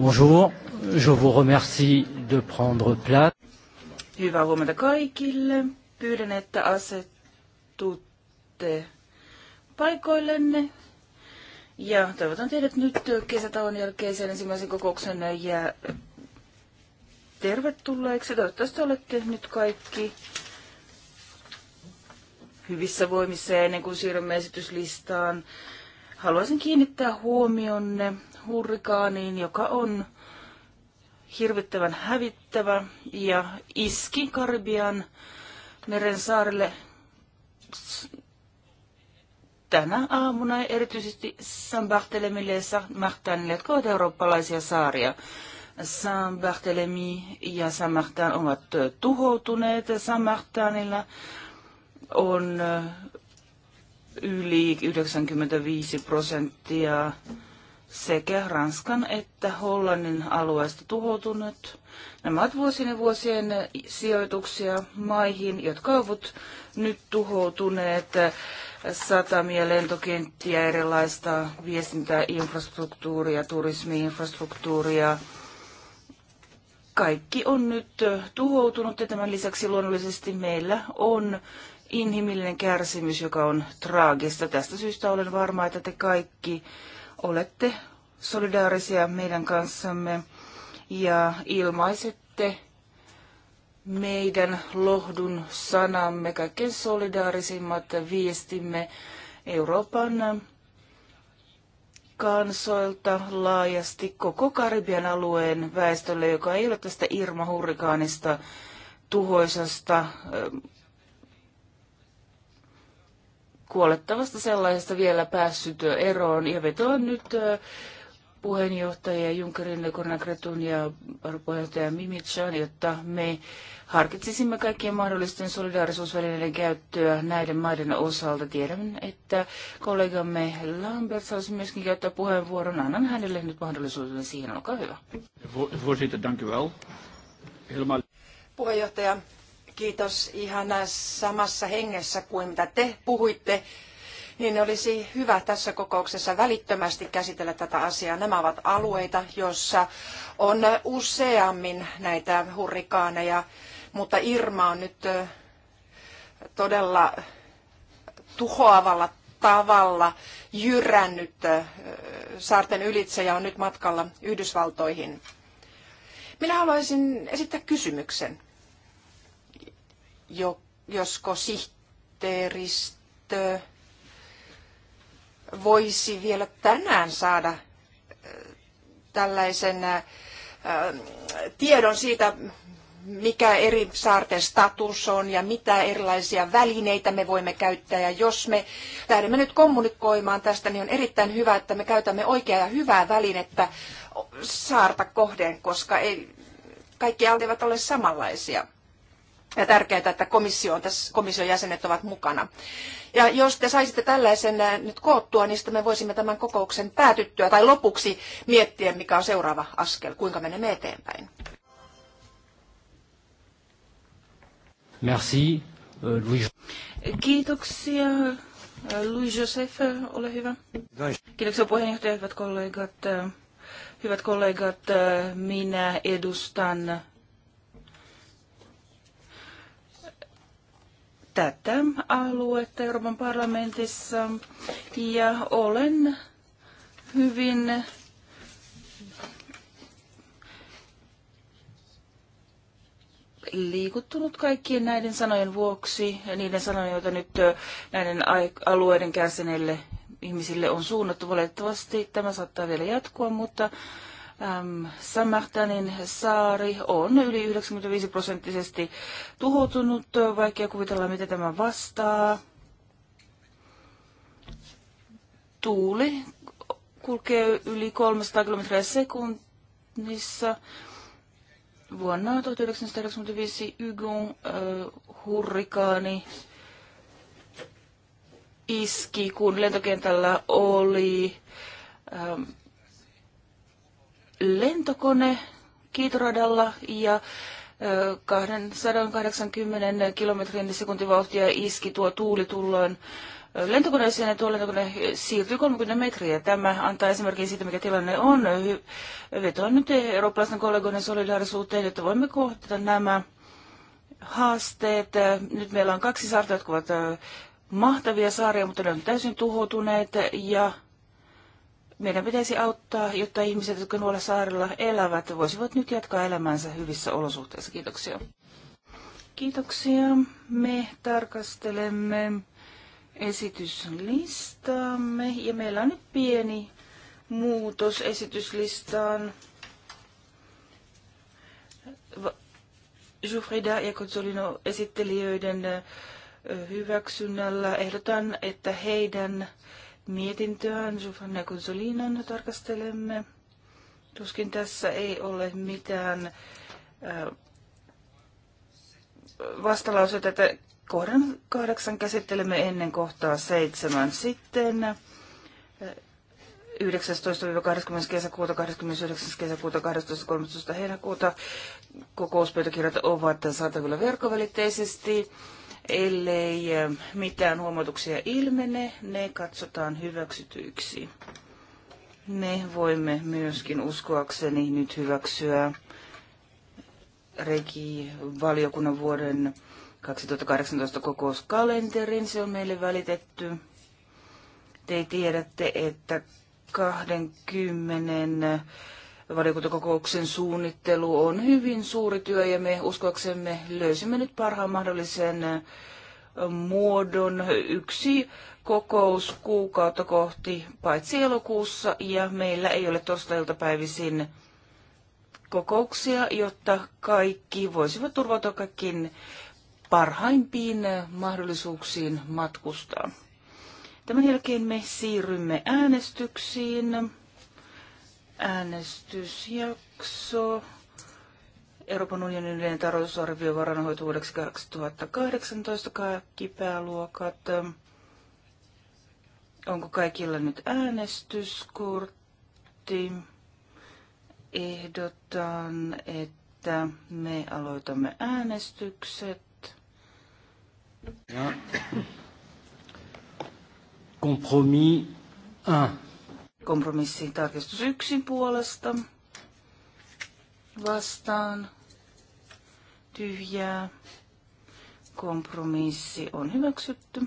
Bonjour, je vous remercie de prendre place. Hyvää huomenta kaikille. Pyydän, että asetutte paikoillenne. Ja toivotan teidät nyt kesätauon jälkeisen ensimmäisen kokouksen ja tervetulleeksi. Toivottavasti olette nyt kaikki hyvissä voimissa ja ennen kuin siirrymme esityslistaan Haluaisin kiinnittää huomionne hurrikaaniin, joka on hirvittävän hävittävä ja iski Karibian meren saarille tänä aamuna ja erityisesti San Barthélemylle ja San Martinille, jotka ovat eurooppalaisia saaria. San Barthélemy ja San Martin ovat tuhoutuneet. San Martinilla on yli 95 prosenttia sekä Ranskan että Hollannin alueesta tuhoutunut. Nämä ovat vuosien ja vuosien sijoituksia maihin, jotka ovat nyt tuhoutuneet satamia, lentokenttiä, erilaista viestintäinfrastruktuuria, turismiinfrastruktuuria. Kaikki on nyt tuhoutunut ja tämän lisäksi luonnollisesti meillä on inhimillinen kärsimys, joka on traagista. Tästä syystä olen varma, että te kaikki olette solidaarisia meidän kanssamme ja ilmaisette meidän lohdun sanamme, kaikkein solidaarisimmat viestimme Euroopan kansoilta laajasti koko Karibian alueen väestölle, joka ei ole tästä Irma-hurrikaanista tuhoisasta kuolettavasta sellaisesta vielä päässyt eroon ja vetoan nyt puheenjohtajia Junkerin, Kornakretun ja puheenjohtaja Mimitsan, jotta me harkitsisimme kaikkien mahdollisten solidaarisuusvälineiden käyttöä näiden maiden osalta. Tiedämme, että kollegamme Lambert saisi myöskin käyttää puheenvuoron. Annan hänelle nyt mahdollisuuden siihen. Olkaa hyvä. Voorzitter, dank Puheenjohtaja, kiitos ihan samassa hengessä kuin mitä te puhuitte, niin olisi hyvä tässä kokouksessa välittömästi käsitellä tätä asiaa. Nämä ovat alueita, joissa on useammin näitä hurrikaaneja, mutta Irma on nyt todella tuhoavalla tavalla jyrännyt saarten ylitse ja on nyt matkalla Yhdysvaltoihin. Minä haluaisin esittää kysymyksen jo, josko sihteeristö voisi vielä tänään saada äh, tällaisen äh, äh, tiedon siitä, mikä eri saarten status on ja mitä erilaisia välineitä me voimme käyttää. Ja jos me lähdemme nyt kommunikoimaan tästä, niin on erittäin hyvä, että me käytämme oikeaa ja hyvää välinettä saarta kohden, koska ei, kaikki alat eivät ole samanlaisia ja tärkeää, että komission, tässä komission jäsenet ovat mukana. Ja jos te saisitte tällaisen nyt koottua, niin sitten me voisimme tämän kokouksen päätyttyä tai lopuksi miettiä, mikä on seuraava askel, kuinka menemme eteenpäin. Merci, euh, Louis. Kiitoksia. Louis Joseph, ole hyvä. Kiitoksia puheenjohtaja, hyvät kollegat. Hyvät kollegat, minä edustan tätä aluetta Euroopan parlamentissa ja olen hyvin liikuttunut kaikkien näiden sanojen vuoksi, niiden sanojen, joita nyt näiden alueiden kärsineille ihmisille on suunnattu. Valitettavasti tämä saattaa vielä jatkua, mutta äm, Samartanin saari on yli 95 prosenttisesti tuhoutunut. Vaikea kuvitella, mitä tämä vastaa. Tuuli kulkee yli 300 km sekunnissa. Vuonna 1995 Ygun äh, hurrikaani iski, kun lentokentällä oli ähm, lentokone kiitoradalla ja 280 kilometrin sekuntivauhtia iski tuo tuuli tullaan lentokoneeseen ja tuo lentokone siirtyi 30 metriä. Tämä antaa esimerkin siitä, mikä tilanne on. Vetoan nyt eurooppalaisten kollegoiden solidaarisuuteen, että voimme kohtata nämä haasteet. Nyt meillä on kaksi saarta, jotka ovat mahtavia saaria, mutta ne on täysin tuhoutuneet ja meidän pitäisi auttaa, jotta ihmiset, jotka nuolla saarella elävät, voisivat nyt jatkaa elämänsä hyvissä olosuhteissa. Kiitoksia. Kiitoksia. Me tarkastelemme esityslistaamme ja meillä on nyt pieni muutos esityslistaan. Jufrida ja Kotsolino esittelijöiden hyväksynnällä ehdotan, että heidän mietintöään, Giovanna Consolinon tarkastelemme. Tuskin tässä ei ole mitään vastalauseita, että kohdan kahdeksan käsittelemme ennen kohtaa seitsemän sitten. 19-20. kesäkuuta, 29. kesäkuuta, 12. 13. heinäkuuta kokouspöytäkirjat ovat saatavilla verkkovälitteisesti ellei mitään huomautuksia ilmene, ne katsotaan hyväksytyiksi. Ne voimme myöskin uskoakseni nyt hyväksyä Regi-valiokunnan vuoden 2018 kokouskalenterin. Se on meille välitetty. Te tiedätte, että 20 valiokuntakokouksen suunnittelu on hyvin suuri työ ja me uskoaksemme löysimme nyt parhaan mahdollisen äh, muodon yksi kokous kuukautta kohti, paitsi elokuussa, ja meillä ei ole torstailtapäivisin kokouksia, jotta kaikki voisivat turvautua kaikkiin parhaimpiin äh, mahdollisuuksiin matkustaa. Tämän jälkeen me siirrymme äänestyksiin äänestysjakso. Euroopan unionin yleinen talousarvio varanhoito vuodeksi 2018, kaikki pääluokat. Onko kaikilla nyt äänestyskortti? Ehdotan, että me aloitamme äänestykset. Kompromis 1 kompromissiin tarkistus yksin puolesta vastaan tyhjää. Kompromissi on hyväksytty.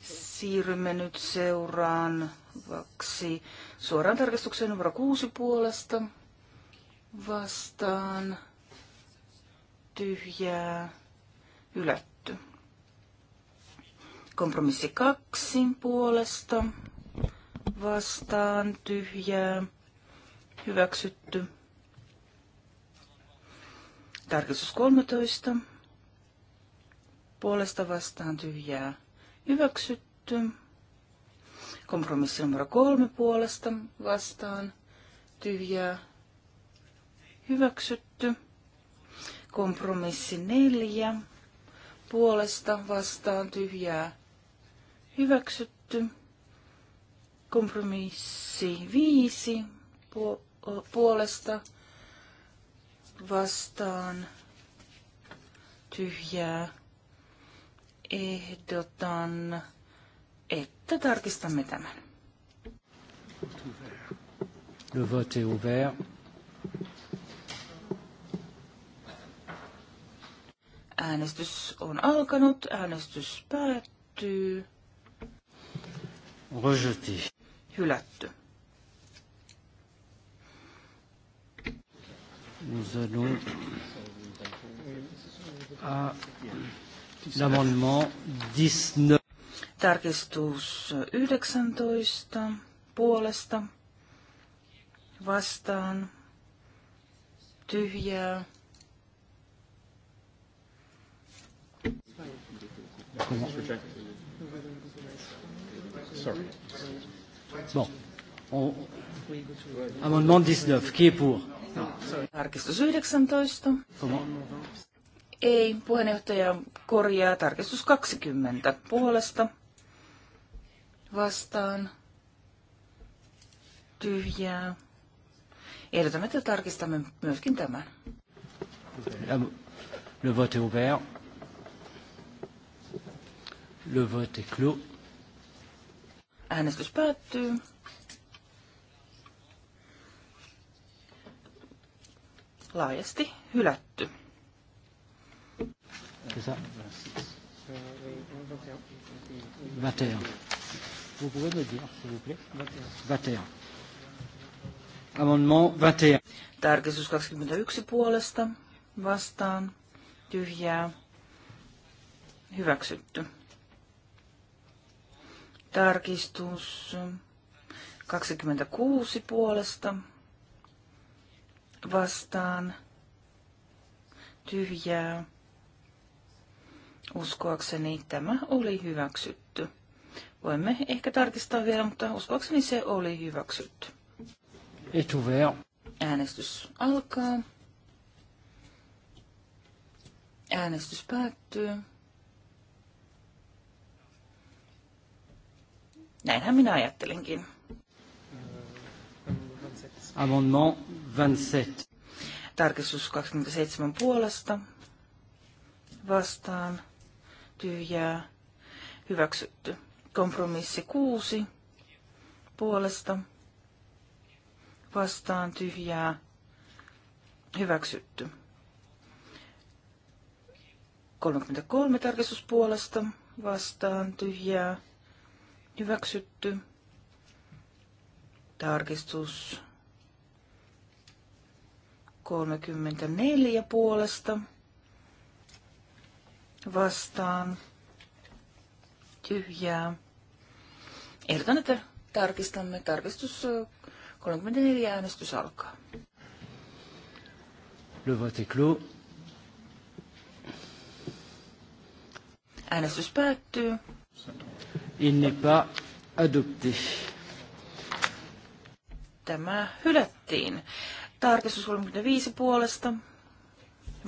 Siirrymme nyt seuraavaksi suoraan tarkistukseen numero kuusi puolesta vastaan tyhjää hylätty. Kompromissi kaksi puolesta vastaan tyhjää hyväksytty. Tarkistus 13 puolesta vastaan tyhjää hyväksytty. Kompromissi numero kolme puolesta vastaan tyhjää hyväksytty. Kompromissi neljä puolesta vastaan tyhjää hyväksytty. Kompromissi viisi puolesta vastaan tyhjää. Ehdotan, että tarkistamme tämän. Le vote est ouvert. Äänestys on alkanut, äänestys päättyy. Rejeté hylätty. Nous allons à euh, l'amendement 19. Tarkistus 19 puolesta vastaan tyhjää. Sorry. Bon. On... Amendement 19. Qui est pour? Tarkistus 19. Ei, puheenjohtaja korjaa tarkistus 20 puolesta. Vastaan. Tyhjää. Ehdotamme, että tarkistamme myöskin tämän. Le vote est ouvert. Le vote est clos. Äänestys päättyy. Laajasti hylätty. Amendement 21. Tarkistus 21 puolesta vastaan. Tyhjää. Hyväksytty. Tarkistus 26 puolesta vastaan tyhjää. Uskoakseni tämä oli hyväksytty. Voimme ehkä tarkistaa vielä, mutta uskoakseni se oli hyväksytty. Äänestys alkaa. Äänestys päättyy. Näinhän minä ajattelinkin. Amendement 27. Tarkistus 27 puolesta. Vastaan. Tyhjää. Hyväksytty. Kompromissi 6 puolesta. Vastaan. Tyhjää. Hyväksytty. 33 tarkistuspuolesta vastaan tyhjää Hyväksytty. Tarkistus 34 puolesta vastaan tyhjää. Ehdotan, että tarkistamme. Tarkistus 34 äänestys alkaa. Le vote est clos. Äänestys päättyy. Il n'est pas adopté. Tämä hylättiin. Tarkistus 35 puolesta.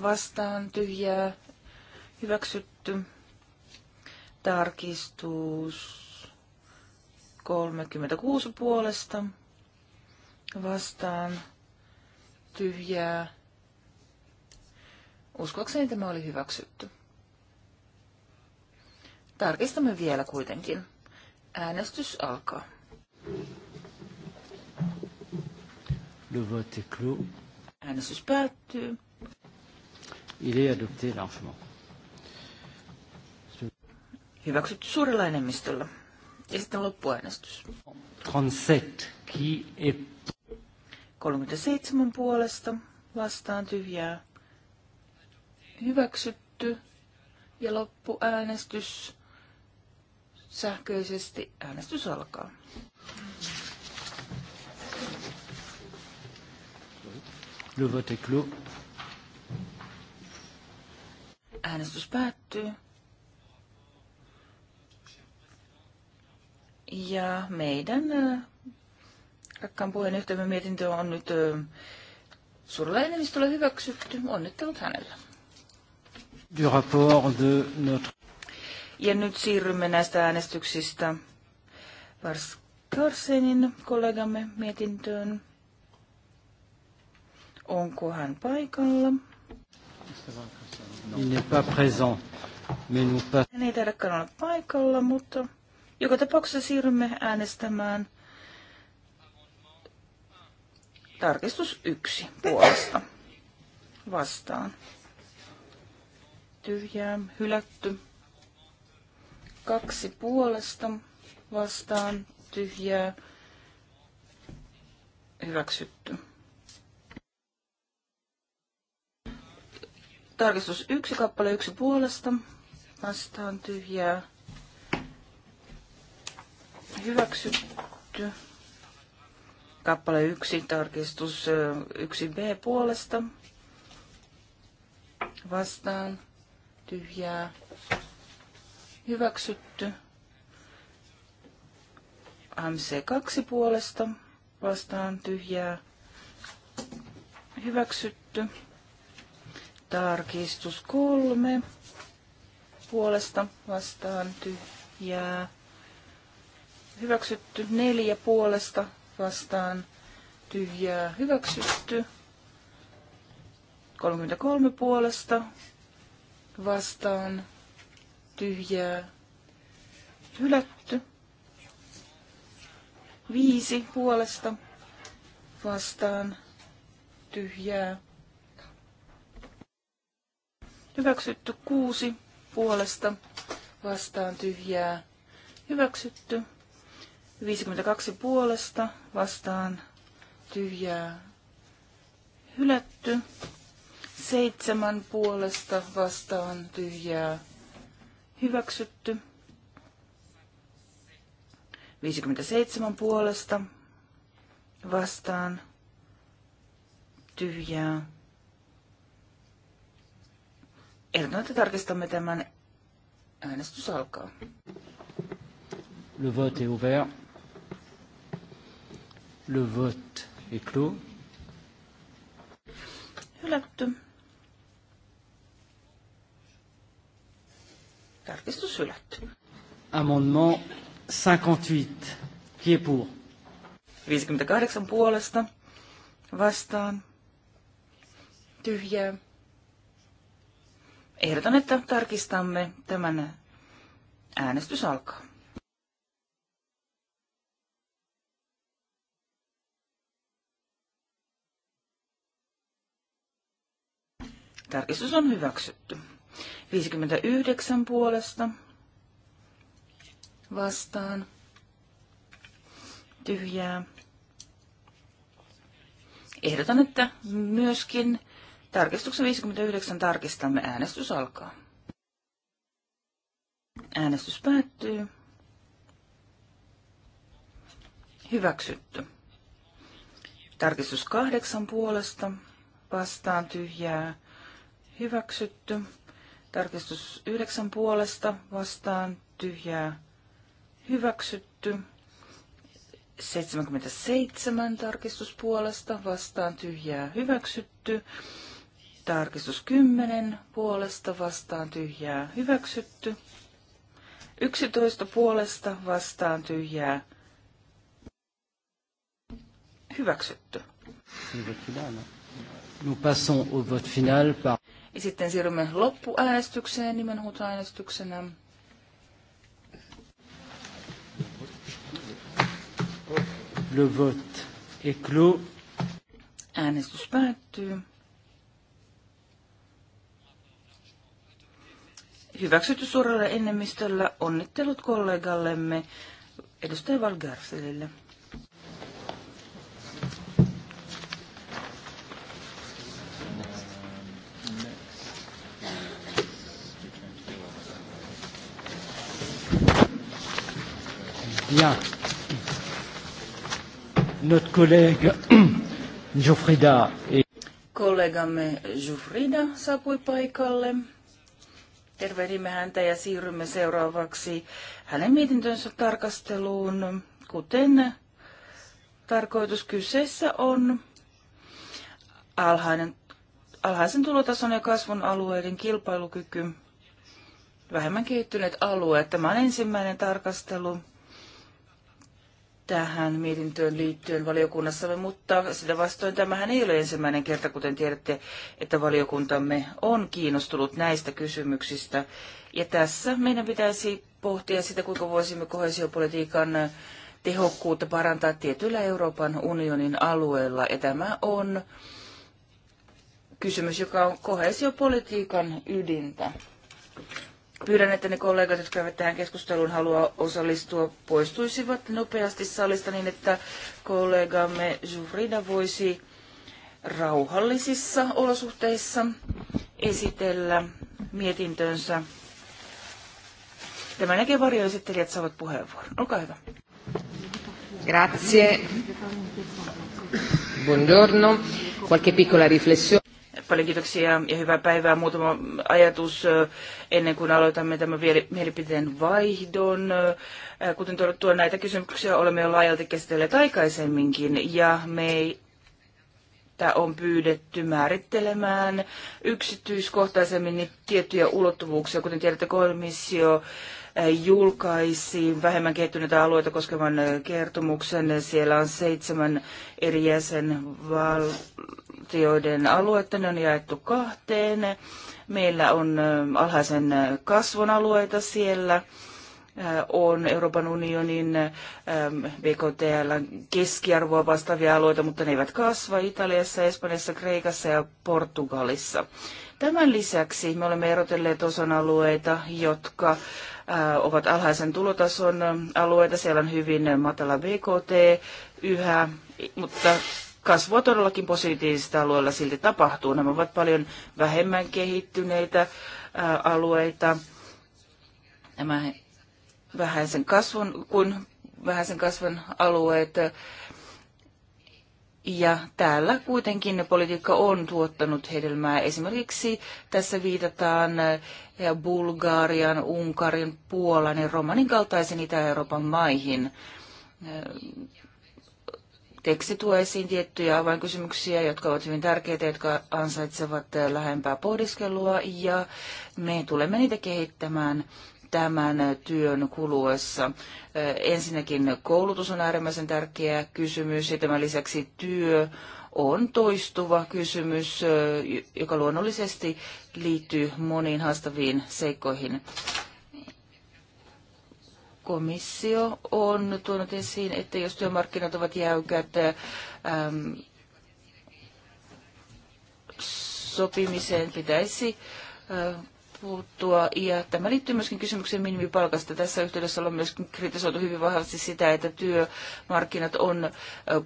Vastaan tyhjää. Hyväksytty. Tarkistus 36 puolesta. Vastaan tyhjää. Uskoakseni tämä oli hyväksytty. Tarkistamme vielä kuitenkin. Äänestys alkaa. Le vote Äänestys päättyy. Il est adopté largement. Hyväksytty suurella enemmistöllä. Ja sitten loppuäänestys. 37. Qui est... 37 puolesta vastaan tyhjää. Hyväksytty. Ja loppuäänestys sähköisesti. Äänestys alkaa. Le vote est clos. Äänestys päättyy. Ja meidän rakkaan puheenjohtajamme mietintö on nyt suurella enemmistöllä hyväksytty. Onnittelut hänellä. Du rapport de notre... Ja nyt siirrymme näistä äänestyksistä Vars Karsenin kollegamme mietintöön. Onko hän paikalla? Il n'est pas présent. Mais nous pas... Hän ei taida olla paikalla, mutta joka tapauksessa siirrymme äänestämään tarkistus yksi puolesta vastaan. Tyhjää, hylätty kaksi puolesta vastaan tyhjää hyväksytty. Tarkistus yksi kappale yksi puolesta vastaan tyhjää hyväksytty. Kappale yksi tarkistus yksi b puolesta vastaan tyhjää hyväksytty. MC2 puolesta vastaan tyhjää hyväksytty. Tarkistus 3 puolesta vastaan tyhjää hyväksytty. 4 puolesta vastaan tyhjää hyväksytty. 33 puolesta vastaan tyhjää hylätty. Viisi puolesta vastaan tyhjää hyväksytty. Kuusi puolesta vastaan tyhjää hyväksytty. 52 puolesta vastaan tyhjää hylätty. Seitsemän puolesta vastaan tyhjää hyväksytty. 57 puolesta vastaan tyhjää. Ehdotan, että tarkistamme tämän. Äänestys alkaa. Le vote est ouvert. Le vote est clos. Hylätty. Tarkistus hylätty. Amendement 58. Qui pour? 58 puolesta. Vastaan. Tyhjää. Ehdotan, että tarkistamme tämän. Äänestys alkaa. Tarkistus on hyväksytty. 59 puolesta vastaan tyhjää. Ehdotan, että myöskin tarkistuksen 59 tarkistamme. Äänestys alkaa. Äänestys päättyy. Hyväksytty. Tarkistus kahdeksan puolesta vastaan tyhjää. Hyväksytty. Tarkistus yhdeksän puolesta vastaan tyhjää hyväksytty. 77 tarkistuspuolesta vastaan tyhjää hyväksytty. Tarkistus 10 puolesta vastaan tyhjää hyväksytty. 11 puolesta vastaan tyhjää hyväksytty. Nous passons au vote final par... Ja sitten siirrymme loppuäänestykseen nimenhuutoäänestyksenä. Le vote est clos. Äänestys päättyy. Hyväksytty suurella enemmistöllä. Onnittelut kollegallemme edustaja Valgarselille. Bien. Notre collègue Jofrida et... Kollegamme Jufrida saapui paikalle. Tervehdimme häntä ja siirrymme seuraavaksi hänen mietintönsä tarkasteluun. Kuten tarkoitus kyseessä on alhainen, alhaisen tulotason ja kasvun alueiden kilpailukyky, vähemmän kehittyneet alueet. Tämä on ensimmäinen tarkastelu tähän mietintöön liittyen valiokunnassamme, mutta sitä vastoin tämähän ei ole ensimmäinen kerta, kuten tiedätte, että valiokuntamme on kiinnostunut näistä kysymyksistä. Ja tässä meidän pitäisi pohtia sitä, kuinka voisimme kohesiopolitiikan tehokkuutta parantaa tietyllä Euroopan unionin alueella. Ja tämä on kysymys, joka on kohesiopolitiikan ydintä. Pyydän, että ne kollegat, jotka eivät tähän keskusteluun halua osallistua, poistuisivat nopeasti salista niin, että kollegamme Jurida voisi rauhallisissa olosuhteissa esitellä mietintönsä. Tämän jälkeen varjoesittelijät saavat puheenvuoron. Olkaa hyvä. Grazie. Buongiorno. Qualche piccola riflessione. Paljon kiitoksia ja hyvää päivää. Muutama ajatus ennen kuin aloitamme tämän mielipiteen vaihdon. Kuten todettua, näitä kysymyksiä olemme jo laajalti käsitelleet aikaisemminkin ja tämä on pyydetty määrittelemään yksityiskohtaisemmin tiettyjä ulottuvuuksia. Kuten tiedätte, komissio julkaisi vähemmän kehittyneitä alueita koskevan kertomuksen. Siellä on seitsemän eri jäsenvaltioiden aluetta. Ne on jaettu kahteen. Meillä on alhaisen kasvun alueita siellä on Euroopan unionin BKTL keskiarvoa vastaavia alueita, mutta ne eivät kasva Italiassa, Espanjassa, Kreikassa ja Portugalissa. Tämän lisäksi me olemme erotelleet osan alueita, jotka äh, ovat alhaisen tulotason ähm, alueita. Siellä on hyvin matala BKT yhä, mutta kasvua todellakin positiivisista alueilla silti tapahtuu. Nämä ovat paljon vähemmän kehittyneitä äh, alueita. Nämä vähäisen kasvun, kun vähäisen kasvun alueet ja täällä kuitenkin politiikka on tuottanut hedelmää. Esimerkiksi tässä viitataan eh, Bulgarian, Unkarin, Puolan ja Romanin kaltaisen Itä-Euroopan maihin. Eh, teksti tuo esiin tiettyjä avainkysymyksiä, jotka ovat hyvin tärkeitä, jotka ansaitsevat eh, lähempää pohdiskelua, ja me tulemme niitä kehittämään tämän työn kuluessa. Ensinnäkin koulutus on äärimmäisen tärkeä kysymys ja tämän lisäksi työ on toistuva kysymys, joka luonnollisesti liittyy moniin haastaviin seikkoihin. Komissio on tuonut esiin, että jos työmarkkinat ovat jäykät, sopimiseen pitäisi äh, puuttua. Ja tämä liittyy myöskin kysymykseen minimipalkasta. Tässä yhteydessä on myöskin kritisoitu hyvin vahvasti sitä, että työmarkkinat on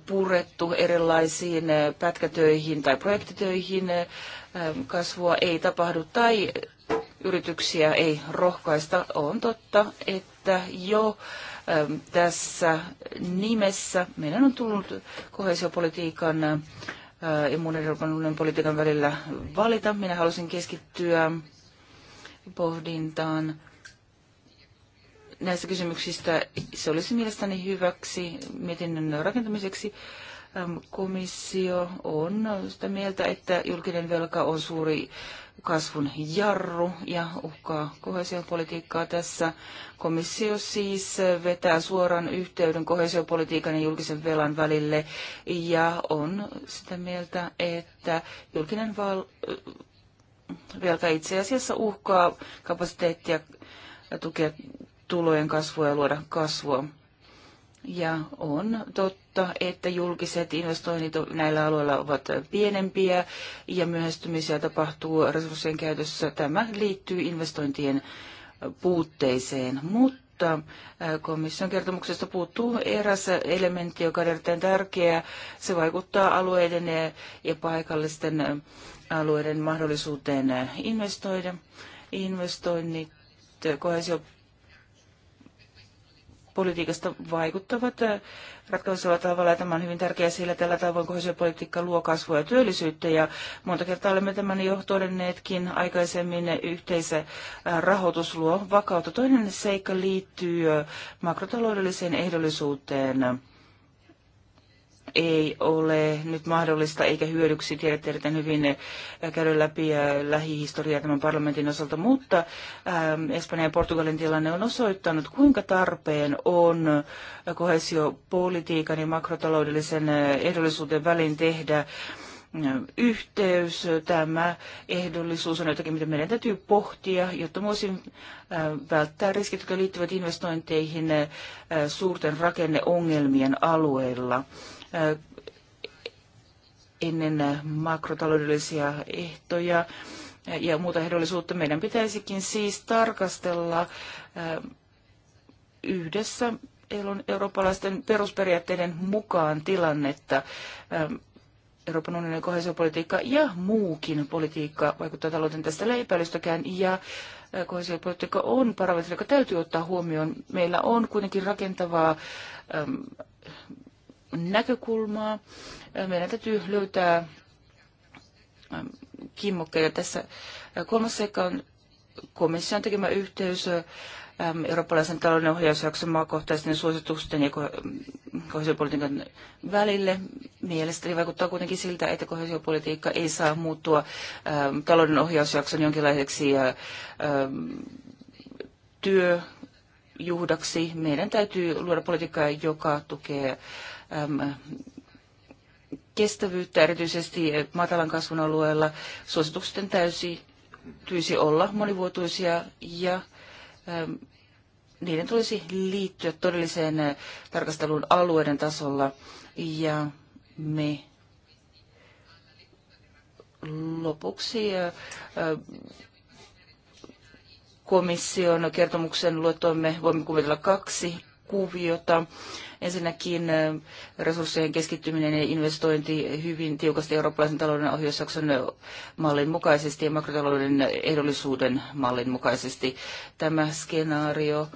purettu erilaisiin pätkätöihin tai projektitöihin. Kasvua ei tapahdu tai yrityksiä ei rohkaista. On totta, että jo tässä nimessä meidän on tullut kohesiopolitiikan ja muun Euroopan unionin politiikan välillä valita. Minä halusin keskittyä pohdintaan näistä kysymyksistä. Se olisi mielestäni hyväksi mietinnön rakentamiseksi. Komissio on sitä mieltä, että julkinen velka on suuri kasvun jarru ja uhkaa kohesiopolitiikkaa tässä. Komissio siis vetää suoran yhteyden kohesiopolitiikan ja julkisen velan välille ja on sitä mieltä, että julkinen val- velka itse asiassa uhkaa kapasiteettia tukea tulojen kasvua ja luoda kasvua. Ja on totta, että julkiset investoinnit näillä alueilla ovat pienempiä ja myöhästymisiä tapahtuu resurssien käytössä. Tämä liittyy investointien puutteeseen, mutta äh, komission kertomuksesta puuttuu eräs elementti, joka on erittäin tärkeä. Se vaikuttaa alueiden ja paikallisten alueiden mahdollisuuteen investoida. Investoinnit politiikasta vaikuttavat äh, ratkaisevalla tavalla. Ja tämä on hyvin tärkeää, sillä tällä tavoin kohesiopolitiikka luo kasvua ja työllisyyttä. Ja monta kertaa olemme tämän jo todenneetkin aikaisemmin. Yhteisö äh, rahoitus luo vakautta. Toinen seikka liittyy äh, makrotaloudelliseen ehdollisuuteen ei ole nyt mahdollista eikä hyödyksi tiedät erittäin hyvin äh, käydä läpi äh, lähihistoriaa tämän parlamentin osalta, mutta ähm, Espanjan ja Portugalin tilanne on osoittanut, kuinka tarpeen on äh, kohesiopolitiikan ja makrotaloudellisen ehdollisuuden välin tehdä yhteys, tämä ehdollisuus on jotakin, mitä meidän täytyy pohtia, jotta voisin välttää riskit, jotka liittyvät investointeihin suurten rakenneongelmien alueilla ennen makrotaloudellisia ehtoja ja muuta ehdollisuutta. Meidän pitäisikin siis tarkastella yhdessä eurooppalaisten perusperiaatteiden mukaan tilannetta. Euroopan unionin kohesiopolitiikka ja muukin politiikka vaikuttaa talouteen tästä leipäilystäkään ja kohesiopolitiikka on parametri, joka täytyy ottaa huomioon. Meillä on kuitenkin rakentavaa näkökulmaa. Meidän täytyy löytää ähm, kimmokkeja. Tässä äh, kolmas seikka on komission tekemä yhteys ähm, eurooppalaisen talouden ohjausjakson maakohtaisten suositusten ja mm, kohesiopolitiikan välille. Mielestäni vaikuttaa kuitenkin siltä, että kohesiopolitiikka ei saa muuttua ähm, talouden ohjausjakson jonkinlaiseksi äh, työjuhdaksi. Meidän täytyy luoda politiikkaa, joka tukee kestävyyttä, erityisesti matalan kasvun alueella. Suositusten täytyisi olla monivuotuisia ja niiden tulisi liittyä todelliseen tarkasteluun alueiden tasolla ja me lopuksi komission kertomuksen luettuamme voimme kuvitella kaksi kuviota. Ensinnäkin resurssien keskittyminen ja investointi hyvin tiukasti eurooppalaisen talouden ohjausjakson mallin mukaisesti ja makrotalouden ehdollisuuden mallin mukaisesti. Tämä skenaario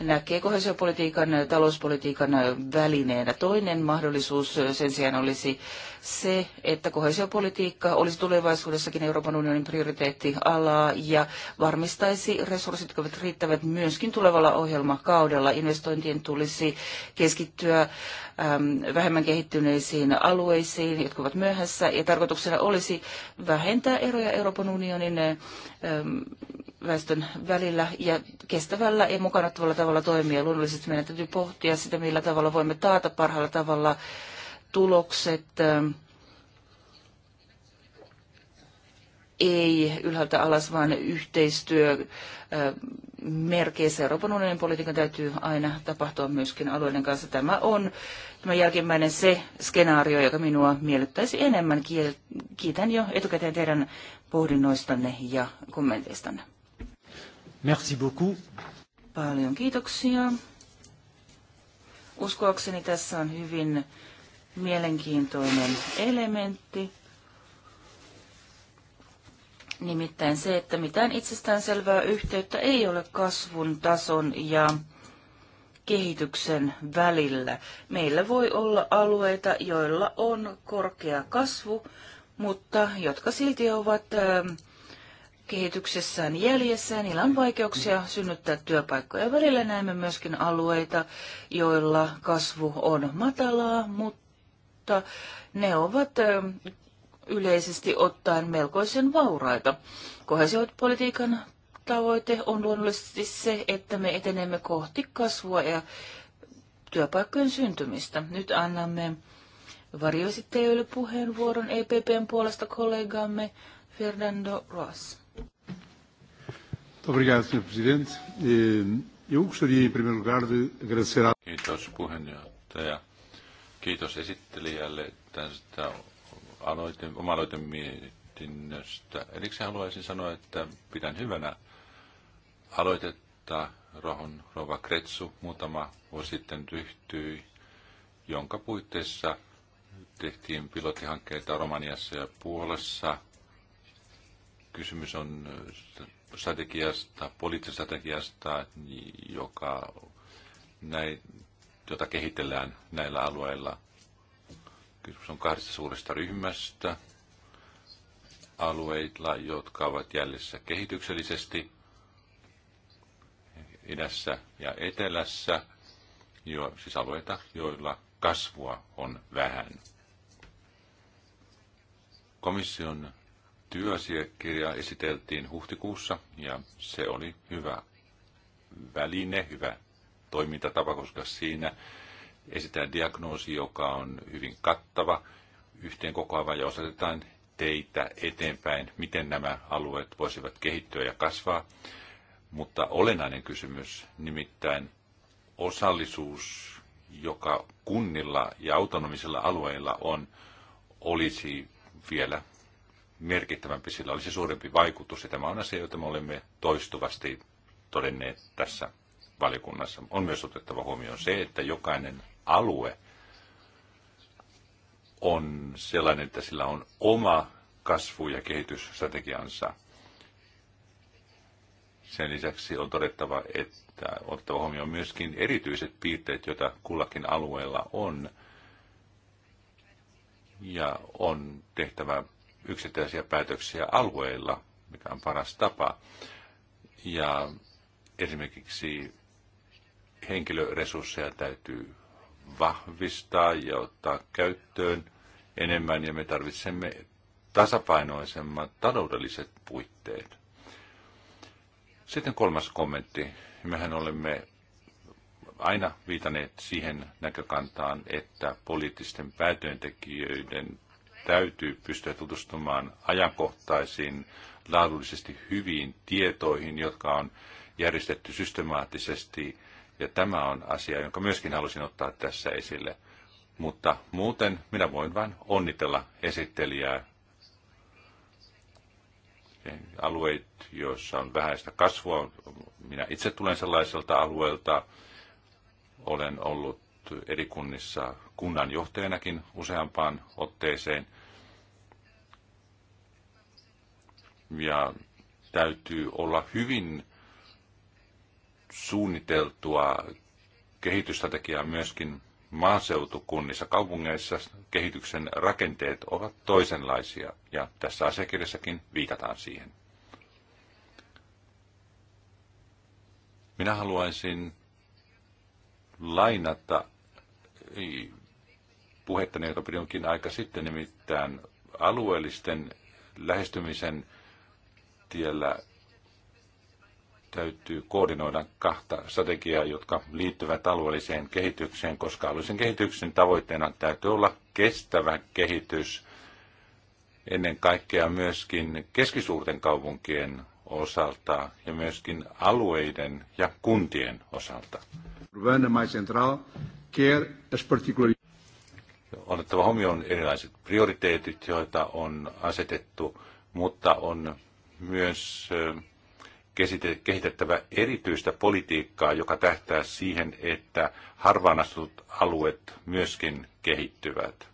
näkee kohesiopolitiikan talouspolitiikan välineenä. Toinen mahdollisuus sen sijaan olisi se, että kohesiopolitiikka olisi tulevaisuudessakin Euroopan unionin prioriteettialaa ja varmistaisi resurssit, jotka riittävät myöskin tulevalla ohjelmakaudella. Investointien tulisi keskittyä keskittyä vähemmän kehittyneisiin alueisiin, jotka ovat myöhässä, ja tarkoituksena olisi vähentää eroja Euroopan unionin väestön välillä ja kestävällä ja mukana tavalla toimia. Luonnollisesti meidän täytyy pohtia sitä, millä tavalla voimme taata parhaalla tavalla tulokset ei ylhäältä alas, vaan yhteistyö merkeissä. Euroopan unionin politiikan täytyy aina tapahtua myöskin alueiden kanssa. Tämä on tämä jälkimmäinen se skenaario, joka minua miellyttäisi enemmän. Kiitän jo etukäteen teidän pohdinnoistanne ja kommenteistanne. Merci beaucoup. Paljon kiitoksia. Uskoakseni tässä on hyvin mielenkiintoinen elementti nimittäin se, että mitään itsestäänselvää yhteyttä ei ole kasvun tason ja kehityksen välillä. Meillä voi olla alueita, joilla on korkea kasvu, mutta jotka silti ovat kehityksessään jäljessä, niillä on vaikeuksia synnyttää työpaikkoja. Välillä näemme myöskin alueita, joilla kasvu on matalaa, mutta ne ovat yleisesti ottaen melkoisen vauraita. Kohesiopolitiikan tavoite on luonnollisesti se, että me etenemme kohti kasvua ja työpaikkojen syntymistä. Nyt annamme varjoesittäjille puheenvuoron EPPn puolesta kollegamme Fernando Ross. Eh, Kiitos puheenjohtaja. Kiitos esittelijälle tästä aloite, oma aloite mietinnöstä. Eli haluaisin sanoa, että pidän hyvänä aloitetta Rohon Rova Kretsu muutama vuosi sitten ryhtyi, jonka puitteissa tehtiin pilottihankkeita Romaniassa ja Puolassa. Kysymys on strategiasta, poliittisesta strategiasta, joka näin, jota kehitellään näillä alueilla. Kysymys on kahdesta suuresta ryhmästä alueilla, jotka ovat jäljessä kehityksellisesti idässä ja etelässä, jo, siis alueita, joilla kasvua on vähän. Komission työasiakirja esiteltiin huhtikuussa ja se oli hyvä väline, hyvä toimintatapa, koska siinä esitetään diagnoosi, joka on hyvin kattava, yhteen kokoava ja osoitetaan teitä eteenpäin, miten nämä alueet voisivat kehittyä ja kasvaa. Mutta olennainen kysymys, nimittäin osallisuus, joka kunnilla ja autonomisilla alueilla on, olisi vielä merkittävämpi, sillä olisi suurempi vaikutus. Ja tämä on asia, jota me olemme toistuvasti todenneet tässä valiokunnassa. On myös otettava huomioon se, että jokainen alue on sellainen, että sillä on oma kasvu- ja kehitysstrategiansa. Sen lisäksi on todettava, että ottava huomioon myöskin erityiset piirteet, joita kullakin alueella on. Ja on tehtävä yksittäisiä päätöksiä alueilla, mikä on paras tapa. Ja esimerkiksi henkilöresursseja täytyy vahvistaa ja ottaa käyttöön enemmän ja me tarvitsemme tasapainoisemmat taloudelliset puitteet. Sitten kolmas kommentti. Mehän olemme aina viitaneet siihen näkökantaan, että poliittisten päätöntekijöiden täytyy pystyä tutustumaan ajankohtaisiin, laadullisesti hyviin tietoihin, jotka on järjestetty systemaattisesti ja tämä on asia, jonka myöskin halusin ottaa tässä esille. Mutta muuten minä voin vain onnitella esittelijää. Alueet, joissa on vähäistä kasvua, minä itse tulen sellaiselta alueelta, olen ollut eri kunnissa kunnanjohtajanakin useampaan otteeseen. Ja täytyy olla hyvin suunniteltua kehitysstrategiaa myöskin maaseutukunnissa, kaupungeissa kehityksen rakenteet ovat toisenlaisia, ja tässä asiakirjassakin viitataan siihen. Minä haluaisin lainata puhetta, jota pidin jonkin aika sitten, nimittäin alueellisten lähestymisen tiellä täytyy koordinoida kahta strategiaa, jotka liittyvät alueelliseen kehitykseen, koska alueellisen kehityksen tavoitteena täytyy olla kestävä kehitys ennen kaikkea myöskin keskisuurten kaupunkien osalta ja myöskin alueiden ja kuntien osalta. On otettava huomioon erilaiset prioriteetit, joita on asetettu, mutta on myös kehitettävä erityistä politiikkaa, joka tähtää siihen, että harvaan asutut alueet myöskin kehittyvät.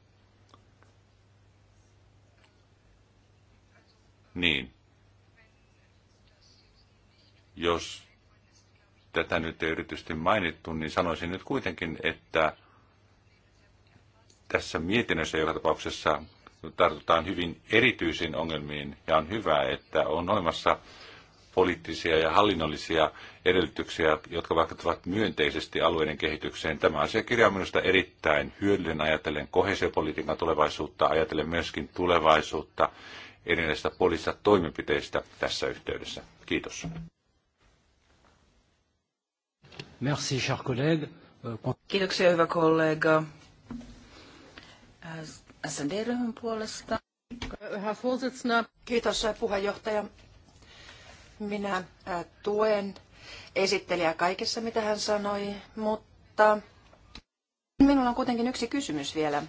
Niin. Jos tätä nyt ei erityisesti mainittu, niin sanoisin nyt kuitenkin, että tässä mietinnössä joka tapauksessa tartutaan hyvin erityisiin ongelmiin ja on hyvä, että on olemassa poliittisia ja hallinnollisia edellytyksiä, jotka vaikuttavat myönteisesti alueiden kehitykseen. Tämä asiakirja on minusta erittäin hyödyllinen ajatellen kohesiopolitiikan tulevaisuutta, ajatellen myöskin tulevaisuutta erinäistä poliittisista toimenpiteistä tässä yhteydessä. Kiitos. Merci, cher collègue. Kiitoksia, hyvä kollega. SND-ryhmän puolesta. Kiitos puheenjohtaja. Minä tuen esittelijä kaikessa, mitä hän sanoi, mutta minulla on kuitenkin yksi kysymys vielä,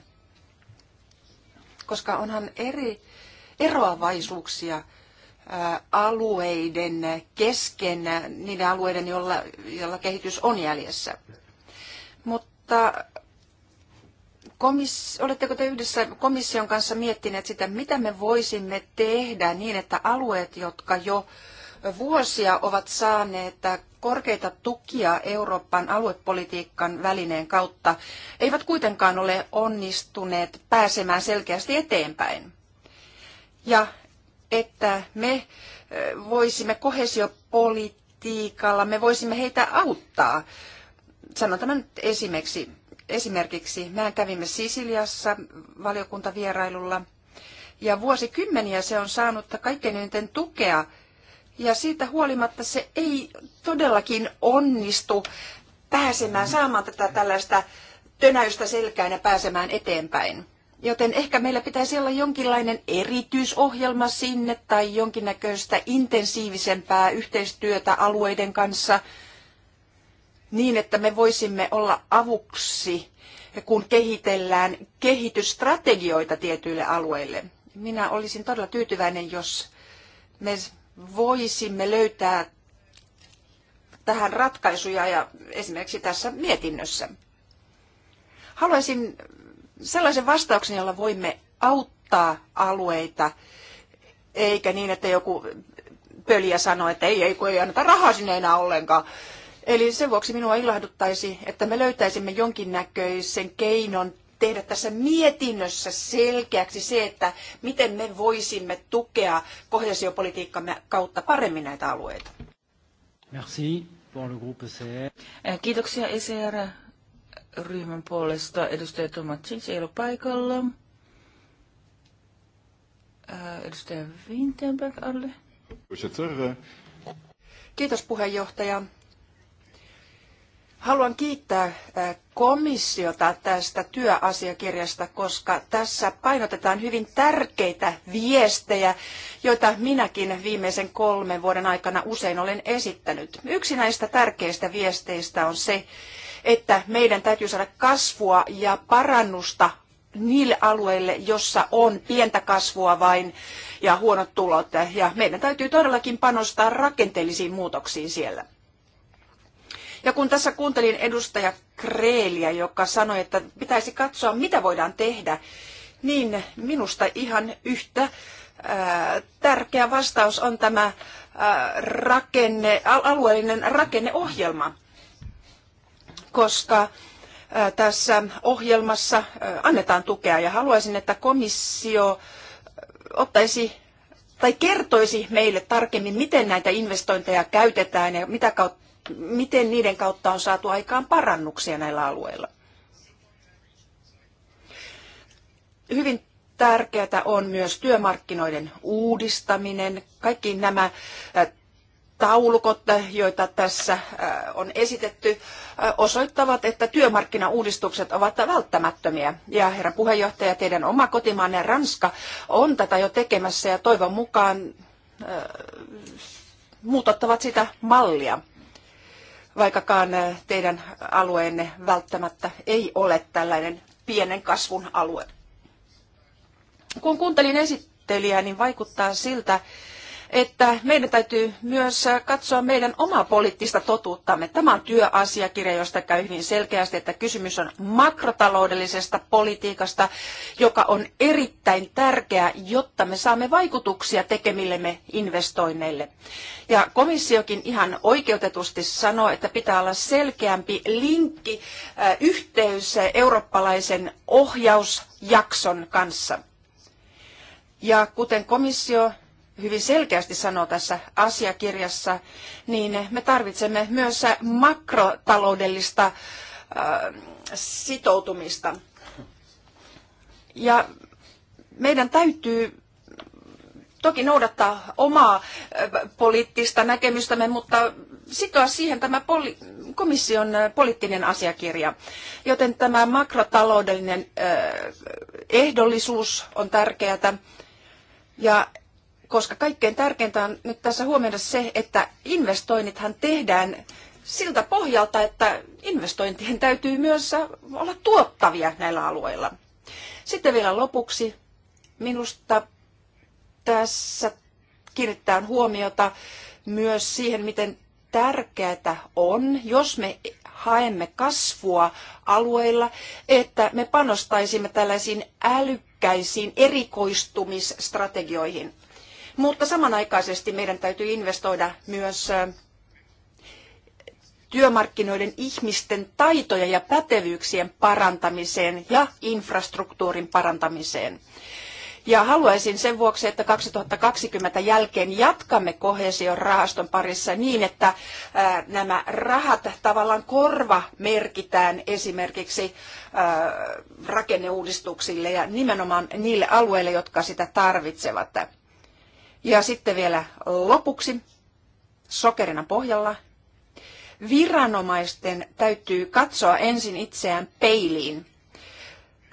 koska onhan eri eroavaisuuksia alueiden kesken, niiden alueiden, jolla, jolla kehitys on jäljessä. Mutta komis, oletteko te yhdessä komission kanssa miettineet sitä, mitä me voisimme tehdä niin, että alueet, jotka jo vuosia ovat saaneet korkeita tukia Euroopan aluepolitiikan välineen kautta, eivät kuitenkaan ole onnistuneet pääsemään selkeästi eteenpäin. Ja että me voisimme kohesiopolitiikalla, me voisimme heitä auttaa. Sanon tämän nyt esimerkiksi. esimerkiksi. Mehän kävimme Sisiliassa valiokuntavierailulla ja vuosikymmeniä se on saanut kaikkein eniten tukea – ja siitä huolimatta se ei todellakin onnistu pääsemään, saamaan tätä tällaista tönäystä selkään ja pääsemään eteenpäin. Joten ehkä meillä pitäisi olla jonkinlainen erityisohjelma sinne tai jonkinnäköistä intensiivisempää yhteistyötä alueiden kanssa niin, että me voisimme olla avuksi, kun kehitellään kehitysstrategioita tietyille alueille. Minä olisin todella tyytyväinen, jos me voisimme löytää tähän ratkaisuja ja esimerkiksi tässä mietinnössä. Haluaisin sellaisen vastauksen, jolla voimme auttaa alueita, eikä niin, että joku pöliä sanoo, että ei, ei, kun ei anneta rahaa sinne enää ollenkaan. Eli sen vuoksi minua ilahduttaisi, että me löytäisimme jonkinnäköisen keinon tehdä tässä mietinnössä selkeäksi se, että miten me voisimme tukea kohesiopolitiikkamme kautta paremmin näitä alueita. Merci pour le groupe ECR. Eh, kiitoksia ECR-ryhmän puolesta. Edustaja Tomacic ei ole paikalla. Eh, edustaja Wintenberg alle. Kiitos puheenjohtaja. Haluan kiittää komissiota tästä työasiakirjasta, koska tässä painotetaan hyvin tärkeitä viestejä, joita minäkin viimeisen kolmen vuoden aikana usein olen esittänyt. Yksi näistä tärkeistä viesteistä on se, että meidän täytyy saada kasvua ja parannusta niille alueille, jossa on pientä kasvua vain ja huonot tulot. Ja meidän täytyy todellakin panostaa rakenteellisiin muutoksiin siellä. Ja kun tässä kuuntelin edustaja Kreeliä, joka sanoi, että pitäisi katsoa, mitä voidaan tehdä, niin minusta ihan yhtä ää, tärkeä vastaus on tämä ää, rakenne, alueellinen rakenneohjelma, koska ää, tässä ohjelmassa ää, annetaan tukea ja haluaisin, että komissio ottaisi tai kertoisi meille tarkemmin, miten näitä investointeja käytetään ja mitä kautta miten niiden kautta on saatu aikaan parannuksia näillä alueilla. Hyvin tärkeää on myös työmarkkinoiden uudistaminen. Kaikki nämä äh, taulukot, joita tässä äh, on esitetty, äh, osoittavat, että työmarkkinauudistukset ovat välttämättömiä. Ja herra puheenjohtaja, teidän oma kotimaanne Ranska on tätä jo tekemässä ja toivon mukaan muut sitä mallia vaikkakaan eh, teidän alueenne välttämättä ei ole tällainen pienen kasvun alue. Kun kuuntelin esittelijää, niin vaikuttaa siltä, että meidän täytyy myös katsoa meidän omaa poliittista totuuttamme. Tämä on työasiakirja, josta käy hyvin selkeästi, että kysymys on makrotaloudellisesta politiikasta, joka on erittäin tärkeä, jotta me saamme vaikutuksia tekemillemme investoinneille. Ja komissiokin ihan oikeutetusti sanoo, että pitää olla selkeämpi linkki, äh, yhteys eurooppalaisen ohjausjakson kanssa. Ja kuten komissio hyvin selkeästi sanoo tässä asiakirjassa, niin me tarvitsemme myös makrotaloudellista äh, sitoutumista. Ja meidän täytyy toki noudattaa omaa äh, poliittista näkemystämme, mutta sitoa siihen tämä poli- komission äh, poliittinen asiakirja. Joten tämä makrotaloudellinen ehdollisuus on tärkeää. Ja koska kaikkein tärkeintä on nyt tässä huomioida se, että investoinnithan tehdään siltä pohjalta, että investointien täytyy myös olla tuottavia näillä alueilla. Sitten vielä lopuksi minusta tässä kiinnittää huomiota myös siihen, miten tärkeää on, jos me haemme kasvua alueilla, että me panostaisimme tällaisiin älykkäisiin erikoistumisstrategioihin. Mutta samanaikaisesti meidän täytyy investoida myös työmarkkinoiden ihmisten taitoja ja pätevyyksien parantamiseen ja infrastruktuurin parantamiseen. Ja haluaisin sen vuoksi, että 2020 jälkeen jatkamme kohesion rahaston parissa niin, että nämä rahat tavallaan korva merkitään esimerkiksi rakenneuudistuksille ja nimenomaan niille alueille, jotka sitä tarvitsevat. Ja sitten vielä lopuksi, sokerina pohjalla, viranomaisten täytyy katsoa ensin itseään peiliin.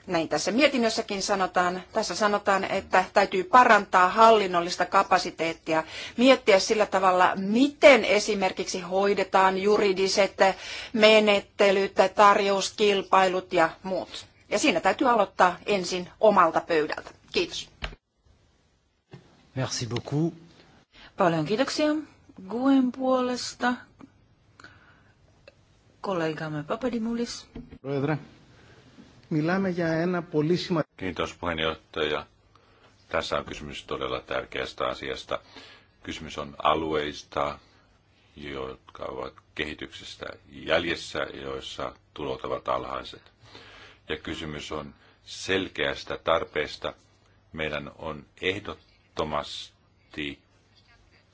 Näin tässä mietinnössäkin sanotaan. Tässä sanotaan, että täytyy parantaa hallinnollista kapasiteettia, miettiä sillä tavalla, miten esimerkiksi hoidetaan juridiset menettelyt, tarjouskilpailut ja muut. Ja siinä täytyy aloittaa ensin omalta pöydältä. Kiitos. Merci beaucoup. Paljon kiitoksia Guen puolesta. Kollegamme Papadimulis. Kiitos puheenjohtaja. Tässä on kysymys todella tärkeästä asiasta. Kysymys on alueista, jotka ovat kehityksestä jäljessä, joissa tulot ovat alhaiset. Ja kysymys on selkeästä tarpeesta. Meidän on ehdot ehdottomasti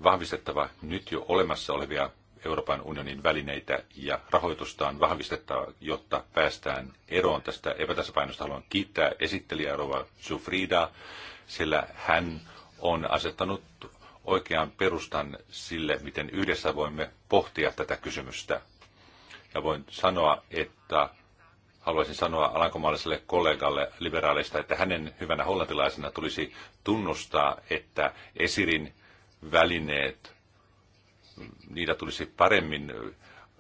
vahvistettava nyt jo olemassa olevia Euroopan unionin välineitä ja rahoitusta on vahvistettava, jotta päästään eroon tästä epätasapainosta. Haluan kiittää esittelijä Rova Sufrida, sillä hän on asettanut oikean perustan sille, miten yhdessä voimme pohtia tätä kysymystä. Ja voin sanoa, että haluaisin sanoa alankomaalaiselle kollegalle liberaalista, että hänen hyvänä hollantilaisena tulisi tunnustaa, että esirin välineet, niitä tulisi paremmin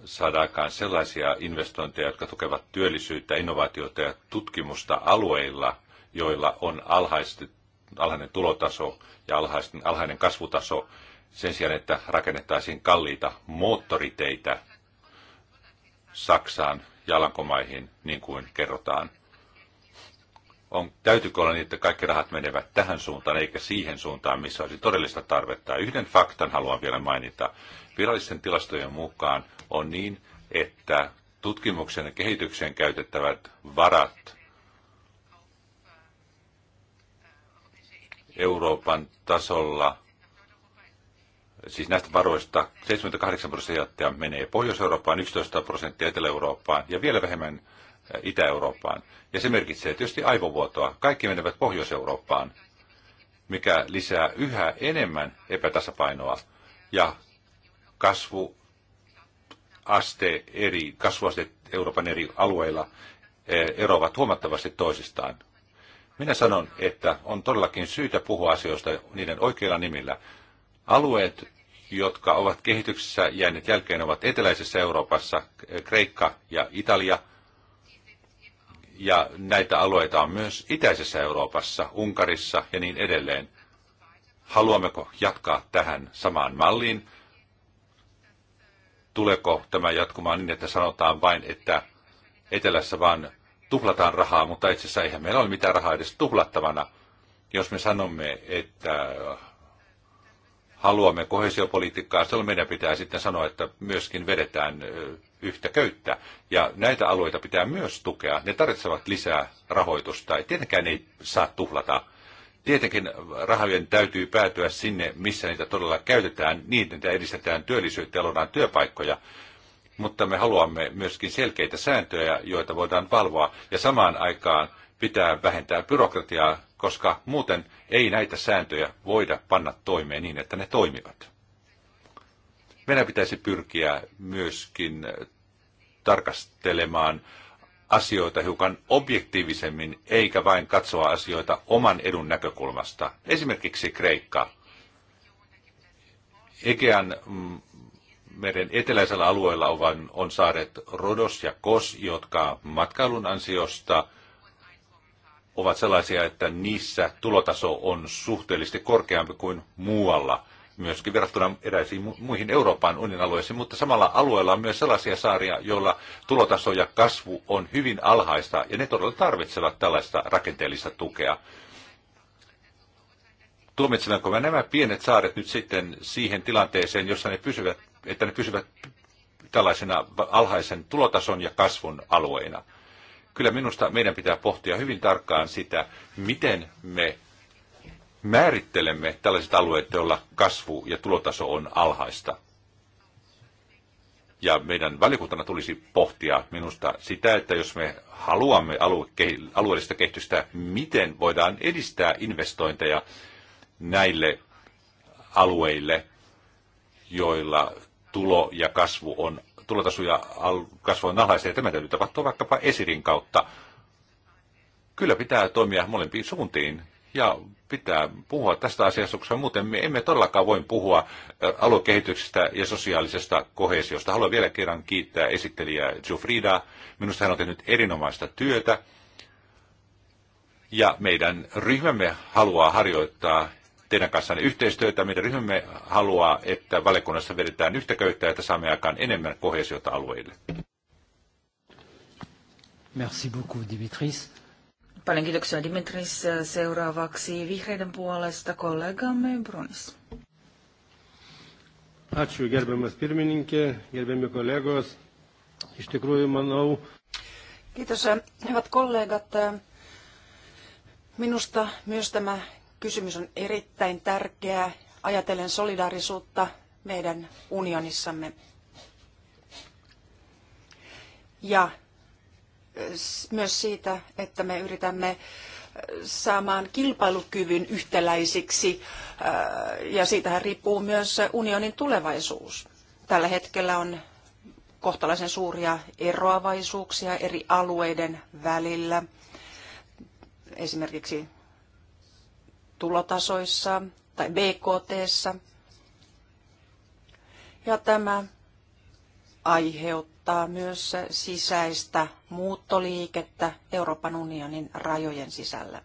saada aikaan sellaisia investointeja, jotka tukevat työllisyyttä, innovaatiota ja tutkimusta alueilla, joilla on alhaisesti alhainen tulotaso ja alhainen, alhainen kasvutaso, sen sijaan, että rakennettaisiin kalliita moottoriteitä Saksaan, Jalankomaihin, niin kuin kerrotaan. On, täytyykö olla niin, että kaikki rahat menevät tähän suuntaan eikä siihen suuntaan, missä olisi todellista tarvetta. Yhden faktan haluan vielä mainita. Virallisten tilastojen mukaan on niin, että tutkimuksen ja kehityksen käytettävät varat Euroopan tasolla siis näistä varoista 78 prosenttia menee Pohjois-Eurooppaan, 11 prosenttia Etelä-Eurooppaan ja vielä vähemmän eh, Itä-Eurooppaan. Ja se merkitsee tietysti aivovuotoa. Kaikki menevät Pohjois-Eurooppaan, mikä lisää yhä enemmän epätasapainoa ja kasvuaste eri, kasvuaste Euroopan eri alueilla eh, eroavat huomattavasti toisistaan. Minä sanon, että on todellakin syytä puhua asioista niiden oikeilla nimillä. Alueet, jotka ovat kehityksessä jääneet jälkeen, ovat eteläisessä Euroopassa, Kreikka ja Italia. Ja näitä alueita on myös itäisessä Euroopassa, Unkarissa ja niin edelleen. Haluammeko jatkaa tähän samaan malliin? Tuleeko tämä jatkumaan niin, että sanotaan vain, että etelässä vaan tuhlataan rahaa, mutta itse asiassa eihän meillä ole mitään rahaa edes tuhlattavana. Jos me sanomme, että haluamme kohesiopolitiikkaa, silloin meidän pitää sitten sanoa, että myöskin vedetään yhtä köyttä. Ja näitä alueita pitää myös tukea. Ne tarvitsevat lisää rahoitusta. Tietenkään ei saa tuhlata. Tietenkin rahojen täytyy päätyä sinne, missä niitä todella käytetään, niin että edistetään työllisyyttä ja luodaan työpaikkoja. Mutta me haluamme myöskin selkeitä sääntöjä, joita voidaan valvoa. Ja samaan aikaan pitää vähentää byrokratiaa koska muuten ei näitä sääntöjä voida panna toimeen niin, että ne toimivat. Meidän pitäisi pyrkiä myöskin tarkastelemaan asioita hiukan objektiivisemmin, eikä vain katsoa asioita oman edun näkökulmasta. Esimerkiksi Kreikka. Egean mm, meren eteläisellä alueella on, on saaret Rodos ja Kos, jotka matkailun ansiosta – ovat sellaisia, että niissä tulotaso on suhteellisesti korkeampi kuin muualla, myöskin verrattuna eräisiin muihin Euroopan unionin alueisiin, mutta samalla alueella on myös sellaisia saaria, joilla tulotaso ja kasvu on hyvin alhaista, ja ne todella tarvitsevat tällaista rakenteellista tukea. Tuomitsemmeko me nämä pienet saaret nyt sitten siihen tilanteeseen, jossa ne pysyvät, että ne pysyvät tällaisena alhaisen tulotason ja kasvun alueina? Kyllä minusta meidän pitää pohtia hyvin tarkkaan sitä, miten me määrittelemme tällaiset alueet, joilla kasvu ja tulotaso on alhaista. Ja meidän valiokuntana tulisi pohtia minusta sitä, että jos me haluamme alue, alueellista kehitystä, miten voidaan edistää investointeja näille alueille, joilla tulo ja kasvu on tulotasoja kasvoi alhaisia. Tämä täytyy tapahtua vaikkapa esirin kautta. Kyllä pitää toimia molempiin suuntiin ja pitää puhua tästä asiasta, koska muuten me emme todellakaan voi puhua aluekehityksestä ja sosiaalisesta kohesiosta. Haluan vielä kerran kiittää esittelijää Jufrida. Minusta hän on tehnyt erinomaista työtä. Ja meidän ryhmämme haluaa harjoittaa teidän kanssanne yhteistyötä. Meidän ryhmämme haluaa, että valiokunnassa vedetään yhtä köyttä, että saamme aikaan enemmän kohesiota alueille. Merci beaucoup, Dimitris. Paljon kiitoksia Dimitris. Seuraavaksi vihreiden puolesta kollegamme Brunis. Ačiū gerbiamas pirmininkė, gerbiami kolegos. Iš tikrųjų, manau. Kiitos, hyvät kollegat. Minusta myös tämä kysymys on erittäin tärkeä ajatellen solidaarisuutta meidän unionissamme. Ja myös siitä, että me yritämme saamaan kilpailukyvyn yhtäläisiksi ja siitähän riippuu myös unionin tulevaisuus. Tällä hetkellä on kohtalaisen suuria eroavaisuuksia eri alueiden välillä. Esimerkiksi tulotasoissa tai BKT. Ja tämä aiheuttaa myös sisäistä muuttoliikettä Euroopan unionin rajojen sisällä.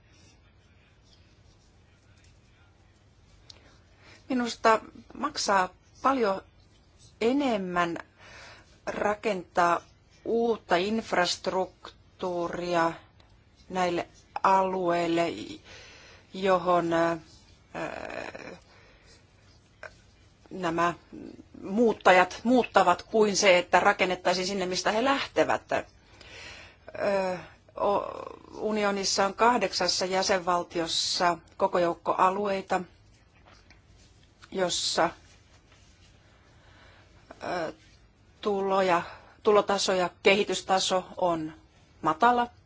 Minusta maksaa paljon enemmän rakentaa uutta infrastruktuuria näille alueille, johon äh, äh, nämä muuttajat muuttavat kuin se, että rakennettaisiin sinne, mistä he lähtevät. Äh, unionissa on kahdeksassa jäsenvaltiossa koko joukko alueita, jossa tuloja, tulotaso ja kehitystaso on matala –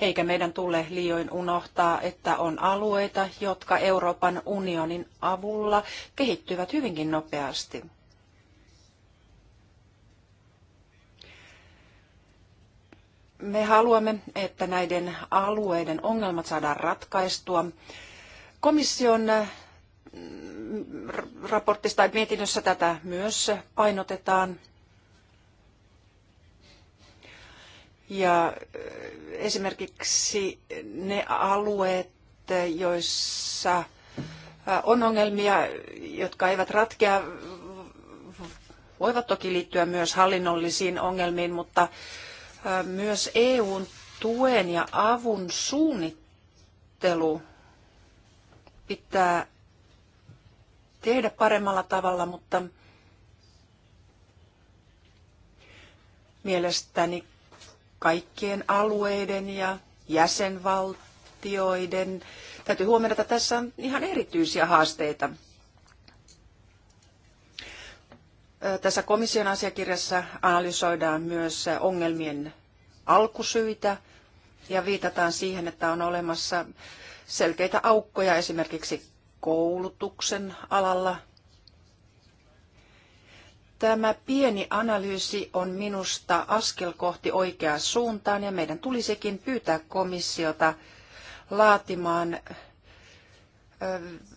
eikä meidän tule liioin unohtaa, että on alueita, jotka Euroopan unionin avulla kehittyvät hyvinkin nopeasti. Me haluamme, että näiden alueiden ongelmat saadaan ratkaistua. Komission mm, raportista tai mietinnössä tätä myös painotetaan Ja esimerkiksi ne alueet, joissa on ongelmia, jotka eivät ratkea, voivat toki liittyä myös hallinnollisiin ongelmiin, mutta myös EUn tuen ja avun suunnittelu pitää tehdä paremmalla tavalla, mutta mielestäni kaikkien alueiden ja jäsenvaltioiden. Täytyy huomioida, että tässä on ihan erityisiä haasteita. Tässä komission asiakirjassa analysoidaan myös ongelmien alkusyitä ja viitataan siihen, että on olemassa selkeitä aukkoja esimerkiksi koulutuksen alalla Tämä pieni analyysi on minusta askel kohti oikeaa suuntaan ja meidän tulisikin pyytää komissiota laatimaan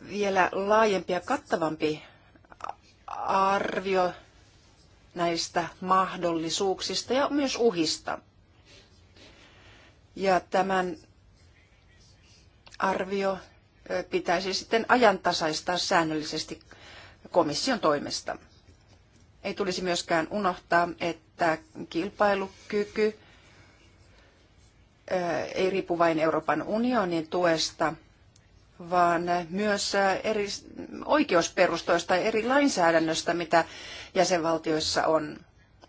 vielä laajempi ja kattavampi arvio näistä mahdollisuuksista ja myös uhista. Ja tämän arvio pitäisi sitten ajantasaistaa säännöllisesti komission toimesta. Ei tulisi myöskään unohtaa, että kilpailukyky ei riipu vain Euroopan unionin tuesta, vaan myös eri oikeusperustoista ja eri lainsäädännöstä, mitä jäsenvaltioissa on.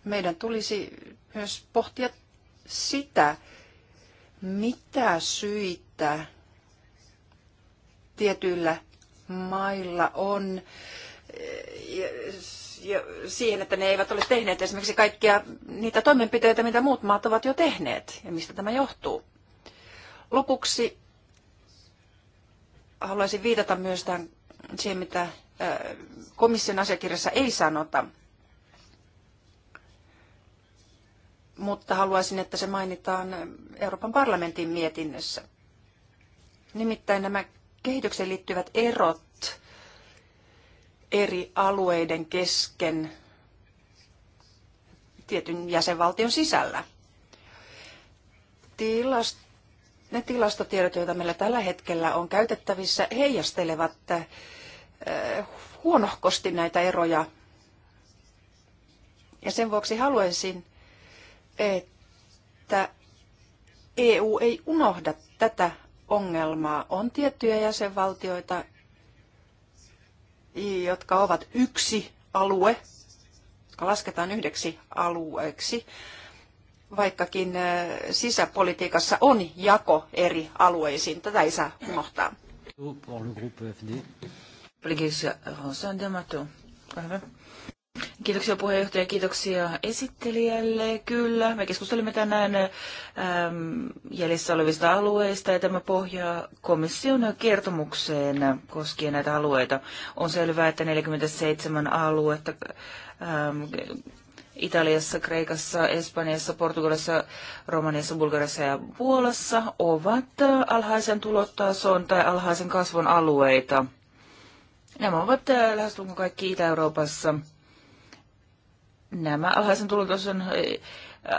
Meidän tulisi myös pohtia sitä, mitä syitä tietyillä mailla on siihen, että ne eivät ole tehneet esimerkiksi kaikkia niitä toimenpiteitä, mitä muut maat ovat jo tehneet ja mistä tämä johtuu. Lopuksi haluaisin viitata myös tämän, siihen, mitä äh, komission asiakirjassa ei sanota, mutta haluaisin, että se mainitaan Euroopan parlamentin mietinnössä. Nimittäin nämä kehitykseen liittyvät erot eri alueiden kesken tietyn jäsenvaltion sisällä. Tilast, ne tilastotiedot, joita meillä tällä hetkellä on käytettävissä, heijastelevat äh, huonohkosti näitä eroja. Ja sen vuoksi haluaisin, että EU ei unohda tätä ongelmaa. On tiettyjä jäsenvaltioita, jotka ovat yksi alue, jotka lasketaan yhdeksi alueeksi, vaikkakin sisäpolitiikassa on jako eri alueisiin. Tätä ei saa unohtaa. Pour le groupe FD. Kiitoksia puheenjohtaja, kiitoksia esittelijälle. Kyllä, me keskustelimme tänään äm, jäljessä olevista alueista ja tämä pohjaa komission kertomukseen koskien näitä alueita. On selvää, että 47 aluetta äm, Italiassa, Kreikassa, Espanjassa, Portugalissa, Romaniassa, Bulgariassa ja Puolassa ovat äh, alhaisen tulotason tai alhaisen kasvun alueita. Nämä ovat äh, lähestulkoon kaikki Itä-Euroopassa. Nämä alhaisen tulotason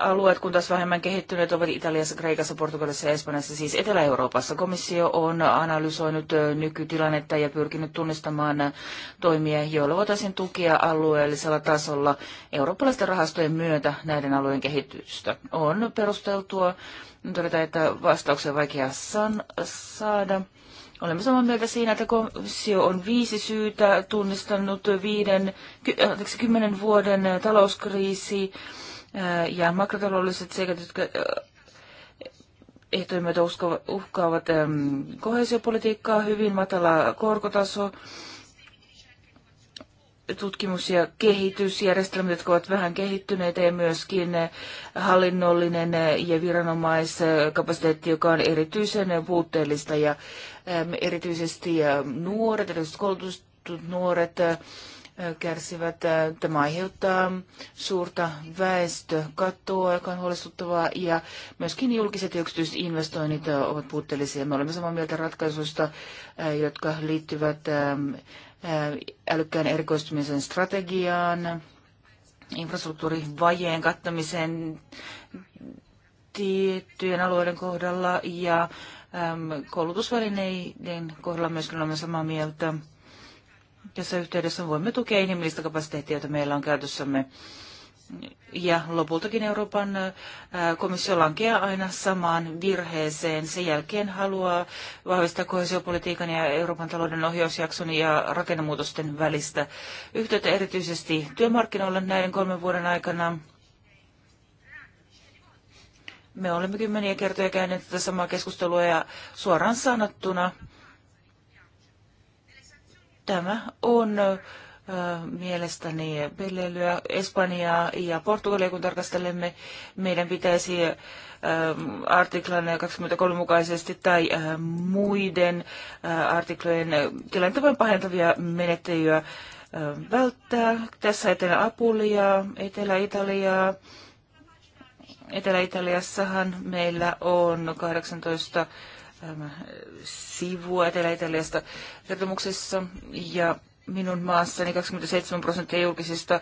alueet, kun taas vähemmän kehittyneet ovat Italiassa, Kreikassa, Portugalissa ja Espanjassa, siis Etelä-Euroopassa. Komissio on analysoinut nykytilannetta ja pyrkinyt tunnistamaan toimia, joilla voitaisiin tukea alueellisella tasolla eurooppalaisten rahastojen myötä näiden alueen kehitystä. On perusteltua todeta, että vastauksia on vaikea saada. Olemme samaa mieltä siinä, että komissio on viisi syytä tunnistanut viiden, äh, anteeksi, kymmenen vuoden äh, talouskriisi äh, ja makrotaloudelliset sekä jotka ehtoimet uhkaavat kohesiopolitiikkaa, hyvin matala korkotaso, tutkimus- ja kehitysjärjestelmät, jotka ovat vähän kehittyneitä ja myöskin hallinnollinen ja viranomaiskapasiteetti, joka on erityisen puutteellista ja ähm, erityisesti ähm, nuoret, erityisesti koulutustut nuoret äh, kärsivät. Äh, tämä aiheuttaa suurta väestökattoa, joka on huolestuttavaa, ja myöskin julkiset ja yksityiset investoinnit äh, ovat puutteellisia. Me olemme samaa mieltä ratkaisuista, jotka liittyvät ähm, älykkään erikoistumisen strategiaan, infrastruktuurivajeen kattamiseen tiettyjen alueiden kohdalla ja koulutusvälineiden kohdalla myös olemme samaa mieltä. Tässä yhteydessä voimme tukea inhimillistä kapasiteettia, jota meillä on käytössämme ja lopultakin Euroopan komissio lankeaa aina samaan virheeseen. Sen jälkeen haluaa vahvistaa kohesiopolitiikan ja Euroopan talouden ohjausjakson ja rakennemuutosten välistä yhteyttä erityisesti työmarkkinoilla näiden kolmen vuoden aikana. Me olemme kymmeniä kertoja käyneet tätä samaa keskustelua ja suoraan sanottuna tämä on mielestäni pelleilyä Espanjaa ja Portugalia, kun tarkastelemme, meidän pitäisi artiklan 23 mukaisesti tai muiden artiklojen tilannetta vain pahentavia menettelyjä välttää. Tässä etelä apulia Etelä-Italiaa. Etelä-Italiassahan meillä on 18 sivua Etelä-Italiasta kertomuksessa ja minun maassani 27 prosenttia julkisista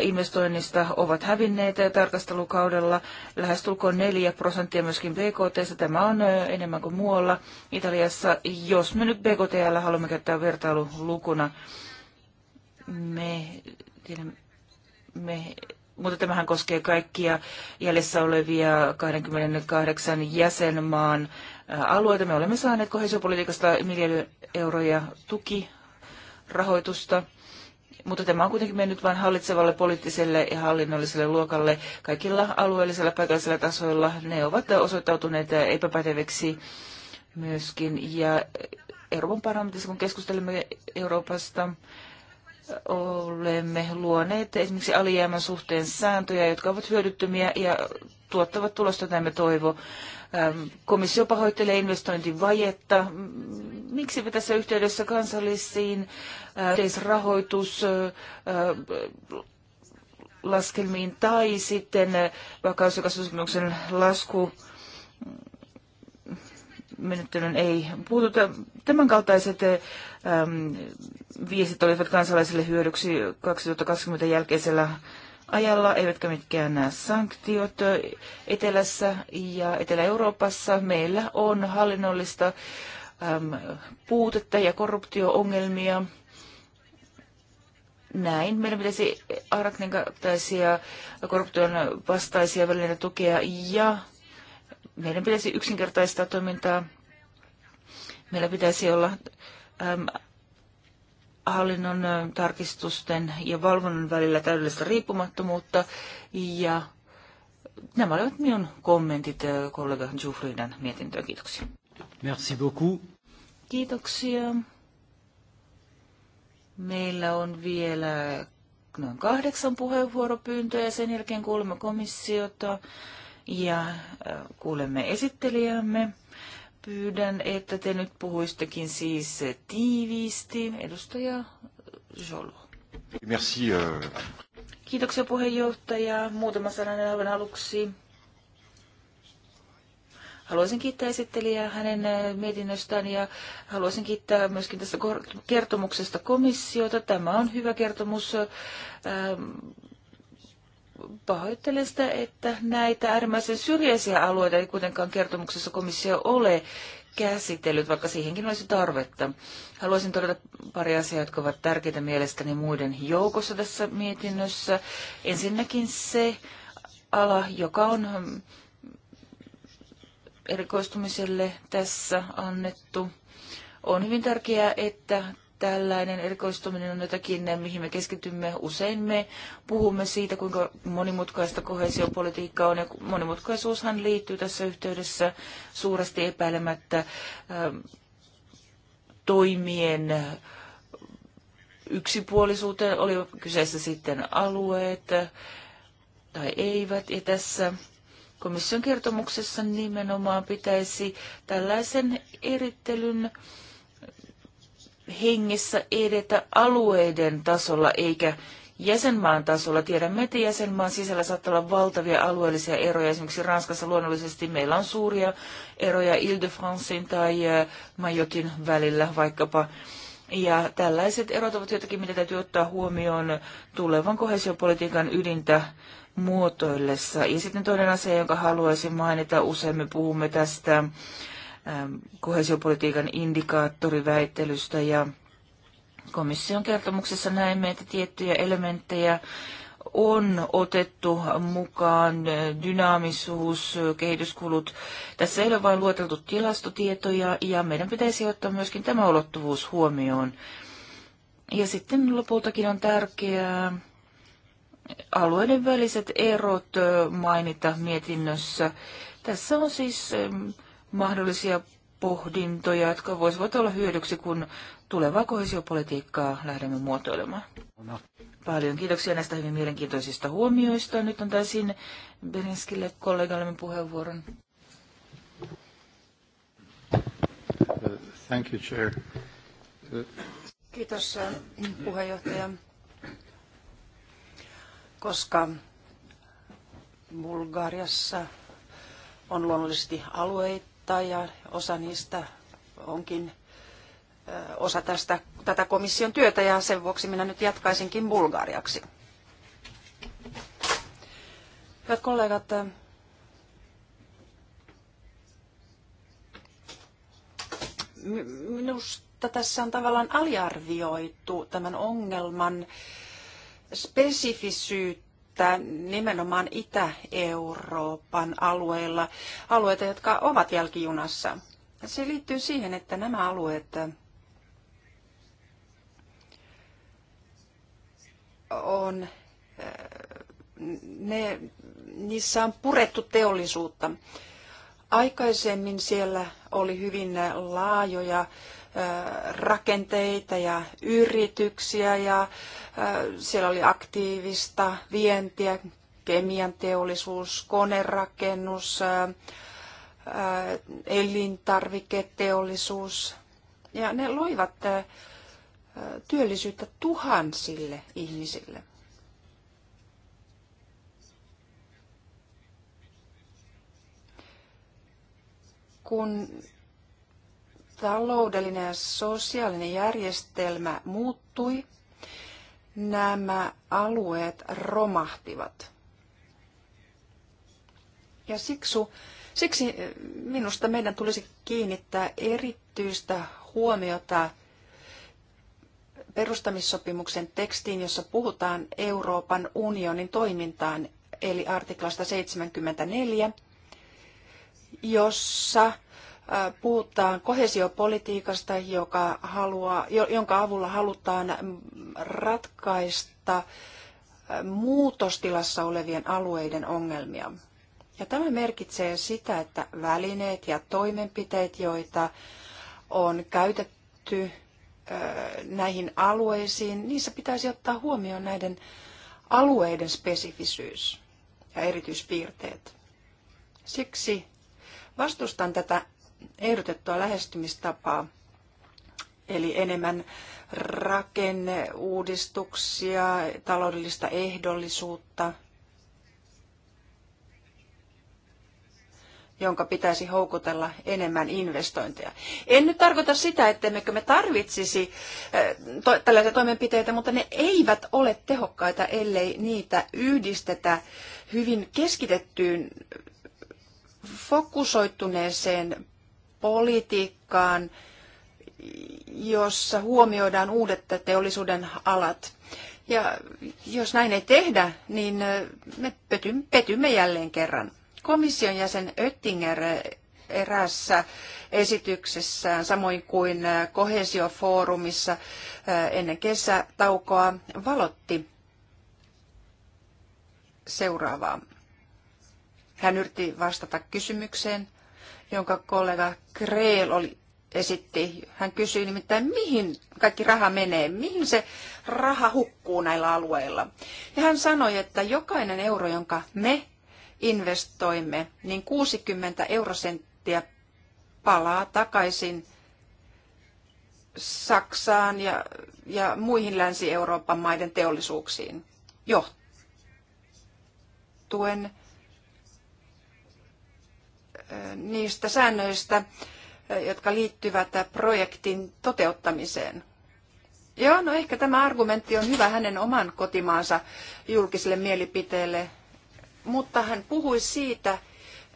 investoinnista ovat hävinneet tarkastelukaudella, lähestulkoon 4 prosenttia myöskin BKT, tämä on enemmän kuin muualla Italiassa. Jos me nyt BKTllä haluamme käyttää vertailulukuna, me, me mutta tämähän koskee kaikkia jäljessä olevia 28 jäsenmaan alueita. Me olemme saaneet kohesiopolitiikasta miljoonaa euroja tuki rahoitusta. Mutta tämä on kuitenkin mennyt vain hallitsevalle poliittiselle ja hallinnolliselle luokalle kaikilla alueellisella paikallisilla tasoilla. Ne ovat osoittautuneet epäpäteviksi myöskin. Ja Euroopan parlamentissa, kun keskustelemme Euroopasta, olemme luoneet esimerkiksi alijäämän suhteen sääntöjä, jotka ovat hyödyttömiä ja tuottavat tulosta, jota me toivo. Ähm, komissio pahoittelee investointivajetta miksi tässä yhteydessä kansallisiin äh, yhteisrahoituslaskelmiin äh, äh, tai sitten vakaus- ja kasvusopimuksen lasku menettelyn ei puututa. Tämän kaltaiset äm, viestit olivat kansalaisille hyödyksi 2020 jälkeisellä ajalla, eivätkä mitkään nämä sanktiot. Etelässä ja Etelä-Euroopassa meillä on hallinnollista puutetta ja korruptioongelmia. Näin. Meidän pitäisi Araknin kaltaisia korruption vastaisia välineitä tukea ja meidän pitäisi yksinkertaistaa toimintaa. Meillä pitäisi olla äm, hallinnon tarkistusten ja valvonnan välillä täydellistä riippumattomuutta. Ja nämä olivat minun kommentit äh, kollega Jufridan mietintöön. Kiitoksia. Merci beaucoup. Kiitoksia. Meillä on vielä noin kahdeksan puheenvuoropyyntöä ja sen jälkeen kuulemme komissiota ja äh, kuulemme esittelijämme. Pyydän, että te nyt puhuistekin siis tiiviisti. Edustaja Jolo. Merci. Äh. Kiitoksia puheenjohtaja. Muutama sananen aivan aluksi Haluaisin kiittää esittelijää hänen äh, mietinnöstään ja haluaisin kiittää myöskin tästä kertomuksesta komissiota. Tämä on hyvä kertomus. Ähm, pahoittelen sitä, että näitä äärimmäisen syrjäisiä alueita ei kuitenkaan kertomuksessa komissio ole käsitellyt, vaikka siihenkin olisi tarvetta. Haluaisin todeta pari asiaa, jotka ovat tärkeitä mielestäni muiden joukossa tässä mietinnössä. Ensinnäkin se ala, joka on erikoistumiselle tässä annettu. On hyvin tärkeää, että tällainen erikoistuminen on jotakin, mihin me keskitymme. Usein me puhumme siitä, kuinka monimutkaista kohesiopolitiikka on, ja monimutkaisuushan liittyy tässä yhteydessä suuresti epäilemättä ähm, toimien yksipuolisuuteen, oli kyseessä sitten alueet tai eivät, ja tässä Komission kertomuksessa nimenomaan pitäisi tällaisen erittelyn hengessä edetä alueiden tasolla eikä jäsenmaan tasolla. Tiedämme, että jäsenmaan sisällä saattaa olla valtavia alueellisia eroja. Esimerkiksi Ranskassa luonnollisesti meillä on suuria eroja Ile-de-Francein tai Majotin välillä vaikkapa. Ja tällaiset erot ovat jotakin, mitä täytyy ottaa huomioon tulevan kohesiopolitiikan ydintä muotoillessa. Ja sitten toinen asia, jonka haluaisin mainita, usein me puhumme tästä ähm, kohesiopolitiikan indikaattoriväittelystä ja komission kertomuksessa näemme, että tiettyjä elementtejä on otettu mukaan dynaamisuus, kehityskulut. Tässä ei ole vain lueteltu tilastotietoja ja meidän pitäisi ottaa myöskin tämä ulottuvuus huomioon. Ja sitten lopultakin on tärkeää alueiden väliset erot mainita mietinnössä. Tässä on siis mahdollisia pohdintoja, jotka voisivat olla hyödyksi, kun tulevaa kohesiopolitiikkaa lähdemme muotoilemaan. Paljon kiitoksia näistä hyvin mielenkiintoisista huomioista. Nyt on antaisin Berenskille kollegallemme puheenvuoron. Thank you, Chair. Kiitos puheenjohtaja koska Bulgariassa on luonnollisesti alueita ja osa niistä onkin osa tästä, tätä komission työtä ja sen vuoksi minä nyt jatkaisinkin bulgariaksi. Hyvät kollegat, minusta tässä on tavallaan aliarvioitu tämän ongelman spesifisyyttä nimenomaan Itä-Euroopan alueilla, alueita, jotka ovat jälkijunassa. Se liittyy siihen, että nämä alueet on ne, niissä on purettu teollisuutta. Aikaisemmin siellä oli hyvin laajoja rakenteita ja yrityksiä ja siellä oli aktiivista vientiä, kemian teollisuus, konerakennus, elintarviketeollisuus. Ja ne loivat työllisyyttä tuhansille ihmisille. Kun taloudellinen ja sosiaalinen järjestelmä muuttui, nämä alueet romahtivat. Ja siksi, siksi minusta meidän tulisi kiinnittää erityistä huomiota perustamissopimuksen tekstiin, jossa puhutaan Euroopan unionin toimintaan, eli artiklasta 74, jossa puhutaan kohesiopolitiikasta, joka haluaa, jonka avulla halutaan ratkaista muutostilassa olevien alueiden ongelmia. Ja tämä merkitsee sitä, että välineet ja toimenpiteet, joita on käytetty näihin alueisiin, niissä pitäisi ottaa huomioon näiden alueiden spesifisyys ja erityispiirteet. Siksi vastustan tätä ehdotettua lähestymistapaa, eli enemmän rakenneuudistuksia, taloudellista ehdollisuutta, jonka pitäisi houkutella enemmän investointeja. En nyt tarkoita sitä, ettemmekö me tarvitsisi eh, to- tällaisia toimenpiteitä, mutta ne eivät ole tehokkaita, ellei niitä yhdistetä hyvin keskitettyyn fokusoituneeseen politiikkaan, jossa huomioidaan uudet teollisuuden alat. Ja jos näin ei tehdä, niin me petymme jälleen kerran. Komission jäsen Oettinger erässä esityksessään, samoin kuin kohesiofoorumissa ennen kesätaukoa, valotti seuraavaa. Hän yritti vastata kysymykseen, jonka kollega Kreel oli, esitti. Hän kysyi nimittäin, mihin kaikki raha menee, mihin se raha hukkuu näillä alueilla. Ja hän sanoi, että jokainen euro, jonka me investoimme, niin 60 eurosenttiä palaa takaisin Saksaan ja, ja muihin Länsi-Euroopan maiden teollisuuksiin johtuen niistä säännöistä, jotka liittyvät projektin toteuttamiseen. Joo, no ehkä tämä argumentti on hyvä hänen oman kotimaansa julkiselle mielipiteelle, mutta hän puhui siitä,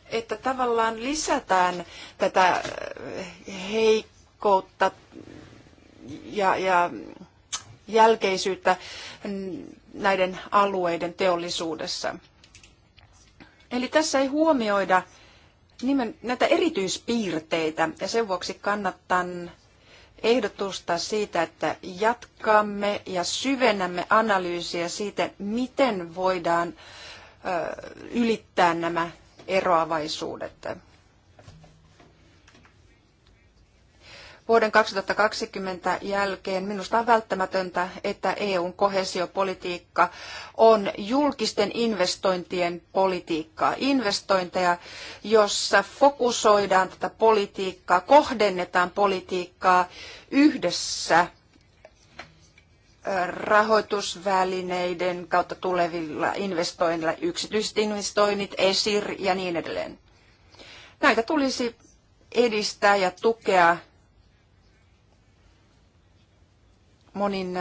että tavallaan lisätään tätä eh, heikkoutta ja, ja jälkeisyyttä näiden alueiden teollisuudessa. Eli tässä ei huomioida nimen, näitä erityispiirteitä ja sen vuoksi kannattaa ehdotusta siitä, että jatkamme ja syvennämme analyysiä siitä, miten voidaan ylittää nämä eroavaisuudet. Vuoden 2020 jälkeen minusta on välttämätöntä, että EUn kohesiopolitiikka on julkisten investointien politiikkaa. Investointeja, jossa fokusoidaan tätä politiikkaa, kohdennetaan politiikkaa yhdessä rahoitusvälineiden kautta tulevilla investoinneilla, yksityiset investoinnit, ESIR ja niin edelleen. Näitä tulisi edistää ja tukea monin,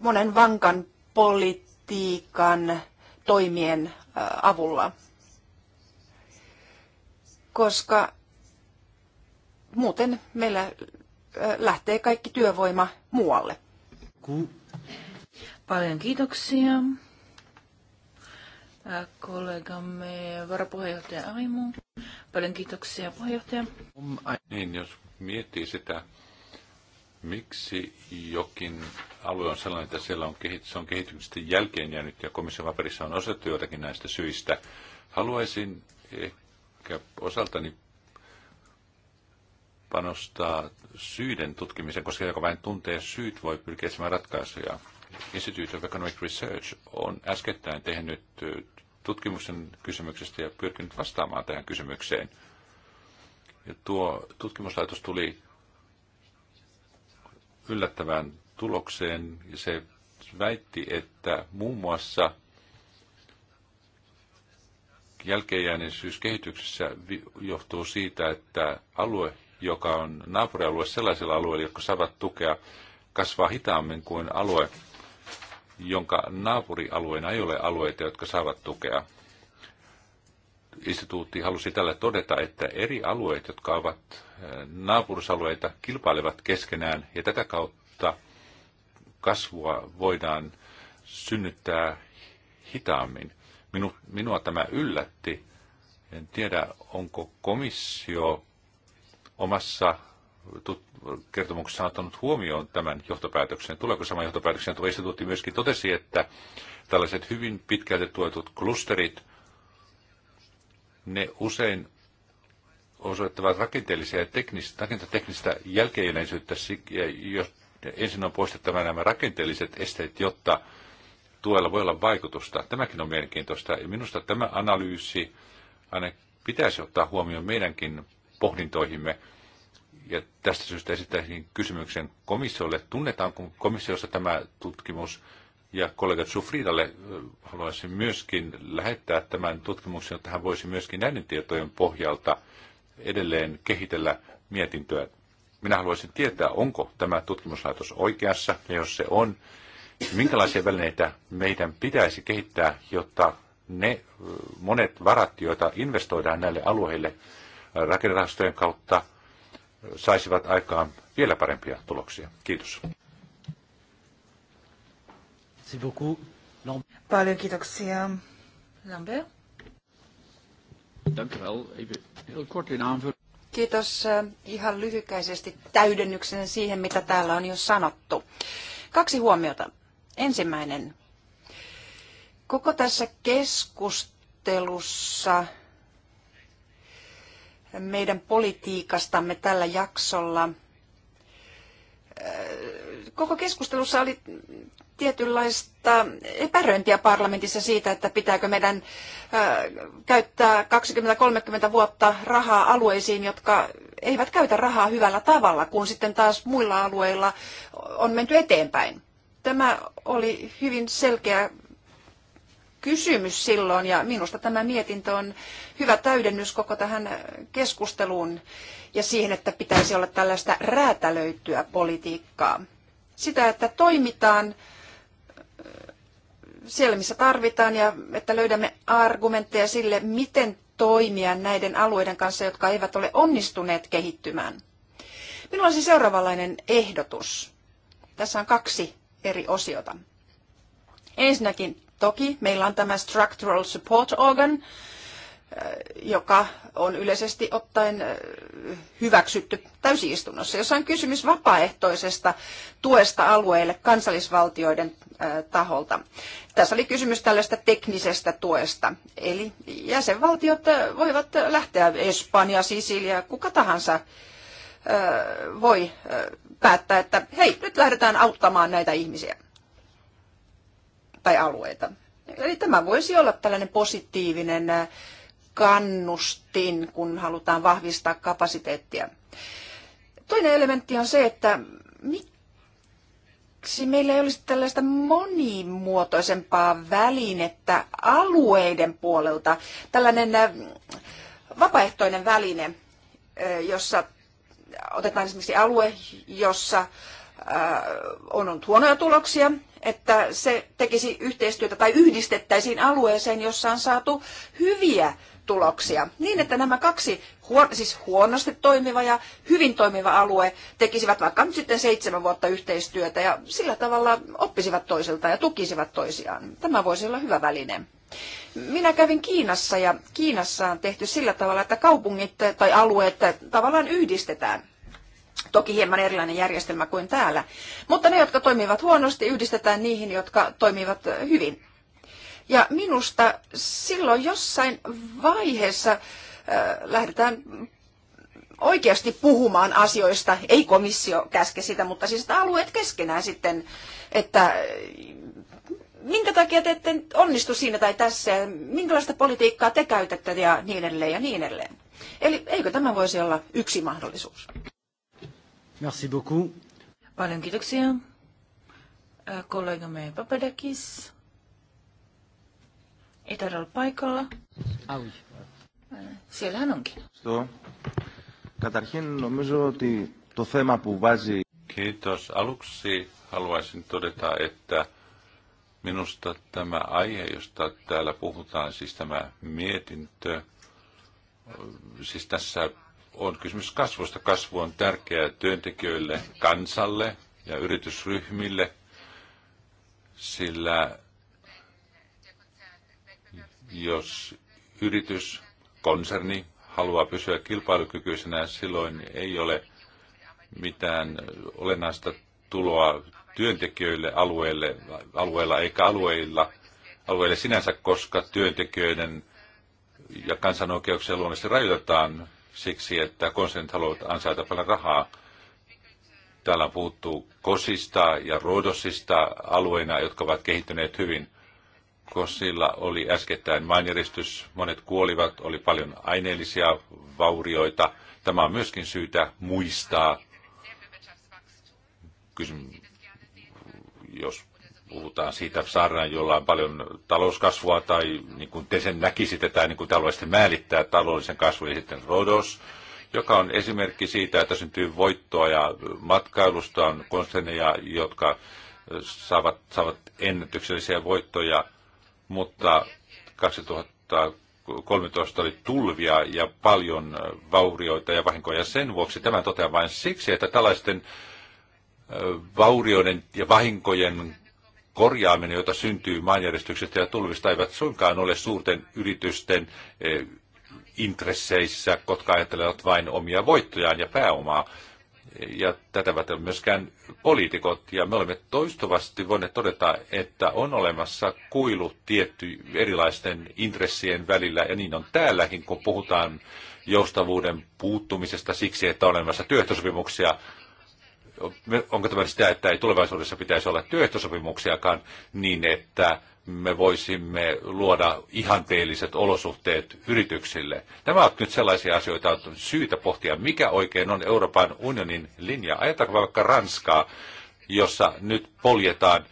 monen vankan politiikan toimien avulla, koska muuten meillä lähtee kaikki työvoima muualle. Paljon kiitoksia. Kollegamme varapuheenjohtaja Aimu. Paljon kiitoksia puheenjohtaja. Niin, jos miettii sitä, miksi jokin alue on sellainen, että siellä on kehitys, se on kehityksestä jälkeen jäänyt ja komission paperissa on osattu jotakin näistä syistä. Haluaisin ehkä osaltani panostaa syiden tutkimiseen, koska joka vain tuntee syyt, voi pyrkiä etsimään ratkaisuja. Institute of Economic Research on äskettäin tehnyt tutkimuksen kysymyksestä ja pyrkinyt vastaamaan tähän kysymykseen – ja tuo tutkimuslaitos tuli yllättävään tulokseen. Ja se väitti, että muun muassa jälkeenjääneisyys kehityksessä johtuu siitä, että alue, joka on naapurialue sellaisella alueella, jotka saavat tukea, kasvaa hitaammin kuin alue, jonka naapurialueena ei ole alueita, jotka saavat tukea instituutti halusi tällä todeta, että eri alueet, jotka ovat eh, naapurusalueita, kilpailevat keskenään ja tätä kautta kasvua voidaan synnyttää hitaammin. Minu, minua tämä yllätti. En tiedä, onko komissio omassa kertomuksessa ottanut huomioon tämän johtopäätöksen. Tuleeko sama johtopäätöksen? Tuo instituutti myöskin totesi, että tällaiset hyvin pitkälti tuetut klusterit – ne usein osoittavat rakenteellisia ja teknistä, rakentateknistä jälkeenäisyyttä, jos ensin on poistettava nämä rakenteelliset esteet, jotta tuella voi olla vaikutusta. Tämäkin on mielenkiintoista ja minusta tämä analyysi aina pitäisi ottaa huomioon meidänkin pohdintoihimme. Ja tästä syystä esittäisin kysymyksen komissiolle. Tunnetaanko komissiossa tämä tutkimus ja kollega Sufridalle haluaisin myöskin lähettää tämän tutkimuksen, että hän voisi myöskin näiden tietojen pohjalta edelleen kehitellä mietintöä. Minä haluaisin tietää, onko tämä tutkimuslaitos oikeassa, ja jos se on, minkälaisia välineitä meidän pitäisi kehittää, jotta ne monet varat, joita investoidaan näille alueille rakennerahastojen kautta, saisivat aikaan vielä parempia tuloksia. Kiitos. Merci beaucoup. Paljon kiitoksia. Lambert. Dank u wel. Even heel kort in aanvulling. Kiitos eh, ihan lyhykäisesti täydennyksen siihen, mitä täällä on jo sanottu. Kaksi huomiota. Ensimmäinen. Koko tässä keskustelussa meidän politiikastamme tällä jaksolla – koko keskustelussa oli tietynlaista epäröintiä parlamentissa siitä, että pitääkö meidän käyttää 20-30 vuotta rahaa alueisiin, jotka eivät käytä rahaa hyvällä tavalla, kun sitten taas muilla alueilla on menty eteenpäin. Tämä oli hyvin selkeä kysymys silloin, ja minusta tämä mietintö on hyvä täydennys koko tähän keskusteluun ja siihen, että pitäisi olla tällaista räätälöityä politiikkaa. Sitä, että toimitaan siellä, missä tarvitaan, ja että löydämme argumentteja sille, miten toimia näiden alueiden kanssa, jotka eivät ole onnistuneet kehittymään. Minulla on siis seuraavanlainen ehdotus. Tässä on kaksi eri osiota. Ensinnäkin Toki meillä on tämä Structural Support Organ, äh, joka on yleisesti ottaen äh, hyväksytty täysistunnossa, jossa on kysymys vapaaehtoisesta tuesta alueelle kansallisvaltioiden äh, taholta. Tässä oli kysymys tällaista teknisestä tuesta, eli jäsenvaltiot voivat lähteä Espanja, Sisilia, kuka tahansa voi päättää, että hei, nyt lähdetään auttamaan näitä ihmisiä tai alueita. Eli tämä voisi olla tällainen positiivinen äh, kannustin, kun halutaan vahvistaa kapasiteettia. Toinen elementti on se, että miksi meillä ei olisi tällaista monimuotoisempaa välinettä alueiden puolelta, tällainen äh, vapaaehtoinen väline, äh, jossa otetaan esimerkiksi alue, jossa on ollut huonoja tuloksia että se tekisi yhteistyötä tai yhdistettäisiin alueeseen, jossa on saatu hyviä tuloksia, niin että nämä kaksi huon, siis huonosti toimiva ja hyvin toimiva alue tekisivät vaikka nyt sitten seitsemän vuotta yhteistyötä ja sillä tavalla oppisivat toisiltaan ja tukisivat toisiaan. Tämä voisi olla hyvä väline. Minä kävin Kiinassa ja Kiinassa on tehty sillä tavalla, että kaupungit tai alueet tavallaan yhdistetään. Toki hieman erilainen järjestelmä kuin täällä. Mutta ne, jotka toimivat huonosti, yhdistetään niihin, jotka toimivat hyvin. Ja minusta silloin jossain vaiheessa äh, lähdetään oikeasti puhumaan asioista, ei komissio käske sitä, mutta siis alueet keskenään sitten, että äh, minkä takia te ette onnistu siinä tai tässä, ja minkälaista politiikkaa te käytätte ja niin edelleen ja niin edelleen. Eli eikö tämä voisi olla yksi mahdollisuus? Merci beaucoup. Paljon kiitoksia. Kollegamme Papadakis. Ei taida olla paikalla. Aui. Ah, siellä hän onkin. Sto. Καταρχήν νομίζω ότι το θέμα που βάζει... Kiitos. Aluksi haluaisin todeta, että minusta tämä aihe, josta täällä puhutaan, siis tämä mietintö, siis tässä on kysymys kasvusta. Kasvu on tärkeää työntekijöille, kansalle ja yritysryhmille, sillä jos yritys, konserni haluaa pysyä kilpailukykyisenä, silloin ei ole mitään olennaista tuloa työntekijöille alueelle, alueella eikä alueilla, alueelle sinänsä, koska työntekijöiden ja kansanoikeuksia luonnollisesti rajoitetaan siksi, että konsent haluavat ansaita paljon rahaa. Täällä puhuttu Kosista ja ruodosista alueina, jotka ovat kehittyneet hyvin. Kosilla oli äskettäin mainjäristys, monet kuolivat, oli paljon aineellisia vaurioita. Tämä on myöskin syytä muistaa. Kysyn, jos puhutaan siitä saarna, jolla on paljon talouskasvua, tai niin kuin te sen näkisitte, tai niin kuin te haluaisitte määrittää taloudellisen kasvun, ja sitten Rodos, joka on esimerkki siitä, että syntyy voittoa ja matkailusta on konserneja, jotka saavat, saavat ennätyksellisiä voittoja, mutta 2013 oli tulvia ja paljon vaurioita ja vahinkoja sen vuoksi. Tämän totean vain siksi, että tällaisten vaurioiden ja vahinkojen korjaaminen, jota syntyy maanjärjestyksestä ja tulvista, eivät suinkaan ole suurten yritysten e, intresseissä, jotka ajattelevat vain omia voittojaan ja pääomaa. Ja tätä ovat myöskään poliitikot. Ja me olemme toistuvasti voineet todeta, että on olemassa kuilu tietty erilaisten intressien välillä. Ja niin on täälläkin, kun puhutaan joustavuuden puuttumisesta siksi, että on olemassa työhtösopimuksia, onko tämä sitä, että ei tulevaisuudessa pitäisi olla työehtosopimuksiakaan niin, että me voisimme luoda ihanteelliset olosuhteet yrityksille. Nämä ovat nyt sellaisia asioita, että on syytä pohtia, mikä oikein on Euroopan unionin linja. Ajatellaanko vaikka Ranskaa, jossa nyt poljetaan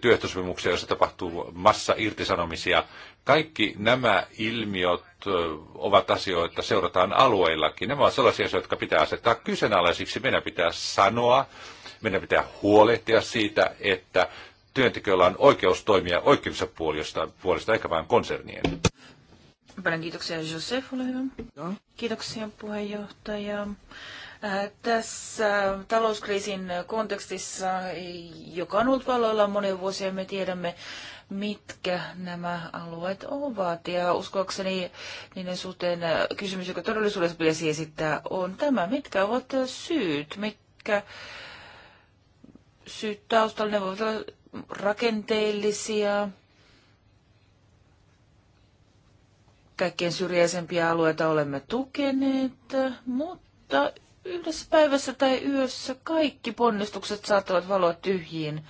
työehtosopimuksia, jossa tapahtuu massa irtisanomisia. Kaikki nämä ilmiöt ovat asioita, että seurataan alueillakin. Nämä ovat sellaisia asioita, jotka pitää asettaa kyseenalaisiksi. Meidän pitää sanoa, meidän pitää huolehtia siitä, että työntekijöillä on oikeus toimia oikeudessa puolesta, puolesta eikä vain konsernien. Paljon kiitoksia Josef, ole hyvä. No. Kiitoksia puheenjohtaja. Äh, tässä talouskriisin kontekstissa, joka on ollut valoilla monia vuosia, me tiedämme, mitkä nämä alueet ovat. Ja uskoakseni niiden suhteen äh, kysymys, joka todellisuudessa pitäisi esittää, on tämä, mitkä ovat syyt, mitkä syyt taustalla, ne voivat olla rakenteellisia, kaikkien syrjäisempiä alueita olemme tukeneet, mutta yhdessä päivässä tai yössä kaikki ponnistukset saattavat valoa tyhjiin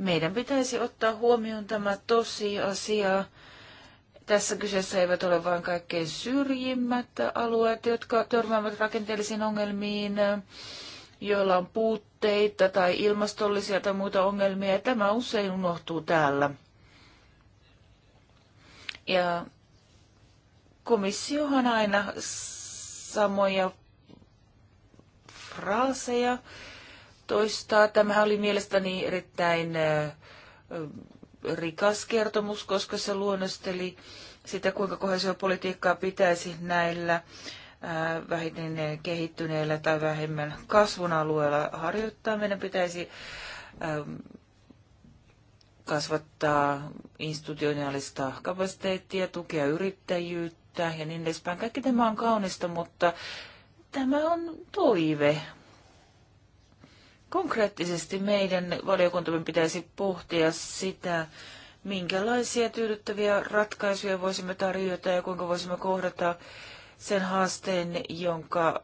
meidän pitäisi ottaa huomioon tämä tosiasia. Tässä kyseessä eivät ole vain kaikkein syrjimmät alueet, jotka törmäävät rakenteellisiin ongelmiin, joilla on puutteita tai ilmastollisia tai muita ongelmia. Tämä usein unohtuu täällä. Ja komissiohan aina samoja fraaseja toistaa. Tämä oli mielestäni erittäin rikas kertomus, koska se luonnosteli sitä, kuinka kohesiopolitiikkaa pitäisi näillä vähiten kehittyneillä tai vähemmän kasvun alueella harjoittaa. Meidän pitäisi kasvattaa institutionaalista kapasiteettia, tukea yrittäjyyttä ja niin edespäin. Kaikki tämä on kaunista, mutta tämä on toive. Konkreettisesti meidän valiokuntamme pitäisi pohtia sitä, minkälaisia tyydyttäviä ratkaisuja voisimme tarjota ja kuinka voisimme kohdata sen haasteen, jonka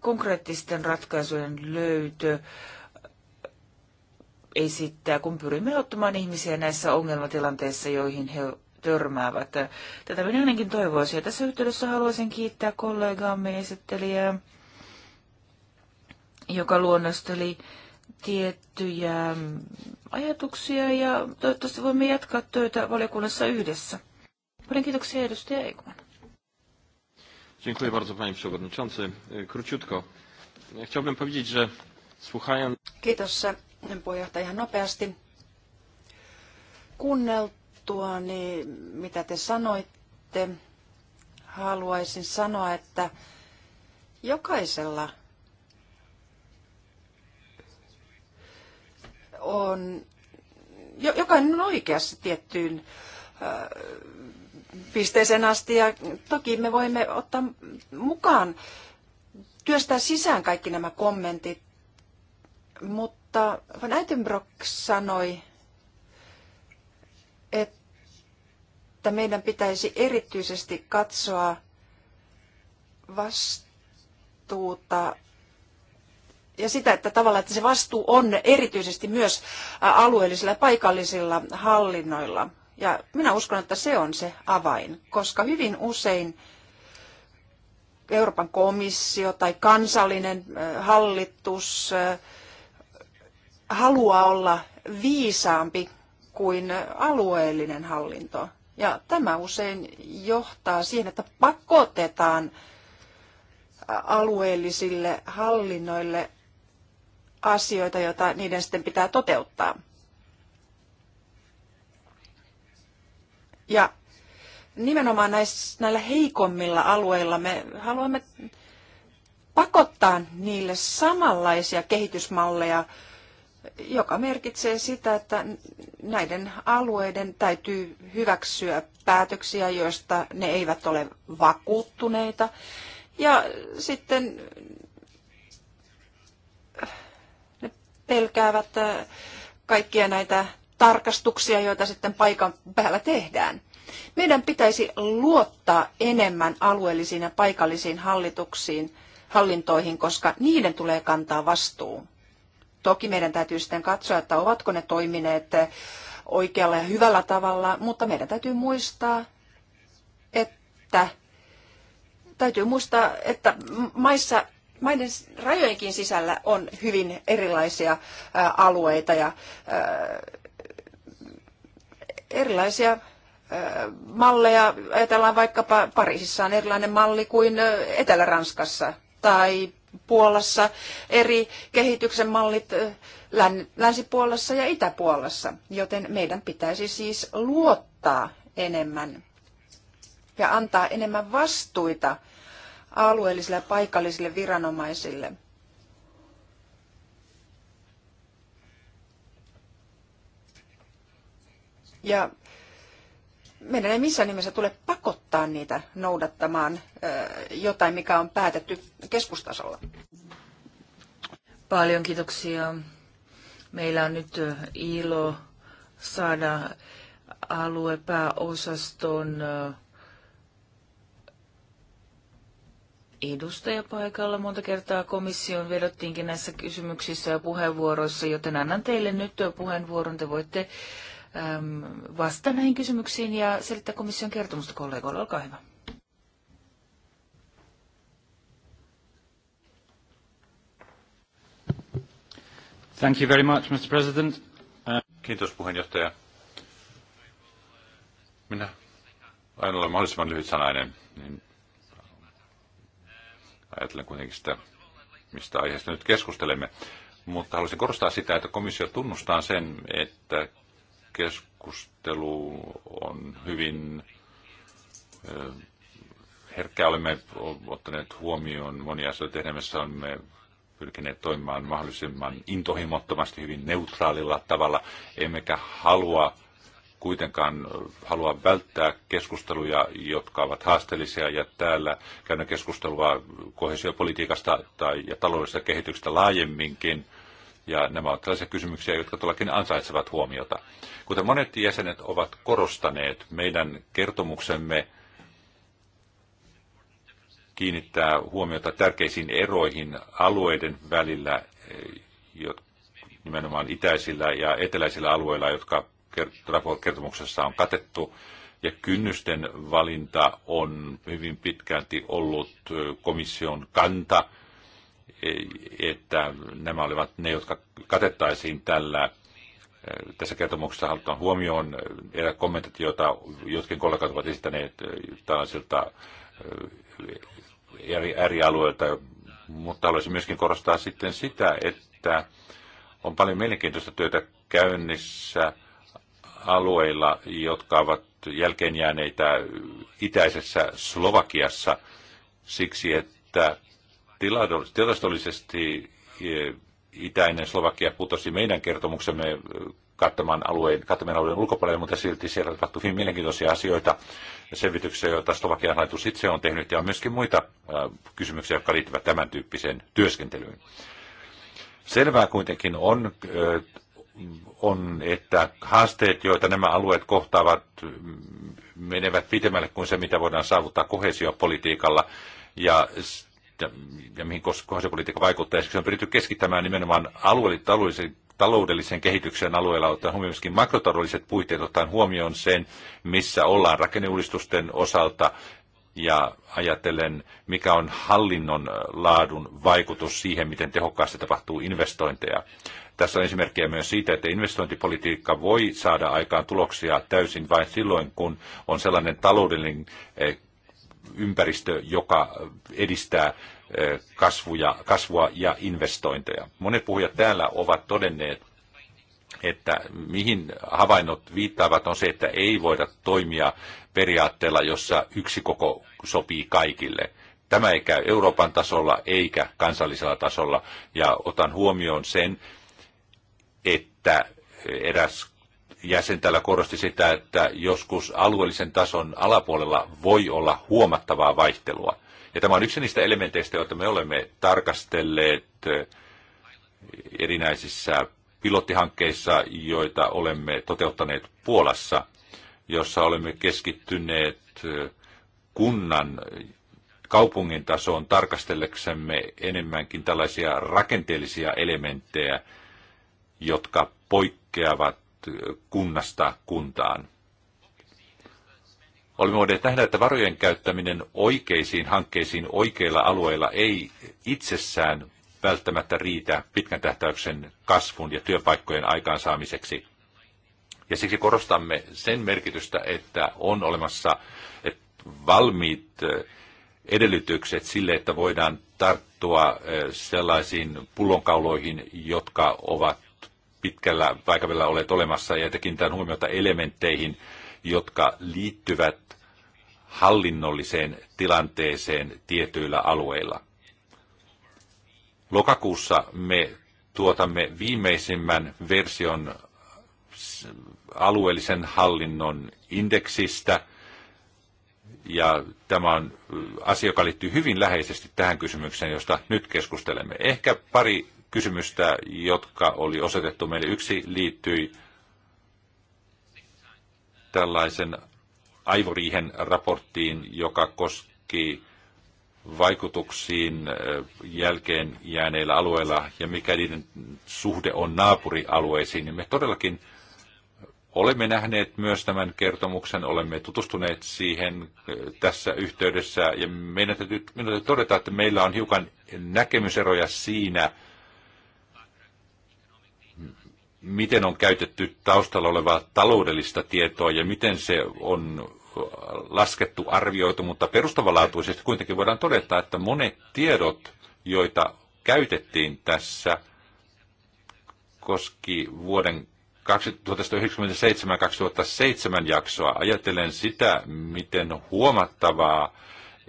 konkreettisten ratkaisujen löytö esittää, kun pyrimme ottamaan ihmisiä näissä ongelmatilanteissa, joihin he törmäävät. Tätä minä ainakin toivoisin. Ja tässä yhteydessä haluaisin kiittää kollegaamme esittelijää joka luonnosteli tiettyjä ajatuksia ja toivottavasti voimme jatkaa töitä valiokunnassa yhdessä. Paljon kiitoksia edustaja Eikman. Dziękuję bardzo panie przewodniczący. E, króciutko. Chciałbym powiedzieć, że słuchając... Kiitos puheenjohtaja ihan nopeasti. Kuunneltua, niin mitä te sanoitte, haluaisin sanoa, että jokaisella on, jokainen on oikeassa tiettyyn pisteeseen asti ja toki me voimme ottaa mukaan, työstää sisään kaikki nämä kommentit, mutta Van Eytenbrock sanoi, että meidän pitäisi erityisesti katsoa vastuuta ja sitä, että tavallaan että se vastuu on erityisesti myös alueellisilla ja paikallisilla hallinnoilla. Ja minä uskon, että se on se avain, koska hyvin usein Euroopan komissio tai kansallinen hallitus haluaa olla viisaampi kuin alueellinen hallinto. Ja tämä usein johtaa siihen, että pakotetaan alueellisille hallinnoille asioita, joita niiden sitten pitää toteuttaa. Ja nimenomaan näissä näillä heikommilla alueilla me haluamme pakottaa niille samanlaisia kehitysmalleja, joka merkitsee sitä, että näiden alueiden täytyy hyväksyä päätöksiä, joista ne eivät ole vakuuttuneita. Ja sitten pelkäävät äh, kaikkia näitä tarkastuksia, joita sitten paikan päällä tehdään. Meidän pitäisi luottaa enemmän alueellisiin ja paikallisiin hallituksiin, hallintoihin, koska niiden tulee kantaa vastuu. Toki meidän täytyy sitten katsoa, että ovatko ne toimineet äh, oikealla ja hyvällä tavalla, mutta meidän täytyy muistaa, että täytyy muistaa, että maissa maiden rajojenkin sisällä on hyvin erilaisia alueita ja erilaisia malleja. Ajatellaan vaikkapa Pariisissa on erilainen malli kuin Etelä-Ranskassa tai Puolassa eri kehityksen mallit länsipuolessa ja itäpuolessa, joten meidän pitäisi siis luottaa enemmän ja antaa enemmän vastuita alueellisille ja paikallisille viranomaisille. Ja meidän ei missään nimessä tule pakottaa niitä noudattamaan jotain, mikä on päätetty keskustasolla. Paljon kiitoksia. Meillä on nyt ilo saada aluepääosaston edustaja paikalla. Monta kertaa komission vedottiinkin näissä kysymyksissä ja puheenvuoroissa, joten annan teille nyt puheenvuoron. Te voitte äm, vastata näihin kysymyksiin ja selittää komission kertomusta kollegoille. Olkaa hyvä. Thank you very much, Mr. President. Uh, Kiitos puheenjohtaja. Minä aina olen mahdollisimman sanainen, niin ajatellen kuitenkin sitä, mistä aiheesta nyt keskustelemme. Mutta haluaisin korostaa sitä, että komissio tunnustaa sen, että keskustelu on hyvin herkkää. Olemme ottaneet huomioon monia asioita tehdessä, olemme pyrkineet toimimaan mahdollisimman intohimottomasti, hyvin neutraalilla tavalla, emmekä halua kuitenkaan halua välttää keskusteluja, jotka ovat haasteellisia ja täällä käydä keskustelua kohesiopolitiikasta tai, ja taloudellisesta kehityksestä laajemminkin. Ja nämä ovat tällaisia kysymyksiä, jotka todellakin ansaitsevat huomiota. Kuten monet jäsenet ovat korostaneet, meidän kertomuksemme kiinnittää huomiota tärkeisiin eroihin alueiden välillä, eh, nimenomaan itäisillä ja eteläisillä alueilla, jotka kertomuksessa on katettu. Ja kynnysten valinta on hyvin pitkälti ollut komission kanta, e, että nämä olivat ne, jotka katettaisiin tällä tässä kertomuksessa halutaan huomioon erää kommentit, joita jotkin kollegat ovat esittäneet tällaisilta eri, alueilta, mutta haluaisin myöskin korostaa sitten sitä, että on paljon mielenkiintoista työtä käynnissä – alueilla, jotka ovat jälkeenjääneitä itäisessä Slovakiassa siksi, että tilastollisesti e, itäinen Slovakia putosi meidän kertomuksemme e, kattaman alueen, kattamien alueen ulkopuolelle, mutta silti siellä tapahtui hyvin mielenkiintoisia asioita ja selvityksiä, joita Slovakian hallitus itse on tehnyt, ja on myöskin muita e, kysymyksiä, jotka liittyvät tämän tyyppiseen työskentelyyn. Selvää kuitenkin on on, että haasteet, joita nämä alueet kohtaavat, menevät pitemmälle kuin se, mitä voidaan saavuttaa kohesiopolitiikalla. Ja ja, ja mihin kohesiopolitiikka vaikuttaa. Siksi on pyritty keskittämään nimenomaan alueelliseen taloudellisen kehityksen alueella, ottaen huomioon myöskin makrotaloudelliset puitteet, ottaen huomioon sen, missä ollaan rakenneuudistusten osalta ja ajatellen, mikä on hallinnon laadun vaikutus siihen, miten tehokkaasti tapahtuu investointeja. Tässä on esimerkkejä myös siitä, että investointipolitiikka voi saada aikaan tuloksia täysin vain silloin, kun on sellainen taloudellinen eh, ympäristö, joka edistää eh, kasvuja, kasvua ja investointeja. Monet puhujat täällä ovat todenneet, että mihin havainnot viittaavat on se, että ei voida toimia periaatteella, jossa yksi koko sopii kaikille. Tämä ei käy Euroopan tasolla eikä kansallisella tasolla. Ja otan huomioon sen, että eräs jäsen täällä korosti sitä, että joskus alueellisen tason alapuolella voi olla huomattavaa vaihtelua. Ja tämä on yksi niistä elementeistä, joita me olemme tarkastelleet eh, erinäisissä pilottihankkeissa, joita olemme toteuttaneet Puolassa, jossa olemme keskittyneet eh, kunnan eh, kaupungin tasoon tarkastelleksemme enemmänkin tällaisia rakenteellisia elementtejä, jotka poikkeavat kunnasta kuntaan. Olemme voineet nähdä, että varojen käyttäminen oikeisiin hankkeisiin oikeilla alueilla ei itsessään välttämättä riitä pitkän tähtäyksen kasvun ja työpaikkojen aikaansaamiseksi. Ja siksi korostamme sen merkitystä, että on olemassa että valmiit edellytykset sille, että voidaan tarttua sellaisiin pullonkauloihin, jotka ovat pitkällä aikavälillä olet olemassa ja tekin tämän huomiota elementteihin, jotka liittyvät hallinnolliseen tilanteeseen tietyillä alueilla. Lokakuussa me tuotamme viimeisimmän version alueellisen hallinnon indeksistä, ja tämä on asia, joka liittyy hyvin läheisesti tähän kysymykseen, josta nyt keskustelemme. Ehkä pari kysymystä, jotka oli osoitettu meille. Yksi liittyi tällaisen aivoriihen raporttiin, joka koski vaikutuksiin äh, jälkeen jääneillä alueilla ja mikä niiden suhde on naapurialueisiin, niin me todellakin olemme nähneet myös tämän kertomuksen, olemme tutustuneet siihen äh, tässä yhteydessä ja meidän täytyy, meidän täytyy todeta, että meillä on hiukan näkemyseroja siinä, miten on käytetty taustalla olevaa taloudellista tietoa ja miten se on laskettu, arvioitu, mutta perustavanlaatuisesti kuitenkin voidaan todeta, että monet tiedot, joita käytettiin tässä, koski vuoden 1997-2007 jaksoa. Ajatellen sitä, miten huomattavaa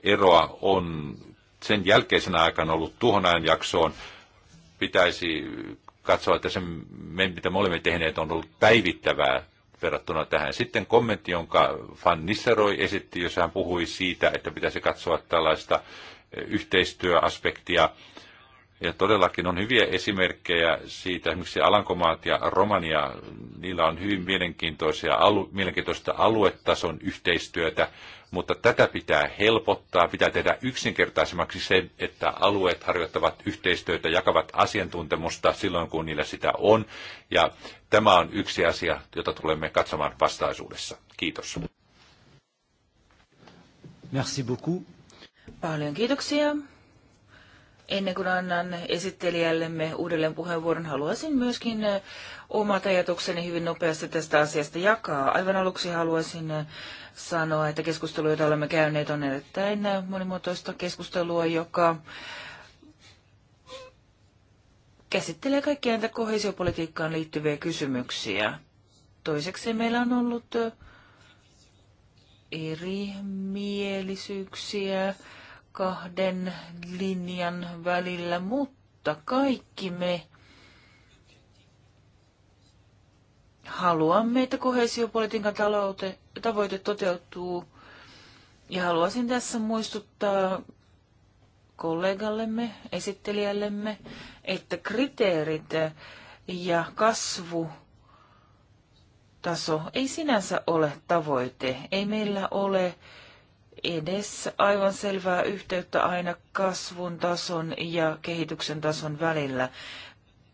eroa on sen jälkeisen aikana ollut tuhon ajan jaksoon, pitäisi katsoa, että se, mitä me olemme tehneet, on ollut päivittävää verrattuna tähän. Sitten kommentti, jonka Van Nisseroi esitti, jossa hän puhui siitä, että pitäisi katsoa tällaista eh, yhteistyöaspektia ja todellakin on hyviä esimerkkejä siitä, esimerkiksi Alankomaat ja Romania, niillä on hyvin mielenkiintoisia, alu, mielenkiintoista aluetason yhteistyötä, mutta tätä pitää helpottaa, pitää tehdä yksinkertaisemmaksi sen, että alueet harjoittavat yhteistyötä, jakavat asiantuntemusta silloin, kun niillä sitä on. Ja tämä on yksi asia, jota tulemme katsomaan vastaisuudessa. Kiitos. Merci beaucoup. Paljon kiitoksia. Ennen kuin annan esittelijällemme uudelleen puheenvuoron, haluaisin myöskin omat ajatukseni hyvin nopeasti tästä asiasta jakaa. Aivan aluksi haluaisin sanoa, että keskustelu, jota olemme käyneet, on erittäin monimuotoista keskustelua, joka käsittelee kaikkia näitä kohesiopolitiikkaan liittyviä kysymyksiä. Toiseksi meillä on ollut erimielisyyksiä kahden linjan välillä, mutta kaikki me haluamme, että kohesiopolitiikan taloute, tavoite toteutuu. Ja haluaisin tässä muistuttaa kollegallemme, esittelijällemme, että kriteerit ja kasvu taso ei sinänsä ole tavoite. Ei meillä ole edes aivan selvää yhteyttä aina kasvun tason ja kehityksen tason välillä.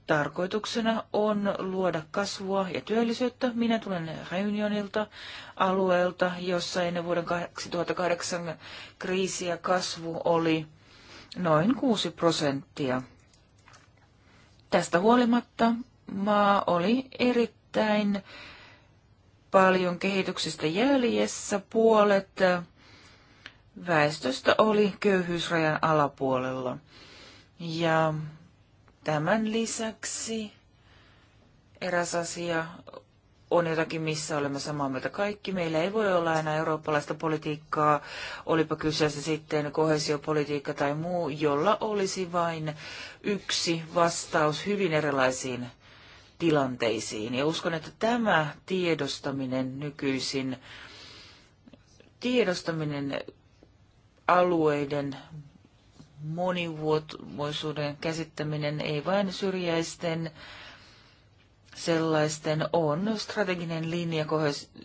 Tarkoituksena on luoda kasvua ja työllisyyttä. Minä tulen Reunionilta alueelta, jossa ennen vuoden 2008 kriisiä kasvu oli noin 6 prosenttia. Tästä huolimatta maa oli erittäin paljon kehityksestä jäljessä. Puolet väestöstä oli köyhyysrajan alapuolella. Ja tämän lisäksi eräs asia on jotakin, missä olemme samaa mieltä kaikki. Meillä ei voi olla enää eurooppalaista politiikkaa, olipa kyseessä sitten kohesiopolitiikka tai muu, jolla olisi vain yksi vastaus hyvin erilaisiin tilanteisiin. Ja uskon, että tämä tiedostaminen nykyisin, tiedostaminen alueiden monivuotoisuuden käsittäminen ei vain syrjäisten sellaisten on strateginen linja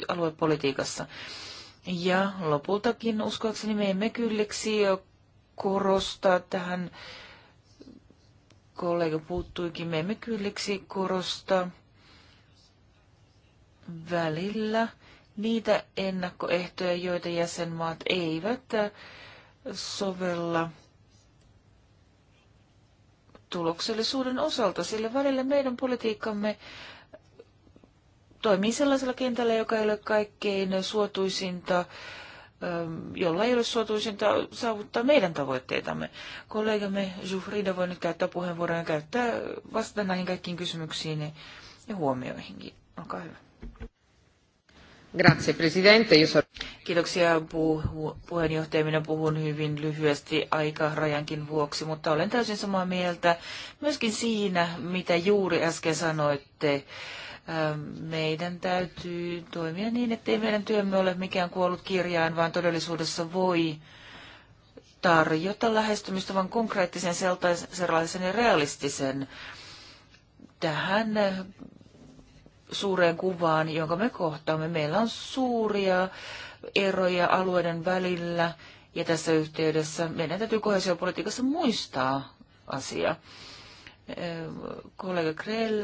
aluepolitiikassa. Ja lopultakin uskoakseni me emme kylliksi korostaa tähän, kollega puuttuikin, me emme kylliksi korostaa välillä niitä ennakkoehtoja, joita jäsenmaat eivät sovella tuloksellisuuden osalta, sillä välillä meidän politiikkamme toimii sellaisella kentällä, joka ei ole kaikkein suotuisinta, ähm, jolla ei ole suotuisinta saavuttaa meidän tavoitteitamme. Kollegamme Jufrida voi nyt käyttää puheenvuoroja ja käyttää vastata näihin kaikkiin kysymyksiin ja huomioihinkin. Olkaa hyvä. Grazie, presidente. Kiitoksia puheenjohtaja. Minä puhun hyvin lyhyesti aikarajankin vuoksi, mutta olen täysin samaa mieltä myöskin siinä, mitä juuri äsken sanoitte. Ähm, meidän täytyy toimia niin, ettei meidän työmme ole mikään kuollut kirjain, vaan todellisuudessa voi tarjota lähestymistavan konkreettisen, sellaisen ja realistisen tähän suureen kuvaan, jonka me kohtaamme. Meillä on suuria eroja alueiden välillä ja tässä yhteydessä meidän täytyy kohesiopolitiikassa muistaa asia. Kollega Krell,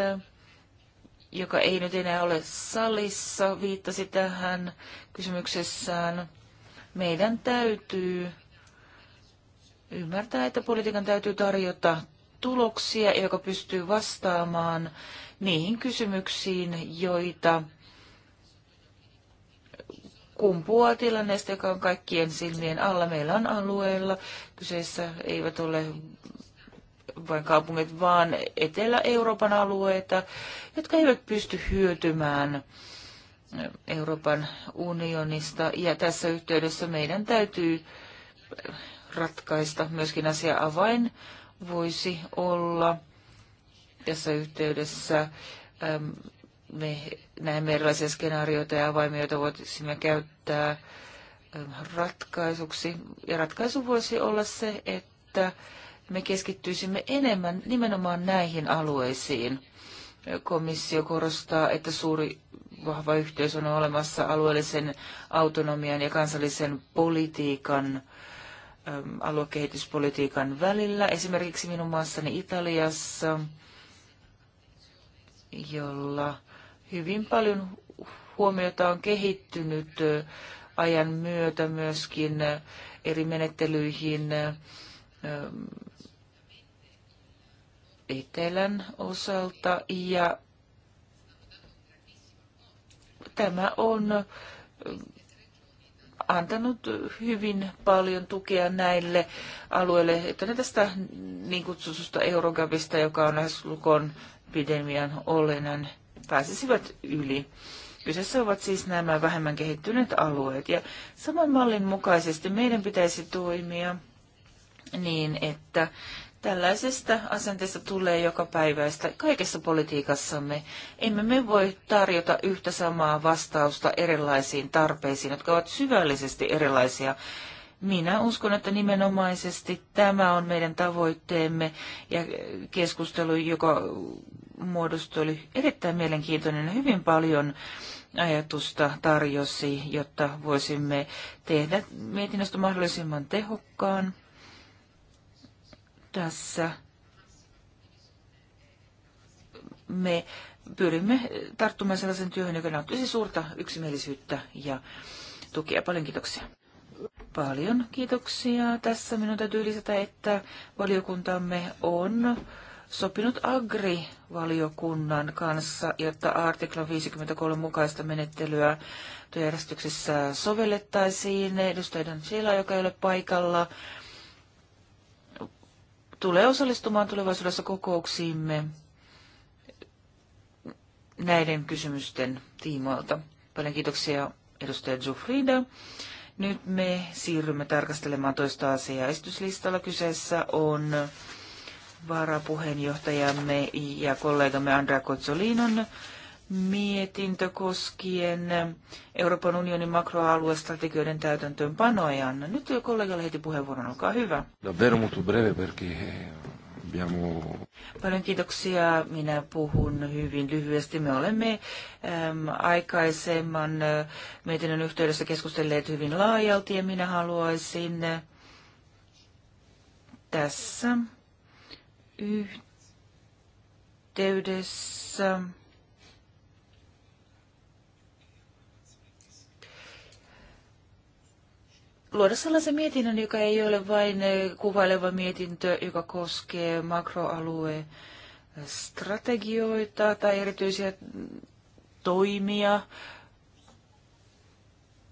joka ei nyt enää ole salissa, viittasi tähän kysymyksessään. Meidän täytyy ymmärtää, että politiikan täytyy tarjota tuloksia, joka pystyy vastaamaan niihin kysymyksiin, joita kumpuaa tilanneesta, joka on kaikkien silmien alla. Meillä on alueella, kyseessä eivät ole vain kaupungit, vaan Etelä-Euroopan alueita, jotka eivät pysty hyötymään Euroopan unionista. Ja tässä yhteydessä meidän täytyy ratkaista myöskin asia avain voisi olla tässä yhteydessä me näemme erilaisia skenaarioita ja avaimia, joita voisimme käyttää ratkaisuksi. Ja ratkaisu voisi olla se, että me keskittyisimme enemmän nimenomaan näihin alueisiin. Komissio korostaa, että suuri vahva yhteys on olemassa alueellisen autonomian ja kansallisen politiikan aluekehityspolitiikan välillä. Esimerkiksi minun maassani Italiassa jolla hyvin paljon huomiota on kehittynyt ajan myötä myöskin eri menettelyihin etelän osalta ja tämä on antanut hyvin paljon tukea näille alueille, että ne tästä niin kutsutusta Eurogabista, joka on lähes lukon epidemian olennan pääsisivät yli. Kyseessä ovat siis nämä vähemmän kehittyneet alueet. Ja saman mallin mukaisesti meidän pitäisi toimia niin, että tällaisesta asenteesta tulee joka päiväistä kaikessa politiikassamme. Emme me voi tarjota yhtä samaa vastausta erilaisiin tarpeisiin, jotka ovat syvällisesti erilaisia. Minä uskon, että nimenomaisesti tämä on meidän tavoitteemme ja keskustelu, joka Muodostui oli erittäin mielenkiintoinen ja hyvin paljon ajatusta tarjosi, jotta voisimme tehdä mietinnöstä mahdollisimman tehokkaan tässä. Me pyrimme tarttumaan sellaisen työhön, joka nauttisi suurta yksimielisyyttä ja tukea. Paljon kiitoksia. Paljon kiitoksia. Tässä minun täytyy lisätä, että valiokuntamme on sopinut agri valiokunnan kanssa, jotta artikla 53 mukaista menettelyä työjärjestyksessä sovellettaisiin. Edustajan Sheila, joka ei ole paikalla, tulee osallistumaan tulevaisuudessa kokouksiimme näiden kysymysten tiimoilta. Paljon kiitoksia edustaja Jufrida. Nyt me siirrymme tarkastelemaan toista asiaa esityslistalla. Kyseessä on varapuheenjohtajamme ja kollegamme Andrea Kozzolinon mietintö koskien Euroopan unionin makroaluestrategioiden täytäntöönpanoa. Ja Anna, nyt kollegalle heti puheenvuoron, olkaa hyvä. Davvero molto breve perché abbiamo... Paljon kiitoksia. Minä puhun hyvin lyhyesti. Me olemme äm, aikaisemman äh, mietinnön yhteydessä keskustelleet hyvin laajalti ja minä haluaisin tässä yhteydessä luoda sellaisen mietinnön, joka ei ole vain kuvaileva mietintö, joka koskee makroalueen strategioita tai erityisiä toimia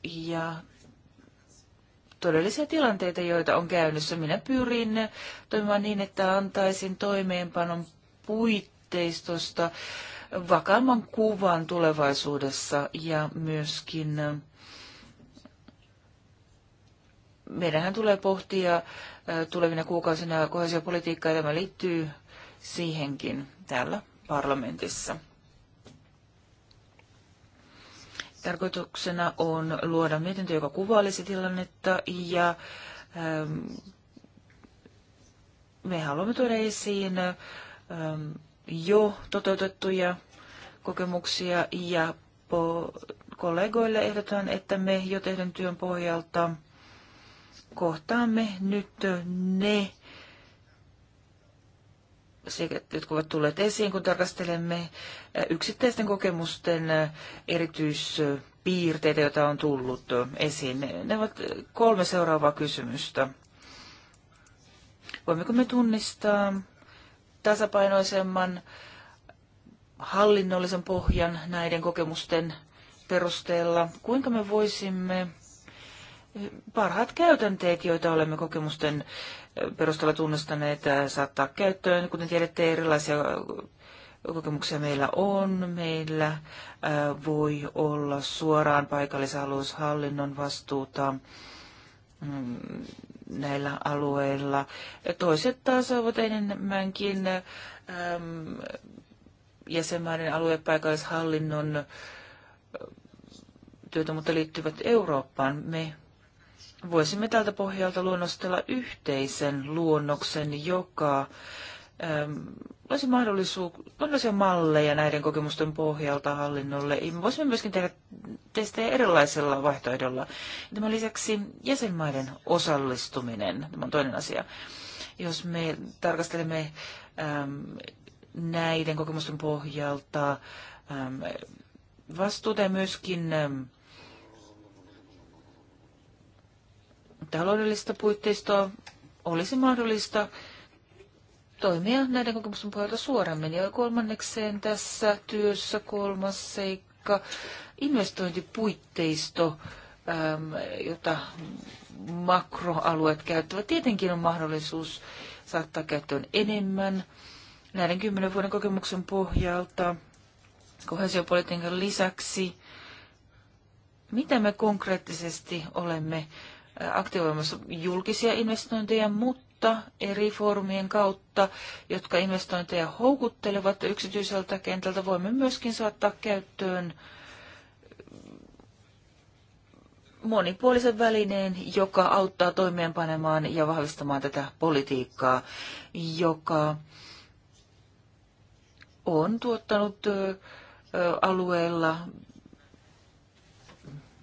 ja todellisia tilanteita, joita on käynnissä. Minä pyrin toimimaan niin, että antaisin toimeenpanon puitteistosta vakaamman kuvan tulevaisuudessa ja myöskin äh, meidän tulee pohtia äh, tulevina kuukausina politiikkaa ja tämä liittyy siihenkin täällä parlamentissa. Tarkoituksena on luoda mietintö, joka kuvailisi tilannetta ja ähm, me haluamme tuoda esiin ähm, jo toteutettuja kokemuksia ja po- kollegoille ehdotan, että me jo tehdyn työn pohjalta kohtaamme nyt ne seikat, jotka ovat tulleet esiin, kun tarkastelemme yksittäisten kokemusten erityispiirteitä, joita on tullut esiin. Ne ovat kolme seuraavaa kysymystä. Voimmeko me tunnistaa tasapainoisemman hallinnollisen pohjan näiden kokemusten perusteella? Kuinka me voisimme parhaat käytänteet, joita olemme kokemusten perusteella tunnustaneet äh, saattaa käyttöön. Kuten tiedätte, erilaisia äh, kokemuksia meillä on. Meillä äh, voi olla suoraan paikallisaluehallinnon vastuuta mm, näillä alueilla. Toiset taas ovat enemmänkin ähm, jäsenmaiden aluepaikallishallinnon työtä, mutta liittyvät Eurooppaan. Me voisimme tältä pohjalta luonnostella yhteisen luonnoksen, joka olisi mahdollisia malleja näiden kokemusten pohjalta hallinnolle. voisimme myöskin tehdä testejä erilaisella vaihtoehdolla. Tämä lisäksi jäsenmaiden osallistuminen, tämä on toinen asia. Jos me tarkastelemme äm, näiden kokemusten pohjalta äm, vastuuta ja myöskin äm, taloudellista puitteistoa, olisi mahdollista toimia näiden kokemusten pohjalta suoremmin. Ja kolmannekseen tässä työssä kolmas seikka, investointipuitteisto, jota makroalueet käyttävät. Tietenkin on mahdollisuus saattaa käyttöön enemmän näiden kymmenen vuoden kokemuksen pohjalta kohesiopolitiikan lisäksi. Mitä me konkreettisesti olemme aktivoimassa julkisia investointeja, mutta eri foorumien kautta, jotka investointeja houkuttelevat yksityiseltä kentältä, voimme myöskin saattaa käyttöön monipuolisen välineen, joka auttaa toimeenpanemaan ja vahvistamaan tätä politiikkaa, joka on tuottanut alueella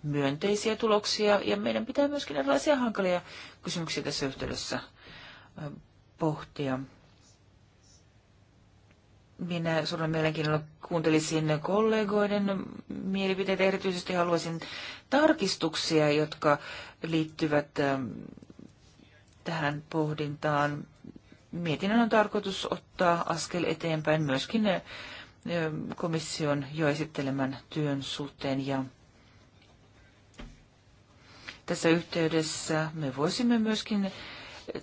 myönteisiä tuloksia ja meidän pitää myöskin erilaisia hankalia kysymyksiä tässä yhteydessä pohtia. Minä suurella mielenkiinnolla kuuntelisin kollegoiden mielipiteitä. Erityisesti haluaisin tarkistuksia, jotka liittyvät tähän pohdintaan. Mietinnön on tarkoitus ottaa askel eteenpäin myöskin komission jo esittelemän työn suhteen ja tässä yhteydessä me voisimme myöskin eh,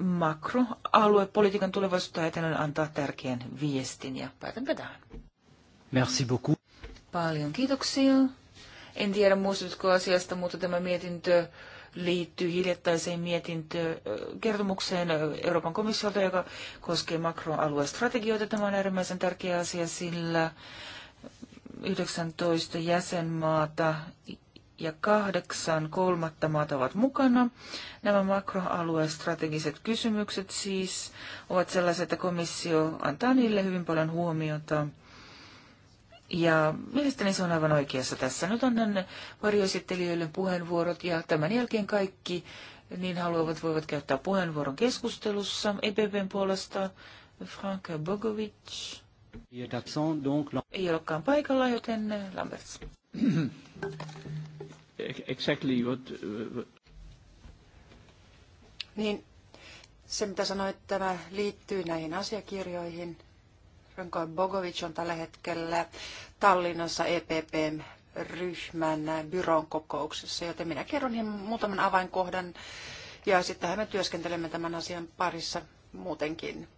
makroaluepolitiikan tulevaisuutta ajatellen antaa tärkeän viestin ja päätänpä tähän. Merci beaucoup. Paljon kiitoksia. En tiedä muistutko asiasta, mutta tämä mietintö liittyy hiljattaiseen mietintö eh, kertomukseen eh, Euroopan komissiolta, joka koskee makroaluestrategioita. Tämä on äärimmäisen tärkeä asia, sillä 19 jäsenmaata ja kahdeksan kolmatta maata ovat mukana. Nämä makroalueen strategiset kysymykset siis ovat sellaiset, että komissio antaa niille hyvin paljon huomiota. Ja mielestäni se on aivan oikeassa tässä. Nyt annan varjoesittelijöille puheenvuorot ja tämän jälkeen kaikki niin haluavat voivat käyttää puheenvuoron keskustelussa. EPPn puolesta Frank Bogovic. Ei olekaan paikalla, joten eh, Lamberts. exactly eh, what... Niin, se mitä sanoit, tämä liittyy näihin asiakirjoihin. Renko Bogovic on tällä hetkellä Tallinnassa epp ryhmän byron kokouksessa, joten minä kerron hieman muutaman avainkohdan ja sittenhän me työskentelemme tämän asian parissa muutenkin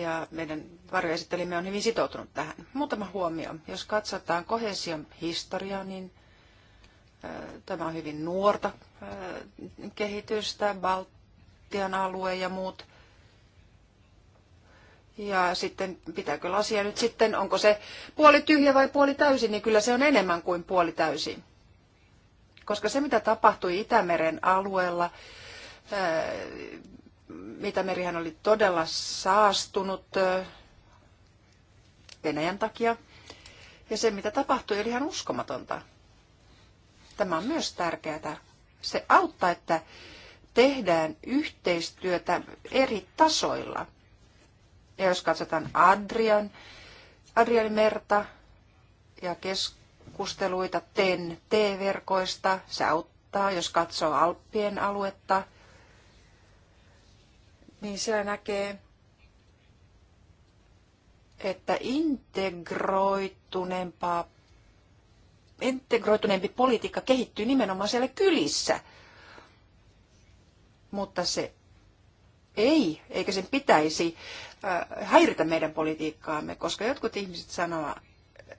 ja meidän varjoesittelimme on hyvin sitoutunut tähän. Muutama huomio. Jos katsotaan kohesion historiaa, niin tämä on hyvin nuorta kehitystä, Baltian alue ja muut. Ja sitten pitääkö lasia nyt sitten, onko se puoli tyhjä vai puoli täysi, niin kyllä se on enemmän kuin puoli täysi. Koska se, mitä tapahtui Itämeren alueella, Itämerihän oli todella saastunut Venäjän takia. Ja se, mitä tapahtui, oli ihan uskomatonta. Tämä on myös tärkeää. Se auttaa, että tehdään yhteistyötä eri tasoilla. Ja jos katsotaan Adrian, Adrian merta ja keskusteluita TEN T-verkoista, se auttaa. Jos katsoo Alppien aluetta, niin siellä näkee, että integroituneempaa, integroituneempi politiikka kehittyy nimenomaan siellä kylissä. Mutta se ei, eikä sen pitäisi äh, häiritä meidän politiikkaamme, koska jotkut ihmiset sanovat,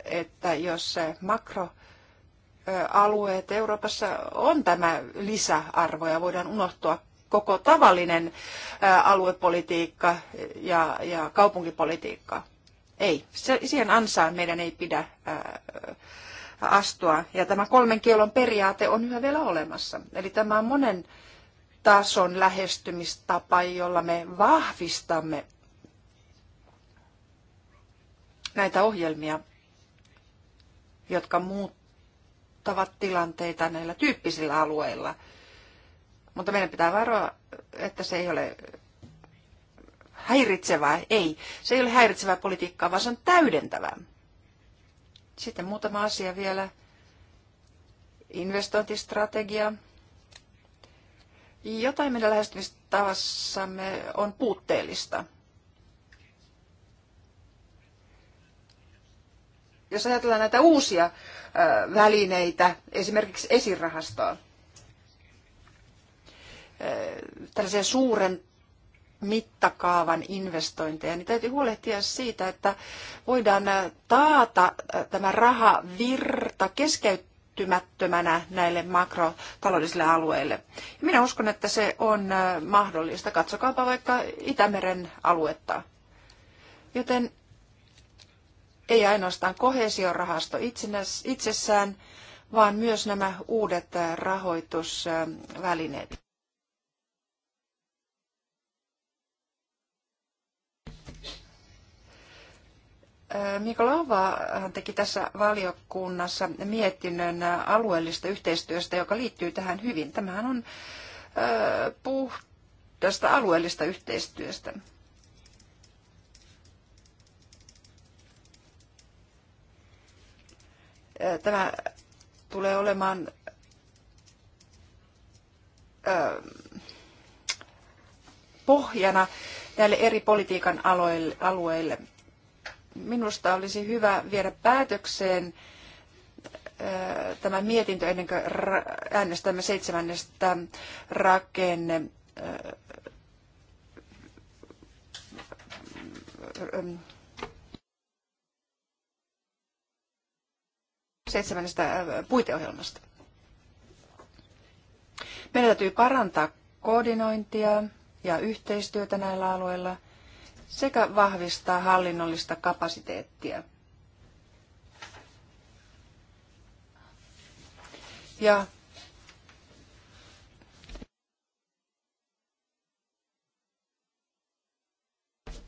että jos makro äh, alueet Euroopassa on tämä lisäarvo ja voidaan unohtua koko tavallinen aluepolitiikka ja, ja kaupunkipolitiikka. Ei, se, siihen ansaan meidän ei pidä ää, astua. Ja tämä kolmen kielon periaate on yhä vielä olemassa. Eli tämä on monen tason lähestymistapa, jolla me vahvistamme näitä ohjelmia, jotka muuttavat tilanteita näillä tyyppisillä alueilla – mutta meidän pitää varoa, että se ei ole häiritsevää. Ei, se ei ole häiritsevää politiikkaa, vaan se on täydentävää. Sitten muutama asia vielä. Investointistrategia. Jotain meidän lähestymistavassamme on puutteellista. Jos ajatellaan näitä uusia välineitä, esimerkiksi esirahastoa, Eh, tällaisia suuren mittakaavan investointeja, niin täytyy huolehtia siitä, että voidaan eh, taata eh, tämä rahavirta keskeyttymättömänä näille makrotaloudellisille alueille. Ja minä uskon, että se on mahdollista. Katsokaapa vaikka Itämeren aluetta. Joten ei ainoastaan kohesiorahasto itsessään, vaan myös nämä uudet rahoitusvälineet. Mikolava teki tässä valiokunnassa mietinnön alueellista yhteistyöstä, joka liittyy tähän hyvin. Tämähän on puhdasta alueellista yhteistyöstä. Tämä tulee olemaan pohjana näille eri politiikan alueille minusta olisi hyvä viedä päätökseen tämä mietintö ennen kuin äänestämme seitsemännestä rakenne seitsemännestä puiteohjelmasta. Meidän täytyy parantaa koordinointia ja yhteistyötä näillä alueilla sekä vahvistaa hallinnollista kapasiteettia. Ja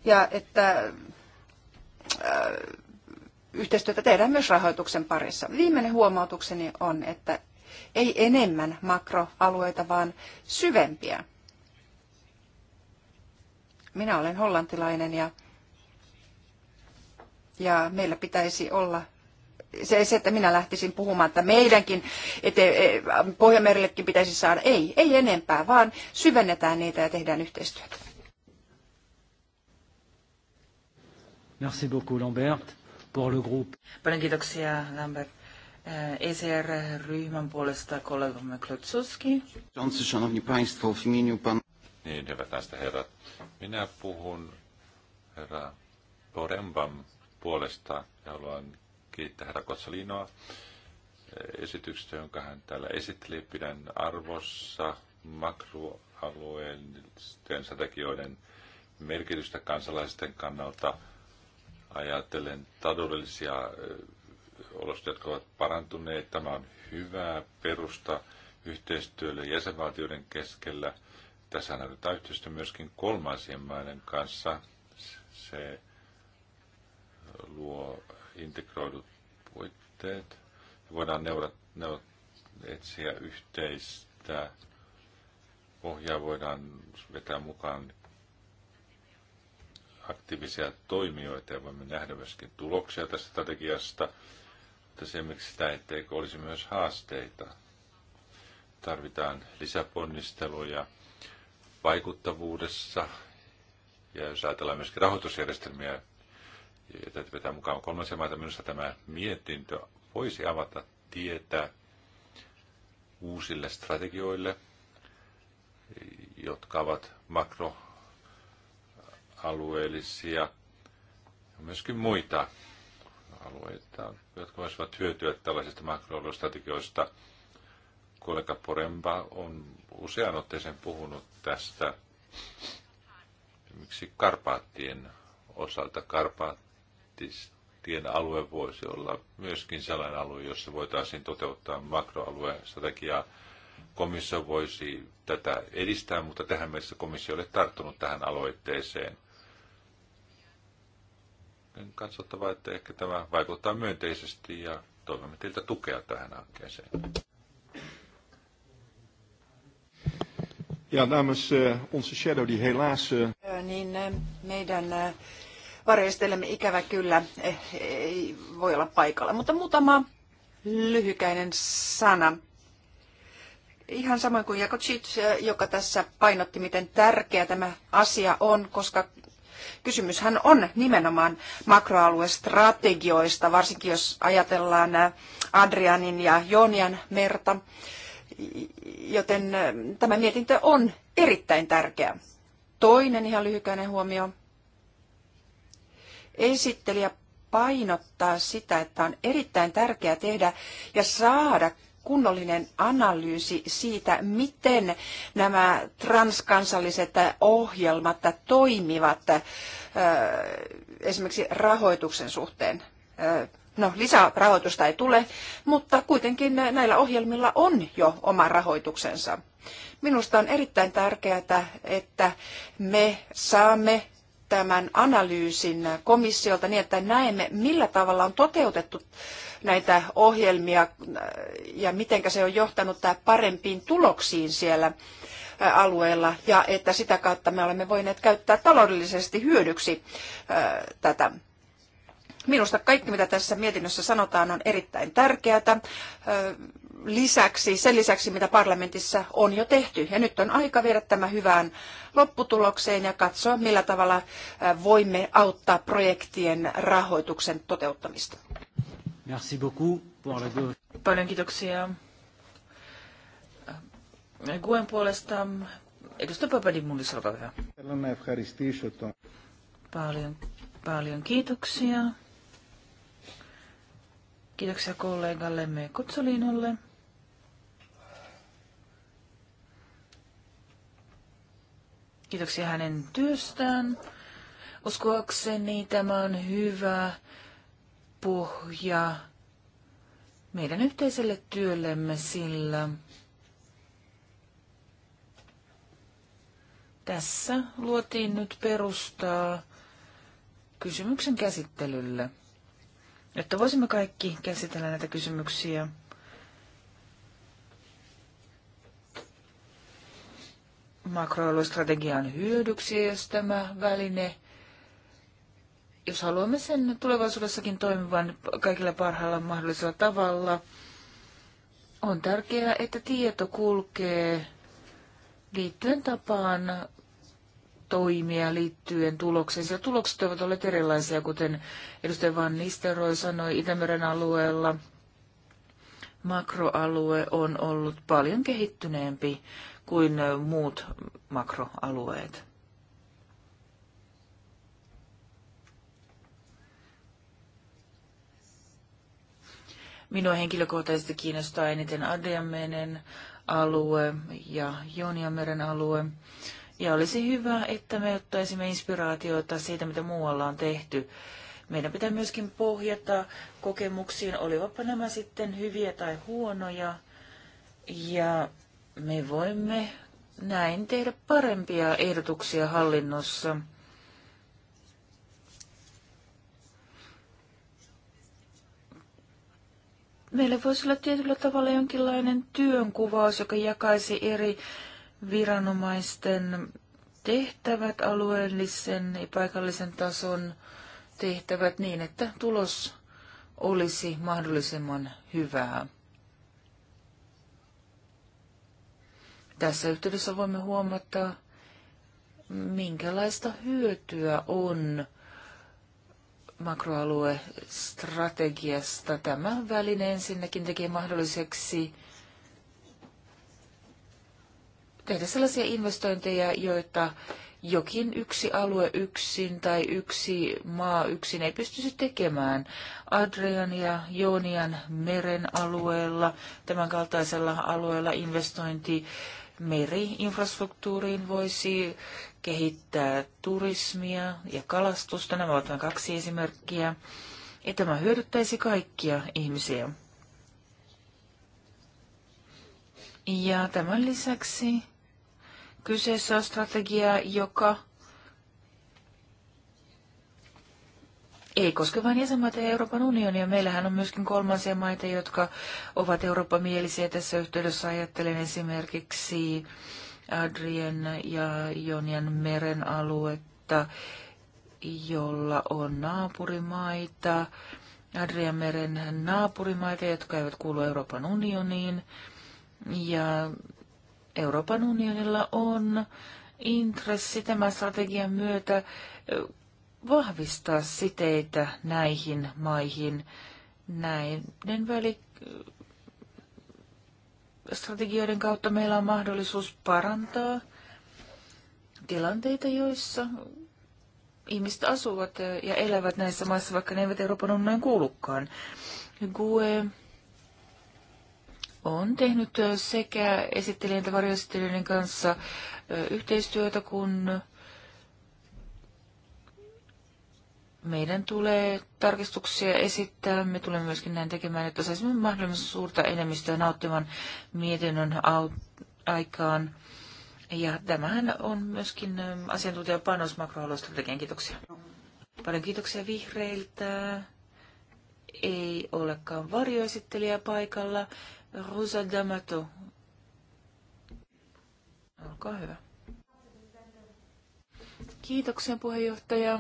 ja että äh, yhteistyötä tehdään myös rahoituksen parissa. Viimeinen huomautukseni on, että ei enemmän makroalueita, vaan syvempiä minä olen hollantilainen ja, ja meillä pitäisi olla se, se, että minä lähtisin puhumaan, että meidänkin ete, Pohjanmerillekin pitäisi saada. Ei, ei enempää, vaan syvennetään niitä ja tehdään yhteistyötä. Merci beaucoup Lambert pour le groupe. Paljon kiitoksia Lambert. ECR-ryhmän puolesta kollegamme Klotsuski. Szanowni Państwo, w imieniu pan... Niin, hyvät tästä herra. Minä puhun herra Poremban puolesta ja haluan kiittää herra Kotsalinoa esityksestä, jonka hän täällä esitteli. Pidän arvossa makroalueellisten strategioiden merkitystä kansalaisten kannalta Ajattelen taloudellisia olosuhteita, jotka ovat parantuneet. Tämä on hyvää perusta yhteistyölle jäsenvaltioiden keskellä – tässä on yhteistyö myöskin kolmansien maiden kanssa. Se luo integroidut puitteet. Voidaan neuvot, neuvot, etsiä yhteistä pohjaa, voidaan vetää mukaan aktiivisia toimijoita ja voimme nähdä myöskin tuloksia tästä strategiasta, mutta se miksi sitä etteikö olisi myös haasteita. Tarvitaan lisäponnisteluja vaikuttavuudessa, ja jos ajatellaan myöskin rahoitusjärjestelmiä, joita täytyy vetää mukaan kolmansia maita, minusta tämä mietintö voisi avata tietä uusille strategioille, jotka ovat makroalueellisia ja myöskin muita alueita, jotka voisivat hyötyä tällaisista makroaluestrategioista strategioista kollega Poremba on usean otteeseen puhunut tästä, miksi Karpaattien osalta Karpaattien alue voisi olla myöskin sellainen alue, jossa voitaisiin toteuttaa strategiaa. Komissio voisi tätä edistää, mutta tähän mennessä komissio ei ole tarttunut tähän aloitteeseen katsottava, että ehkä tämä vaikuttaa myönteisesti ja toivomme teiltä tukea tähän hankkeeseen. Ja namens uh, onze shadow die helaas... Uh... Niin eh, meidän uh, varjoistelemme ikävä kyllä eh, ei voi olla paikalla, mutta muutama lyhykäinen sana. Ihan samoin kuin Jakocic, joka tässä painotti, miten tärkeä tämä asia on, koska kysymyshän on nimenomaan makroaluestrategioista, varsinkin jos ajatellaan Adrianin ja Jonian merta Joten tämä mietintö on erittäin tärkeä. Toinen ihan lyhykäinen huomio. Esittelijä painottaa sitä, että on erittäin tärkeää tehdä ja saada kunnollinen analyysi siitä, miten nämä transkansalliset ohjelmat toimivat esimerkiksi rahoituksen suhteen. No, lisää rahoitusta ei tule, mutta kuitenkin näillä ohjelmilla on jo oma rahoituksensa. Minusta on erittäin tärkeää, että me saamme tämän analyysin komissiolta niin, että näemme, millä tavalla on toteutettu näitä ohjelmia ja miten se on johtanut tämä parempiin tuloksiin siellä alueella ja että sitä kautta me olemme voineet käyttää taloudellisesti hyödyksi tätä. Minusta kaikki, mitä tässä mietinnössä sanotaan, on erittäin tärkeää. Lisäksi, sen lisäksi, mitä parlamentissa on jo tehty. Ja nyt on aika viedä tämä hyvään lopputulokseen ja katsoa, millä tavalla voimme auttaa projektien rahoituksen toteuttamista. Merci beaucoup pour le... Paljon kiitoksia. Guen puolesta edustaja Papadimulis, olkaa hyvä. Paljon, paljon kiitoksia. Kiitoksia kollegallemme Kotsolinolle. Kiitoksia hänen työstään. Uskoakseni tämä on hyvä pohja meidän yhteiselle työllemme, sillä tässä luotiin nyt perustaa kysymyksen käsittelylle jotta voisimme kaikki käsitellä näitä kysymyksiä. makroilustrategian hyödyksi, jos tämä väline, jos haluamme sen tulevaisuudessakin toimivan kaikilla parhaalla mahdollisella tavalla, on tärkeää, että tieto kulkee liittyen tapaan toimia liittyen tulokseen, sillä tulokset ovat olleet erilaisia, kuten edustaja Van Nisteroi sanoi Itämeren alueella. Makroalue on ollut paljon kehittyneempi kuin muut makroalueet. Minua henkilökohtaisesti kiinnostaa eniten Adrianmeren alue ja Joniameren alue. Ja olisi hyvä, että me ottaisimme inspiraatiota siitä, mitä muualla on tehty. Meidän pitää myöskin pohjata kokemuksiin, olivatpa nämä sitten hyviä tai huonoja. Ja me voimme näin tehdä parempia ehdotuksia hallinnossa. Meillä voisi olla tietyllä tavalla jonkinlainen työnkuvaus, joka jakaisi eri viranomaisten tehtävät, alueellisen ja paikallisen tason tehtävät niin, että tulos olisi mahdollisimman hyvää. Tässä yhteydessä voimme huomata, minkälaista hyötyä on makroaluestrategiasta. Tämä väline ensinnäkin tekee mahdolliseksi tehdä sellaisia investointeja, joita jokin yksi alue yksin tai yksi maa yksin ei pystyisi tekemään. Adrian ja Joonian meren alueella, tämän kaltaisella alueella investointi meriinfrastruktuuriin voisi kehittää turismia ja kalastusta. Nämä ovat vain kaksi esimerkkiä. Ja tämä hyödyttäisi kaikkia ihmisiä. Ja tämän lisäksi Kyseessä on strategia, joka ei koske vain jäsenmaita ja Euroopan unionia. Meillähän on myöskin kolmansia maita, jotka ovat Euroopan mielisiä. Tässä yhteydessä ajattelen esimerkiksi Adrien ja Jonian meren aluetta, jolla on naapurimaita. Adrian meren naapurimaita, jotka eivät kuulu Euroopan unioniin. Ja Euroopan unionilla on intressi tämän strategian myötä vahvistaa siteitä näihin maihin näiden väli strategioiden kautta meillä on mahdollisuus parantaa tilanteita, joissa ihmiset asuvat ja elävät näissä maissa, vaikka ne eivät Euroopan unionin kuulukaan. GUE on tehnyt sekä esittelijän että varjoesittelijöiden kanssa yhteistyötä, kun meidän tulee tarkistuksia esittää. Me tulemme myöskin näin tekemään, että saisimme mahdollisimman suurta enemmistöä nauttivan mietinnön aikaan. Ja tämähän on myöskin asiantuntijapanos panos makroaluestrategian. Kiitoksia. Paljon kiitoksia vihreiltä. Ei olekaan varjoesittelijä paikalla. Rosa D'Amato. Olkaa hyvä. Kiitoksia puheenjohtaja.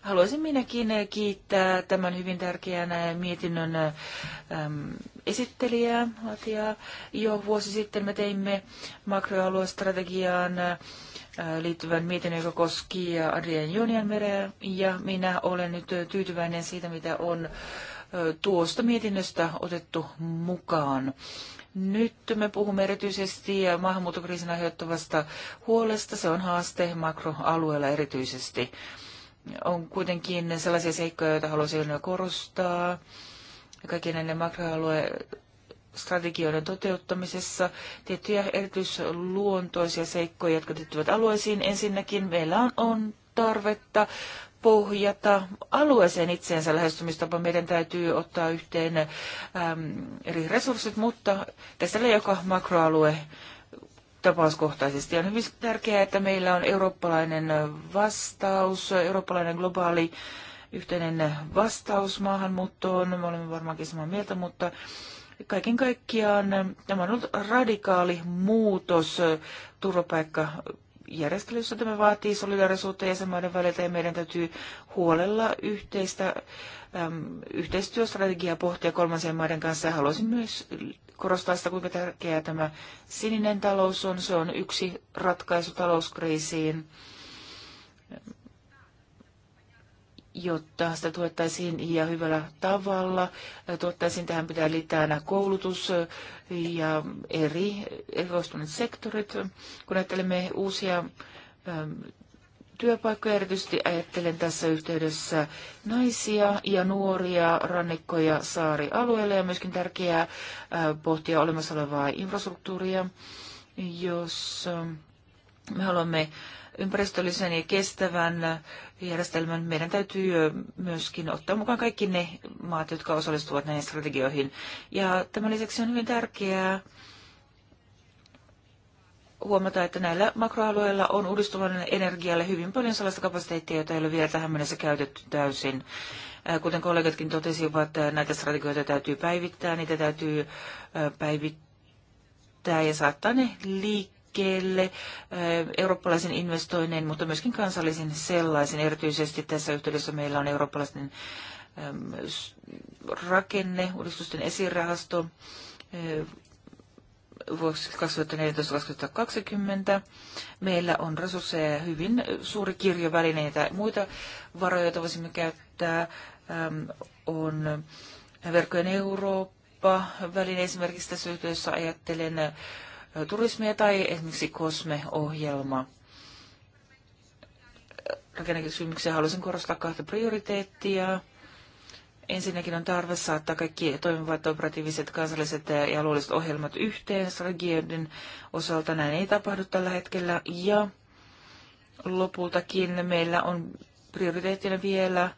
Haluaisin minäkin kiittää tämän hyvin tärkeän äh, mietinnön äh, äm, esittelijää, Latia. Jo vuosi sitten me teimme makroaluestrategiaan äh, liittyvän mietinnön, joka koski Adrian Junian mereä, ja minä olen nyt tyytyväinen siitä, mitä on tuosta mietinnöstä otettu mukaan. Nyt me puhumme erityisesti maahanmuuttokriisin aiheuttavasta huolesta. Se on haaste makroalueella erityisesti. On kuitenkin sellaisia seikkoja, joita haluaisin jo korostaa. Kaikki näiden makroalue strategioiden toteuttamisessa tiettyjä erityisluontoisia seikkoja, jotka liittyvät alueisiin. Ensinnäkin meillä on, on tarvetta pohjata alueeseen itseensä lähestymistapa. Meidän täytyy ottaa yhteen äm, eri resurssit, mutta tässä joka makroalue tapauskohtaisesti. On hyvin tärkeää, että meillä on eurooppalainen vastaus, eurooppalainen globaali yhteinen vastaus maahanmuuttoon. Me olemme varmaankin samaa mieltä, mutta kaiken kaikkiaan tämä on ollut radikaali muutos turvapaikka järjestelyssä tämä vaatii solidarisuutta jäsenmaiden väliltä ja meidän täytyy huolella yhteistä äm, yhteistyöstrategiaa pohtia kolmansien maiden kanssa. Haluaisin myös korostaa sitä, kuinka tärkeää tämä sininen talous on. Se on yksi ratkaisu talouskriisiin jotta sitä tuettaisiin ja hyvällä tavalla. Tuottaisiin tähän pitää liittää aina koulutus ja eri erikoistuneet sektorit. Kun ajattelemme uusia ähm, työpaikkoja, erityisesti ajattelen tässä yhteydessä naisia ja nuoria rannikko- ja saarialueille ja myöskin tärkeää äh, pohtia olemassa olevaa infrastruktuuria, jos me haluamme ympäristöllisen ja kestävän järjestelmän, meidän täytyy myöskin ottaa mukaan kaikki ne maat, jotka osallistuvat näihin strategioihin. Ja tämän lisäksi on hyvin tärkeää huomata, että näillä makroalueilla on uudistuvan energialle hyvin paljon sellaista kapasiteettia, jota ei ole vielä tähän mennessä käytetty täysin. Kuten kollegatkin totesivat, näitä strategioita täytyy päivittää, niitä täytyy päivittää ja saattaa ne liikkeelle liikkeelle eh, eurooppalaisen investoinnin, mutta myöskin kansallisen sellaisen. Erityisesti tässä yhteydessä meillä on eurooppalaisten rakenne, uudistusten esirahasto eh, vuosi 2014-2020. Meillä on resursseja ja hyvin suuri kirjo välineitä muita varoja, joita voisimme käyttää. On verkkojen Eurooppa väline esimerkiksi tässä yhteydessä ajattelen turismia tai esimerkiksi kosmeohjelma. ohjelma Rakennekysymykseen haluaisin korostaa kahta prioriteettia. Ensinnäkin on tarve saattaa kaikki toimivat operatiiviset kansalliset ja alueelliset ohjelmat yhteen strategioiden osalta. Näin ei tapahdu tällä hetkellä. Ja lopultakin meillä on prioriteettina vielä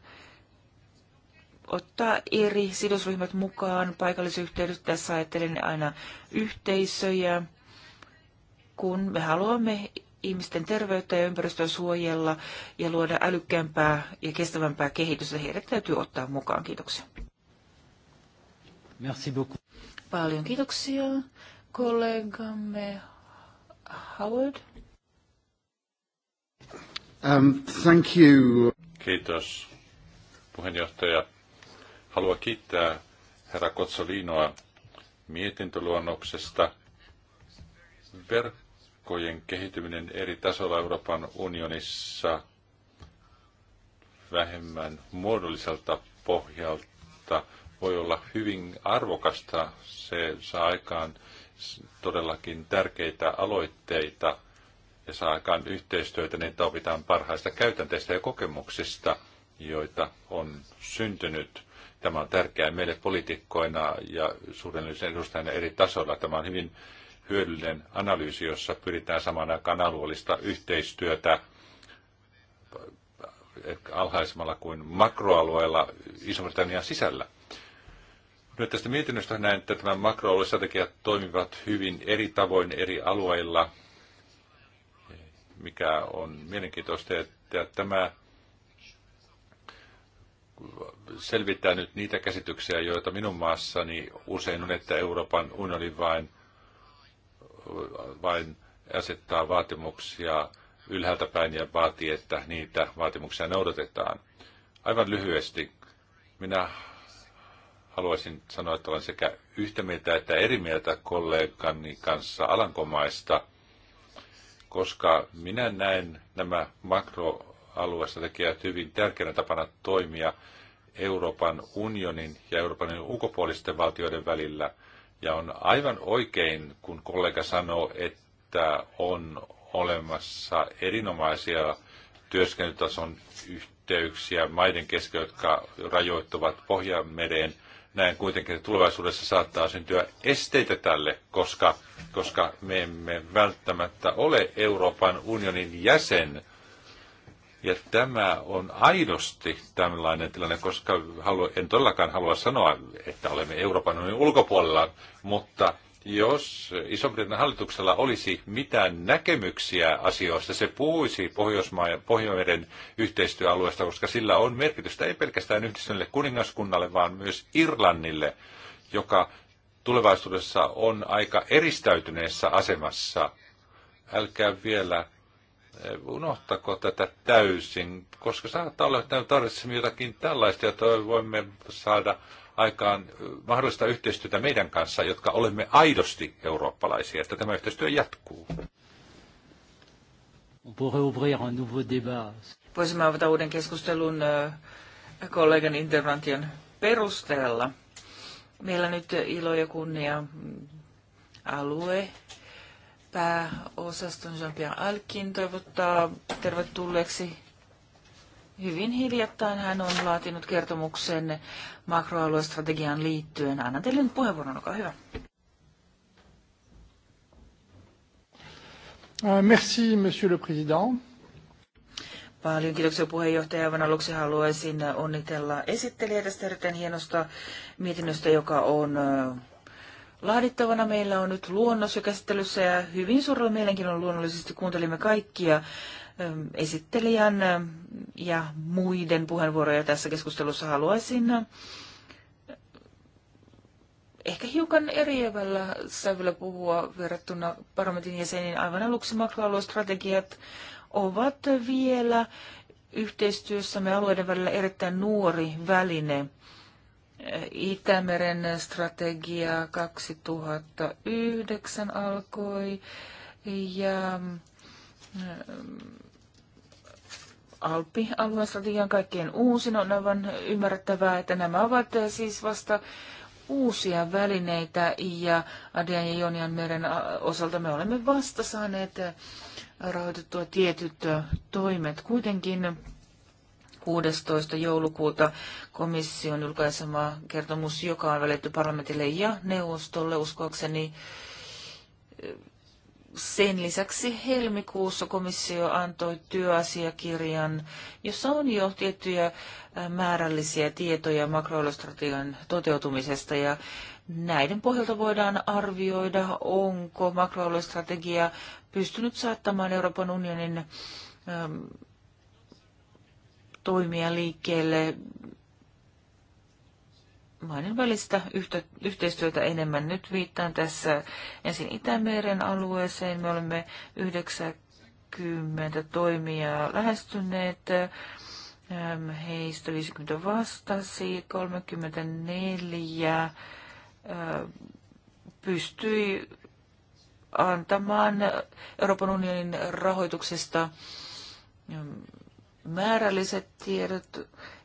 ottaa eri sidosryhmät mukaan paikallisyhteydet. Tässä ajattelen aina yhteisöjä, kun me haluamme ihmisten terveyttä ja ympäristöä suojella ja luoda älykkäämpää ja kestävämpää kehitystä, heidät täytyy ottaa mukaan. Kiitoksia. Merci beaucoup. Paljon kiitoksia kollegamme Howard. Um, thank you. Kiitos puheenjohtaja. Haluan kiittää herra Kotsolinoa mietintöluonnoksesta. Ver- palkkojen kehityminen eri tasolla Euroopan unionissa vähemmän muodolliselta pohjalta voi olla hyvin arvokasta. Se saa aikaan todellakin tärkeitä aloitteita ja saa aikaan yhteistyötä, niin että opitaan parhaista käytänteistä ja kokemuksista, joita on syntynyt. Tämä on tärkeää meille poliitikkoina ja suurennellisen edustajina eri tasoilla. Tämä on hyvin hyödyllinen analyysi, jossa pyritään samaan aikaan alueellista yhteistyötä alhaisemmalla kuin makroalueella Iso-Britannian sisällä. Nyt tästä mietinnöstä näen, että tämä makroaluestrategiat toimivat hyvin eri tavoin eri alueilla, mikä on mielenkiintoista, että tämä selvittää nyt niitä käsityksiä, joita minun maassani usein on, että Euroopan unioni vain vain asettaa vaatimuksia ylhäältä päin ja vaatii, että niitä vaatimuksia noudatetaan. Aivan lyhyesti, minä haluaisin sanoa, että olen sekä yhtä mieltä että eri mieltä kollegani kanssa Alankomaista, koska minä näen nämä makroaluestrategiat hyvin tärkeänä tapana toimia Euroopan unionin ja Euroopan unionin ulkopuolisten valtioiden välillä – ja on aivan oikein, kun kollega sanoo, että on olemassa erinomaisia työskentelytason yhteyksiä maiden kesken, jotka rajoittuvat Pohjanmereen. Näin kuitenkin että tulevaisuudessa saattaa syntyä esteitä tälle, koska, koska me emme välttämättä ole Euroopan unionin jäsen ja tämä on aidosti tällainen tilanne, koska halu, en todellakaan halua sanoa, että olemme Euroopan unionin ulkopuolella, mutta jos Iso-Britannian hallituksella olisi mitään näkemyksiä asioista, se puhuisi Pohjoismaiden yhteistyöalueesta, koska sillä on merkitystä ei pelkästään yhdistyneelle kuningaskunnalle, vaan myös Irlannille, joka tulevaisuudessa on aika eristäytyneessä asemassa. Älkää vielä unohtako tätä täysin, koska saattaa olla, että me tarvitsemme jotakin tällaista, jota voimme saada aikaan mahdollista yhteistyötä meidän kanssa, jotka olemme aidosti eurooppalaisia, että tämä yhteistyö jatkuu. Voisimme avata uuden keskustelun kollegan intervention perusteella. Meillä nyt ilo ja kunnia mm, alue pääosaston Jean-Pierre Alkin toivottaa tervetulleeksi. Hyvin hiljattain hän on laatinut kertomuksen makroaluestrategiaan liittyen. Annan teille nyt puheenvuoron, olkaa hyvä. Euh, merci, monsieur le président. Paljon kiitoksia puheenjohtaja. Aivan aluksi haluaisin onnitella esittelijä tästä erittäin hienosta mietinnöstä, joka on laadittavana. Meillä on nyt luonnos jo käsittelyssä ja hyvin suurella mielenkiinnolla luonnollisesti kuuntelimme kaikkia ähm, esittelijän ähm, ja muiden puheenvuoroja tässä keskustelussa haluaisin äh, ehkä hiukan eriävällä sävyllä puhua verrattuna parlamentin jäseniin. Aivan aluksi makroaluestrategiat ovat vielä yhteistyössämme alueiden välillä erittäin nuori väline. Itämeren strategia 2009 alkoi ja mm, Alppi-alueen strategian kaikkein uusin on aivan ymmärrettävää, että nämä ovat siis vasta uusia välineitä ja Adian ja Jonian meren osalta me olemme vasta saaneet rahoitettua tietyt toimet. Kuitenkin 16. joulukuuta komission julkaisema kertomus, joka on välitty parlamentille ja neuvostolle uskoakseni sen lisäksi helmikuussa komissio antoi työasiakirjan, jossa on jo tiettyjä määrällisiä tietoja makroilustrategian toteutumisesta ja näiden pohjalta voidaan arvioida, onko makroilustrategia pystynyt saattamaan Euroopan unionin toimia liikkeelle maiden välistä yhtä, yhteistyötä enemmän. Nyt viittaan tässä ensin Itämeren alueeseen. Me olemme 90 toimijaa lähestyneet. Ähm, heistä 50 vastasi, 34 ähm, pystyi antamaan Euroopan unionin rahoituksesta ähm, määrälliset tiedot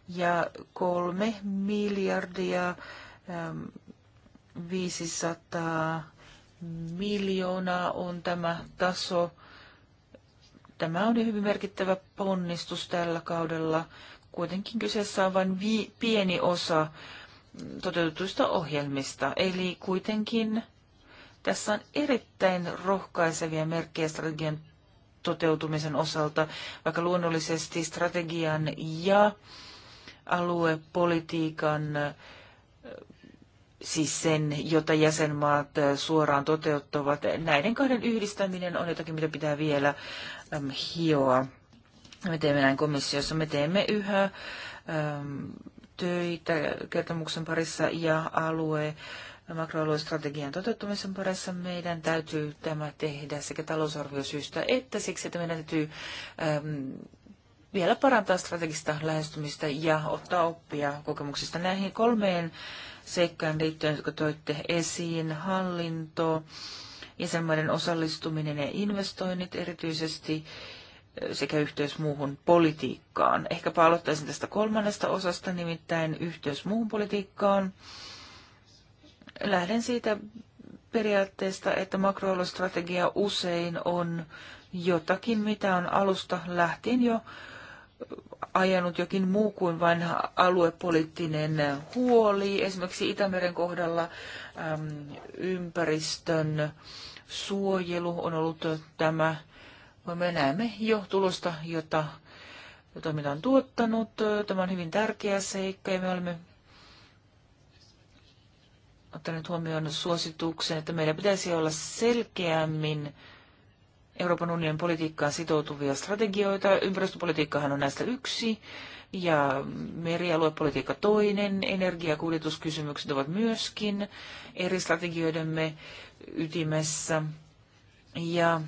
ja kolme miljardia 500 ähm, miljoonaa on tämä taso. Tämä on hyvin merkittävä ponnistus tällä kaudella. Kuitenkin kyseessä on vain vi- pieni osa toteutetuista ohjelmista, eli kuitenkin tässä on erittäin rohkaisevia merkkejä strategian toteutumisen osalta, vaikka luonnollisesti strategian ja aluepolitiikan, eh, siis sen, jota jäsenmaat eh, suoraan toteuttavat, näiden kahden yhdistäminen on jotakin, mitä pitää vielä ehm, hioa. Me teemme näin komissiossa, me teemme yhä ehm, töitä kertomuksen parissa ja alue makroaluestrategian toteuttamisen parissa meidän täytyy tämä tehdä sekä talousarviosyystä että siksi, että meidän täytyy äm, vielä parantaa strategista lähestymistä ja ottaa oppia kokemuksista näihin kolmeen seikkaan liittyen, jotka toitte esiin, hallinto, jäsenmaiden osallistuminen ja investoinnit erityisesti äh, sekä yhteys muuhun politiikkaan. Ehkäpä aloittaisin tästä kolmannesta osasta, nimittäin yhteys muuhun politiikkaan lähden siitä periaatteesta, että makroalustrategia usein on jotakin, mitä on alusta lähtien jo ajanut jokin muu kuin vain aluepoliittinen huoli. Esimerkiksi Itämeren kohdalla ympäristön suojelu on ollut tämä. Me näemme jo tulosta, jota toiminta on tuottanut. Tämä on hyvin tärkeä seikka ja me olemme ottanut huomioon suosituksen, että meillä pitäisi olla selkeämmin Euroopan unionin politiikkaan sitoutuvia strategioita. Ympäristöpolitiikkahan on näistä yksi ja merialuepolitiikka toinen. Energia- ja kuljetuskysymykset ovat myöskin eri strategioidemme ytimessä. Ja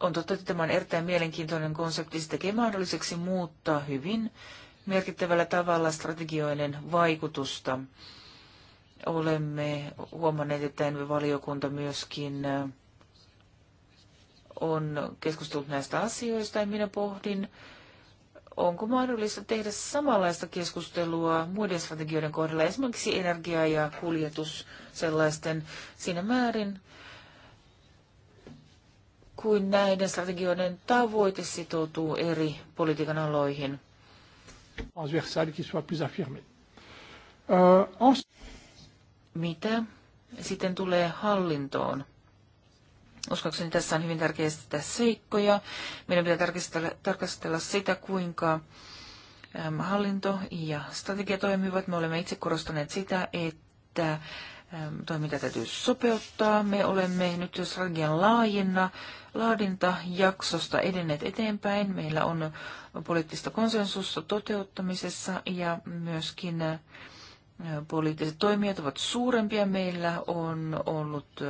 on totta, että tämä on erittäin mielenkiintoinen konsepti. Se tekee mahdolliseksi muuttaa hyvin merkittävällä tavalla strategioiden vaikutusta Olemme huomanneet, että Envi-valiokunta myöskin on keskustellut näistä asioista ja minä pohdin, onko mahdollista tehdä samanlaista keskustelua muiden strategioiden kohdalla, esimerkiksi energia ja kuljetus sellaisten siinä määrin, kuin näiden strategioiden tavoite sitoutuu eri politiikan aloihin. Mitä sitten tulee hallintoon? Uskoakseni tässä on hyvin tärkeää seikkoja. Meidän pitää tarkastella, tarkastella sitä, kuinka hallinto ja strategia toimivat. Me olemme itse korostaneet sitä, että toiminta täytyy sopeuttaa. Me olemme nyt strategian laajenna, laadintajaksosta edenneet eteenpäin. Meillä on poliittista konsensusta toteuttamisessa ja myöskin poliittiset toimijat ovat suurempia. Meillä on ollut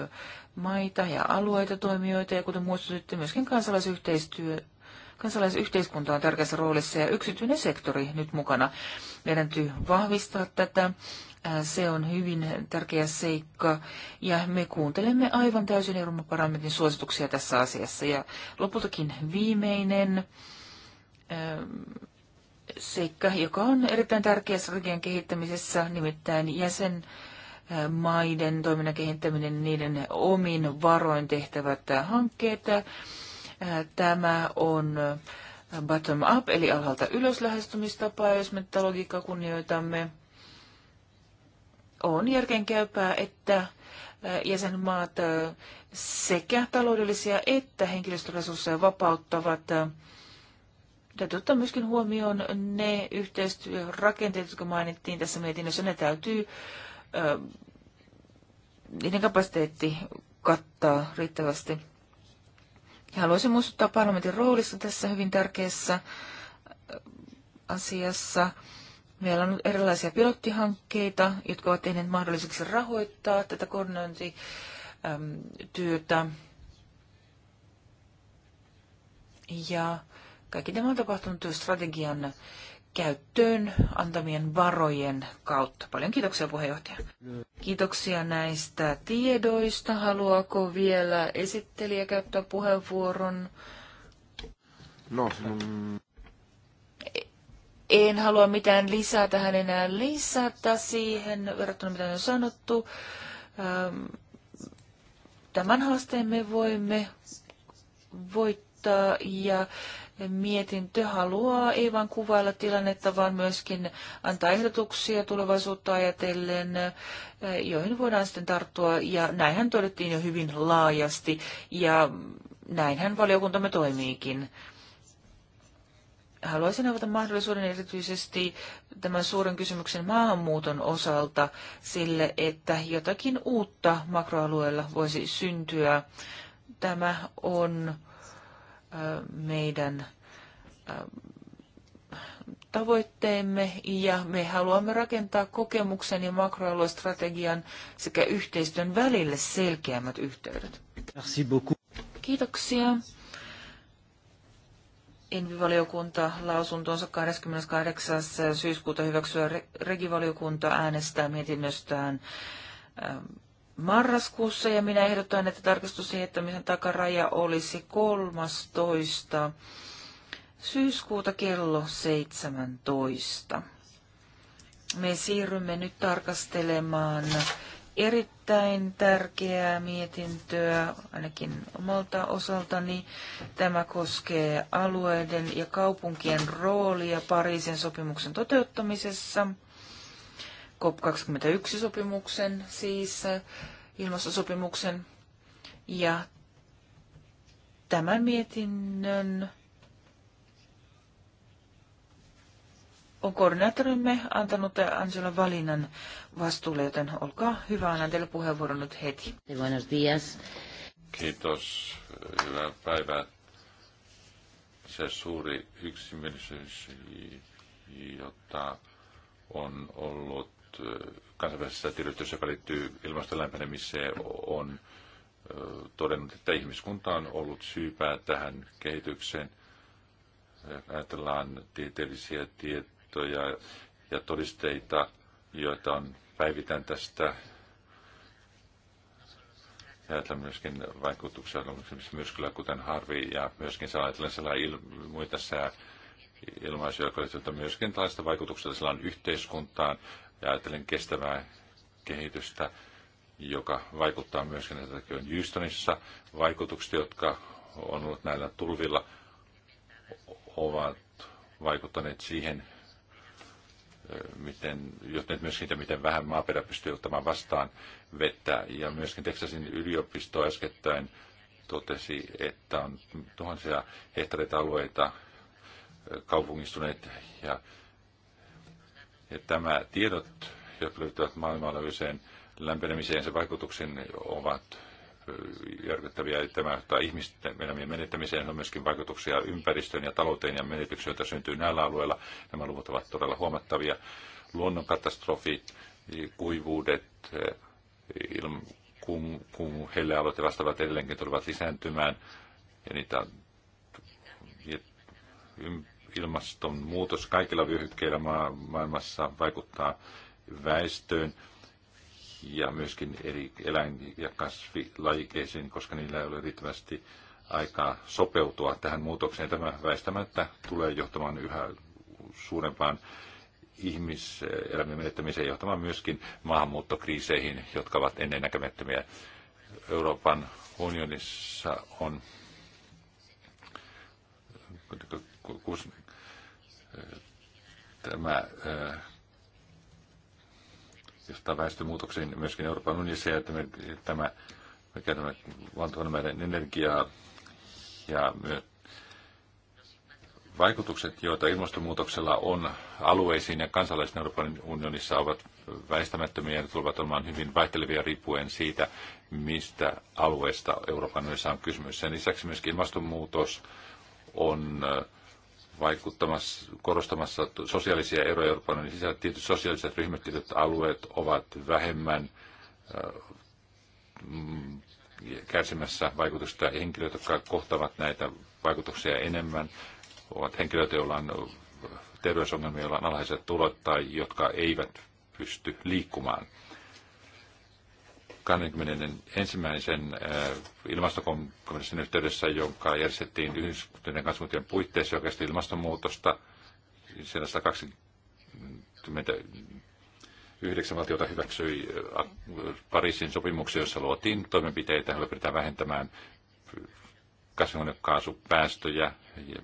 maita ja alueita toimijoita ja kuten muistutitte, myöskin kansalaisyhteistyö, kansalaisyhteiskunta on tärkeässä roolissa ja yksityinen sektori nyt mukana. Meidän täytyy vahvistaa tätä. Äh, se on hyvin tärkeä seikka ja me kuuntelemme aivan täysin Euroopan parlamentin suosituksia tässä asiassa. Ja lopultakin viimeinen äh, seikka, joka on erittäin tärkeä strategian kehittämisessä, nimittäin jäsenmaiden toiminnan kehittäminen, niiden omin varoin tehtävät hankkeet. Tämä on bottom up, eli alhaalta ylös lähestymistapa, jos me tätä logiikkaa kunnioitamme. On järkeenkäypää, että jäsenmaat sekä taloudellisia että henkilöstöresursseja vapauttavat Täytyy ottaa myöskin huomioon ne yhteistyörakenteet, jotka mainittiin tässä mietinnössä. Ne täytyy, äh, niiden kapasiteetti kattaa riittävästi. Ja haluaisin muistuttaa parlamentin roolista tässä hyvin tärkeässä asiassa. Meillä on erilaisia pilottihankkeita, jotka ovat tehneet mahdolliseksi rahoittaa tätä koordinointityötä. Ja kaikki tämä on tapahtunut strategian käyttöön antamien varojen kautta. Paljon kiitoksia puheenjohtaja. Kiitoksia näistä tiedoista. Haluaako vielä esittelijä käyttää puheenvuoron? No, mm. En halua mitään lisää tähän enää lisätä siihen verrattuna mitä on sanottu. Ähm, tämän haasteen me voimme voittaa ja mietintö haluaa ei vain kuvailla tilannetta, vaan myöskin antaa ehdotuksia tulevaisuutta ajatellen, eh, joihin voidaan sitten tarttua. Ja näinhän todettiin jo hyvin laajasti ja näinhän valiokuntamme toimiikin. Haluaisin avata mahdollisuuden erityisesti tämän suuren kysymyksen maahanmuuton osalta sille, että jotakin uutta makroalueella voisi syntyä. Tämä on äh, meidän tavoitteemme ja me haluamme rakentaa kokemuksen ja makroaluestrategian sekä yhteistyön välille selkeämmät yhteydet. Merci beaucoup. Kiitoksia. Envivaliokunta lausuntonsa 28. syyskuuta hyväksyä regivaliokunta äänestää mietinnöstään marraskuussa ja minä ehdotan, että tarkistusjättämisen takaraja olisi 13. syyskuuta kello 17. Me siirrymme nyt tarkastelemaan erittäin tärkeää mietintöä, ainakin omalta osaltani. Tämä koskee alueiden ja kaupunkien roolia Pariisin sopimuksen toteuttamisessa – COP21-sopimuksen, siis äh, ilmastosopimuksen, ja tämän mietinnön on koordinaattorimme antanut Angela Valinan vastuulle, joten olkaa hyvä, annan teille puheenvuoron nyt heti. Buenos días. Kiitos, hyvää päivää. Se suuri yksimielisyys, jota on ollut kansainvälisessä tiedotus, joka liittyy ilmaston lämpenemiseen, on todennut, että ihmiskunta on ollut syypää tähän kehitykseen. Ajatellaan tieteellisiä tietoja ja todisteita, joita on päivitän tästä. Ajatellaan myöskin vaikutuksia myrskyllä, kuten Harvi, ja myöskin ajatellaan sellainen il- muita sää ilmaisuja, jotka myöskin tällaista vaikutuksella sillä on yhteiskuntaan, ja ajatellen kestävää kehitystä, joka vaikuttaa myöskin näitä on Houstonissa. Vaikutukset, jotka on ollut näillä tulvilla, ovat vaikuttaneet siihen, eh, miten, johtuneet myös siitä, miten vähän maaperä pystyy ottamaan vastaan vettä. Ja myöskin Texasin yliopisto äskettäin totesi, että on tuhansia hehtaareita alueita eh, kaupungistuneet ja ja tämä tiedot, jotka liittyvät maailmanlaajuiseen lämpenemiseen se vaikutuksen ovat järkyttäviä. Tämä johtaa ihmisten menettämiseen. on myöskin vaikutuksia ympäristöön ja talouteen ja menetyksiä, joita syntyy näillä alueilla. Nämä luvut ovat todella huomattavia. Luonnonkatastrofit, kuivuudet, ilm kun, kun hellealueet ja vastaavat edelleenkin tulevat lisääntymään. Ja niitä ja ilmastonmuutos kaikilla vyöhykkeillä ma- maailmassa vaikuttaa väestöön ja myöskin eri eläin- ja kasvilajikeisiin, koska niillä ei ole riittävästi aikaa sopeutua tähän muutokseen. Tämä väistämättä tulee johtamaan yhä suurempaan ihmiselämän menettämiseen, johtamaan myöskin maahanmuuttokriiseihin, jotka ovat ennennäkemättömiä. Euroopan unionissa on tämä josta väestömuutoksen myöskin Euroopan unionissa ja tämä, mikä tämä valtavan määrän energiaa ja myös vaikutukset, joita ilmastonmuutoksella on alueisiin ja kansalaisiin Euroopan unionissa, ovat väistämättömiä ja tulevat olemaan hyvin vaihtelevia riippuen siitä, mistä alueesta Euroopan unionissa on kysymys. Sen lisäksi myöskin ilmastonmuutos on äh, vaikuttamassa, korostamassa sosiaalisia eroja Euroopan niin sisällä. Tietyt sosiaaliset tietyt alueet ovat vähemmän mm, kärsimässä vaikutusta ja henkilöt, jotka kohtavat näitä vaikutuksia enemmän, ovat henkilöitä, joilla on terveysongelmia, joilla on alhaiset tulot tai jotka eivät pysty liikkumaan. 21. Äh, ilmastokonferenssin yhteydessä, jonka järjestettiin yhdistyneiden kansakuntien puitteissa, joka ilmastonmuutosta. Siellä 129 valtiota hyväksyi äh, Pariisin sopimuksen, jossa luotiin toimenpiteitä, joilla pyritään vähentämään kasvihuonekaasupäästöjä ja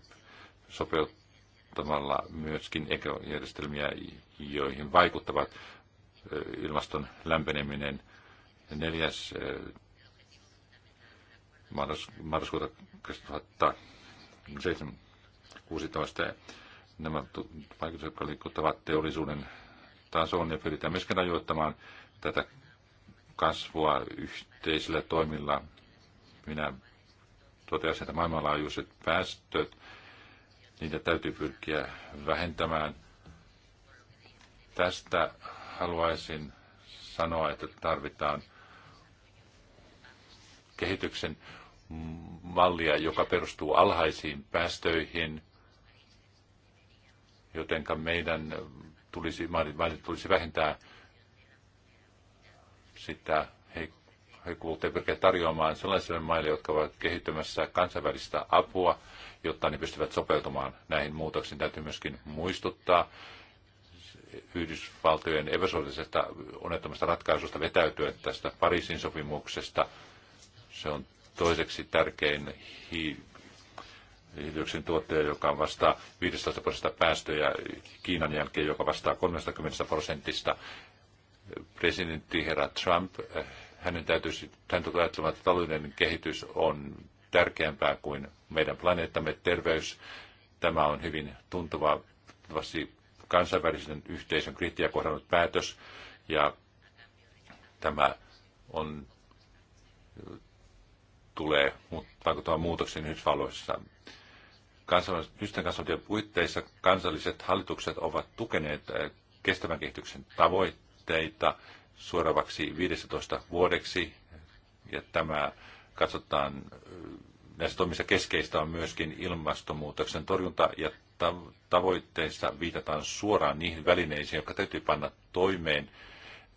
sopeuttamalla myöskin ekojärjestelmiä, joihin vaikuttavat äh, ilmaston lämpeneminen – neljäs eh, marras, marraskuuta 2016. Nämä vaikutukset, jotka liikuttavat teollisuuden tasoon ja pyritään myöskin rajoittamaan tätä kasvua yhteisillä toimilla. Minä toteaisin, että maailmanlaajuiset päästöt, niitä täytyy pyrkiä vähentämään. Tästä haluaisin sanoa, että tarvitaan kehityksen mallia, joka perustuu alhaisiin päästöihin, jotenka meidän tulisi, maiden tulisi vähentää sitä he ja pyrkiä tarjoamaan sellaisille maille, jotka ovat kehittymässä kansainvälistä apua, jotta ne pystyvät sopeutumaan näihin muutoksiin. Täytyy myöskin muistuttaa Yhdysvaltojen epäsuorisesta onnettomasta ratkaisusta vetäytyä tästä Pariisin sopimuksesta – se on toiseksi tärkein hi- hiilidioksidin tuottaja, joka vastaa 15 prosentista päästöjä Kiinan jälkeen, joka vastaa 30 prosentista. Presidentti herra Trump, hänen täytyisi, hän tulee tuota ajattelemaan, että taloudellinen kehitys on tärkeämpää kuin meidän planeettamme terveys. Tämä on hyvin tuntuva kansainvälisen yhteisön kriittiä kohdannut päätös, ja tämä on tulee vaikuttamaan muutoksiin Yhdysvalloissa. Yhdistön kansallisuuden puitteissa kansalliset hallitukset ovat tukeneet eh, kestävän kehityksen tavoitteita suoravaksi 15 vuodeksi, ja tämä katsotaan eh, näissä toimissa keskeistä on myöskin ilmastonmuutoksen torjunta ja tavoitteissa viitataan suoraan niihin välineisiin, jotka täytyy panna toimeen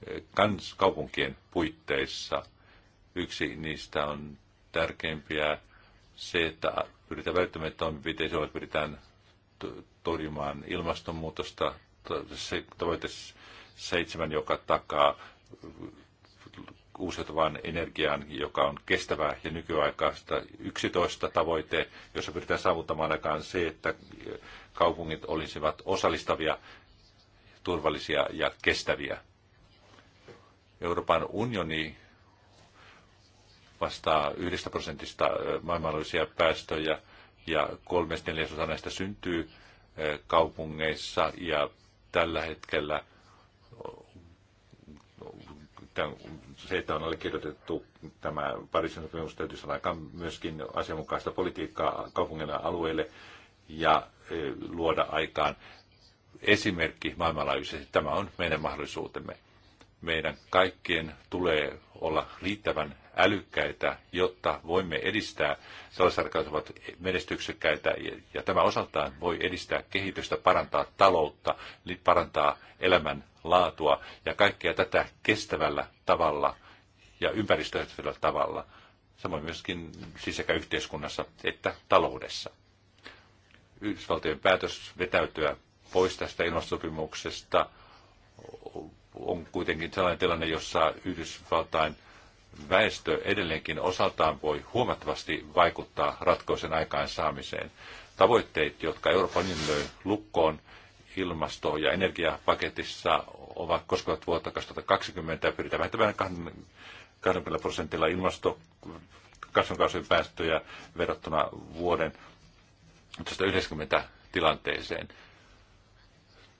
eh, kans- kaupunkien puitteissa. Yksi niistä on tärkeimpiä se, että pyritään välttämään toimenpiteisiin, että pyritään torjumaan ilmastonmuutosta. Se tavoite seitsemän, joka takaa uusiutuvan energiaan, joka on kestävää ja nykyaikaista. 11 tavoite, jossa pyritään saavuttamaan aikaan se, että kaupungit olisivat osallistavia, turvallisia ja kestäviä. Euroopan unioni vastaa yhdestä prosentista maailmanlaajuisia päästöjä ja kolmes neljäsosa näistä syntyy kaupungeissa ja tällä hetkellä se, että on allekirjoitettu tämä Pariisin sopimus, täytyy saada aikaan myöskin asianmukaista politiikkaa kaupungin alueille ja luoda aikaan esimerkki maailmanlaajuisesti. Tämä on meidän mahdollisuutemme meidän kaikkien tulee olla riittävän älykkäitä, jotta voimme edistää sellaiset, ratkaisuja, ovat menestyksekkäitä, ja tämä osaltaan voi edistää kehitystä, parantaa taloutta, parantaa elämän laatua ja kaikkea tätä kestävällä tavalla ja ympäristöystävällisellä tavalla, samoin myöskin siis sekä yhteiskunnassa että taloudessa. Yhdysvaltojen päätös vetäytyä pois tästä ilmastosopimuksesta – on kuitenkin sellainen tilanne, jossa Yhdysvaltain väestö edelleenkin osaltaan voi huomattavasti vaikuttaa ratkaisen aikaansaamiseen. Tavoitteet, jotka Euroopan unioni löi lukkoon ilmasto- ja energiapaketissa, ovat koskevat vuotta 2020 ja pyritään vähentämään 20 prosentilla ilmastokasvun päästöjä verrattuna vuoden 1990 tilanteeseen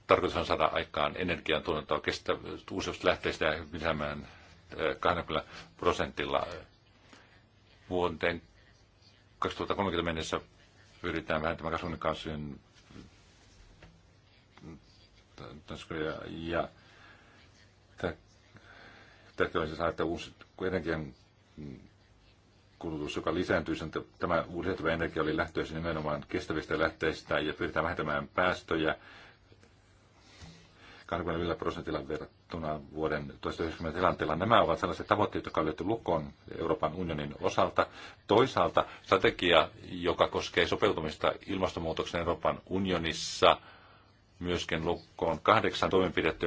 tarkoitus on saada aikaan energiantuotantoa kestä uusiosta lähteistä lisäämään 20 äh, prosentilla vuoteen 2030 mennessä pyritään vähentämään kasvunikaasujen ja, ja tärkeää on saada, että uusi energian kulutus, joka lisääntyy, sen, tämä uusiutuva energia oli lähtöisin nimenomaan kestävistä lähteistä ja pyritään vähentämään päästöjä 25 prosentilla verrattuna vuoden 1990 tilanteella. Nämä ovat sellaiset tavoitteet, jotka on löyty lukon Euroopan unionin osalta. Toisaalta strategia, joka koskee sopeutumista ilmastonmuutoksen Euroopan unionissa, myöskin lukkoon kahdeksan toimenpidettä,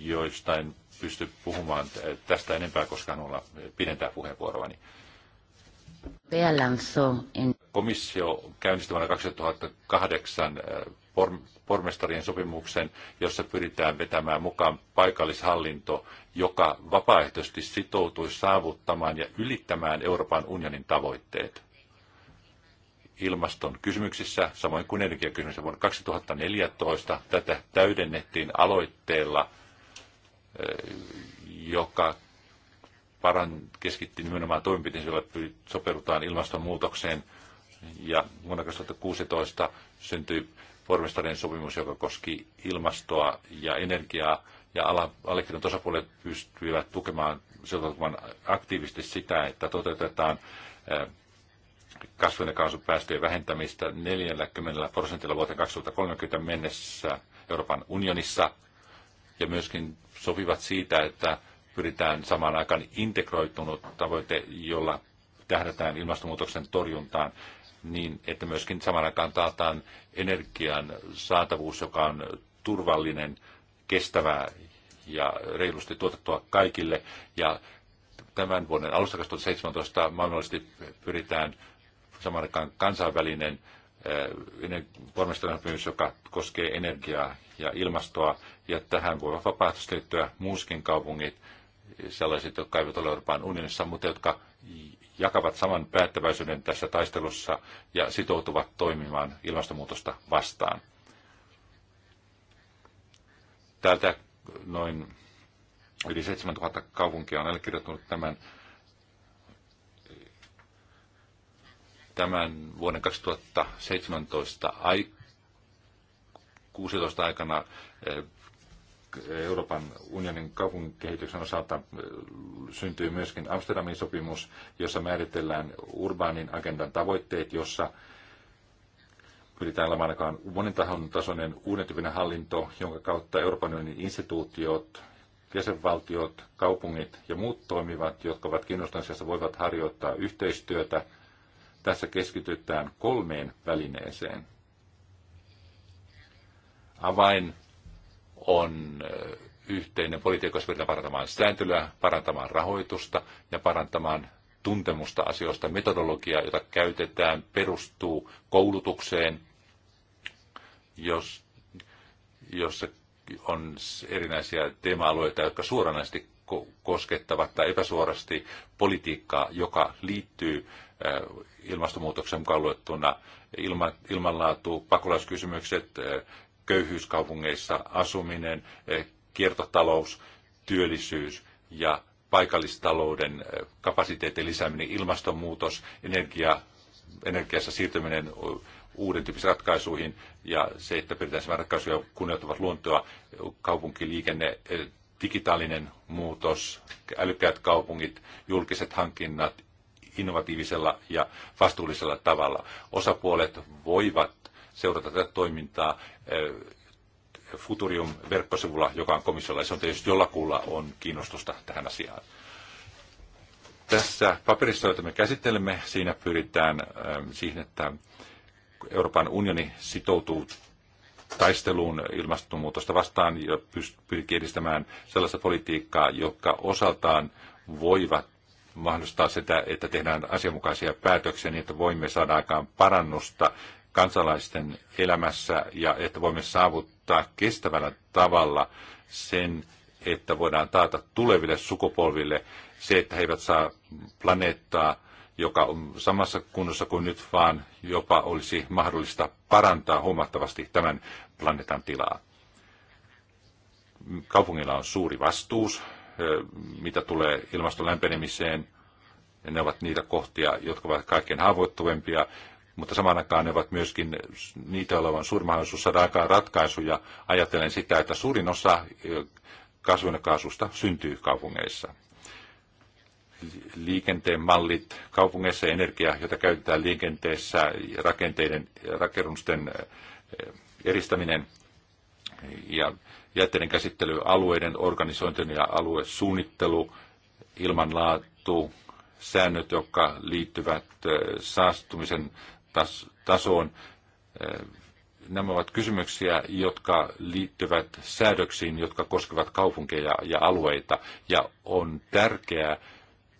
joista en pysty puhumaan tästä enempää, koska en olla pidentää puheenvuoroani. Lanzó en komissio käynnisti vuonna 2008 äh, pormestarien sopimuksen, jossa pyritään vetämään mukaan paikallishallinto, joka vapaaehtoisesti sitoutui saavuttamaan ja ylittämään Euroopan unionin tavoitteet ilmaston kysymyksissä, samoin kuin energiakysymyksissä. Vuonna 2014 tätä täydennettiin aloitteella, äh, joka paran, keskitti nimenomaan toimenpiteisiin, joilla sopeudutaan ilmastonmuutokseen – ja vuonna 2016 syntyi pormestarien sopimus, joka koski ilmastoa ja energiaa, ja allekirjoitetut osapuolet pystyivät tukemaan aktiivisesti sitä, että toteutetaan eh, kasvihuonekaasupäästöjen vähentämistä 40 prosentilla vuoteen 2030 mennessä Euroopan unionissa, ja myöskin sopivat siitä, että pyritään samaan aikaan integroitunut tavoite, jolla tähdätään ilmastonmuutoksen torjuntaan niin että myöskin saman aikaan taataan energian saatavuus, joka on turvallinen, kestävää ja reilusti tuotettua kaikille. Ja tämän vuoden alusta 2017 maailmallisesti pyritään saman aikaan kansainvälinen pormestarisopimus, eh, joka koskee energiaa ja ilmastoa, ja tähän voivat vapaaehtoisesti liittyä muuskin kaupungit, sellaiset, jotka eivät ole Euroopan unionissa, mutta jotka jakavat saman päättäväisyyden tässä taistelussa ja sitoutuvat toimimaan ilmastonmuutosta vastaan. Täältä noin yli 7000 kaupunkia on allekirjoittanut tämän, tämän vuoden 2017 ai, 16 aikana eh, Euroopan unionin kaupunkikehityksen osalta äh, syntyy myöskin Amsterdamin sopimus, jossa määritellään urbaanin agendan tavoitteet, jossa pyritään olemaan ainakaan monen tahon tasoinen uuden tyyppinen hallinto, jonka kautta Euroopan unionin instituutiot, jäsenvaltiot, kaupungit ja muut toimivat, jotka ovat kiinnostuneissa, voivat harjoittaa yhteistyötä. Tässä keskitytään kolmeen välineeseen. Avain on yhteinen politiikassa parantamaan sääntelyä, parantamaan rahoitusta ja parantamaan tuntemusta asioista. Metodologia, jota käytetään, perustuu koulutukseen, jos, jossa on erinäisiä teema-alueita, jotka suoranaisesti koskettavat tai epäsuorasti politiikkaa, joka liittyy ilmastonmuutoksen mukaan luettuna ilma, ilmanlaatu, pakolaiskysymykset, köyhyyskaupungeissa asuminen, eh, kiertotalous, työllisyys ja paikallistalouden eh, kapasiteetin lisääminen, ilmastonmuutos, energia, energiassa siirtyminen uuden tyyppisiin ratkaisuihin ja se, että pyritään sellaisia ratkaisuja kunnioittavat luontoa, kaupunkiliikenne, eh, digitaalinen muutos, älykkäät kaupungit, julkiset hankinnat innovatiivisella ja vastuullisella tavalla. Osapuolet voivat seurata tätä toimintaa eh, Futurium-verkkosivulla, joka on komissiolla. Se on tietysti jollakulla on kiinnostusta tähän asiaan. Tässä paperissa, jota me käsittelemme, siinä pyritään eh, siihen, että Euroopan unioni sitoutuu taisteluun ilmastonmuutosta vastaan ja pyrkii edistämään sellaista politiikkaa, joka osaltaan voivat mahdollistaa sitä, että tehdään asianmukaisia päätöksiä niin, että voimme saada aikaan parannusta kansalaisten elämässä ja että voimme saavuttaa kestävällä tavalla sen, että voidaan taata tuleville sukupolville se, että he eivät saa planeettaa, joka on samassa kunnossa kuin nyt, vaan jopa olisi mahdollista parantaa huomattavasti tämän planeetan tilaa. Kaupungilla on suuri vastuus, mitä tulee ilmaston lämpenemiseen. Ne ovat niitä kohtia, jotka ovat kaikkein haavoittuvimpia mutta samaan aikaan ne ovat myöskin niitä olevan suuri mahdollisuus saada aikaa ratkaisuja. Ajattelen sitä, että suurin osa kasvihuonekaasusta syntyy kaupungeissa. Liikenteen mallit kaupungeissa ja energia, jota käytetään liikenteessä, rakenteiden, rakennusten eristäminen ja jätteiden käsittely, alueiden organisointi ja aluesuunnittelu, ilmanlaatu, säännöt, jotka liittyvät saastumisen tasoon. Nämä ovat kysymyksiä, jotka liittyvät säädöksiin, jotka koskevat kaupunkeja ja alueita. Ja on tärkeää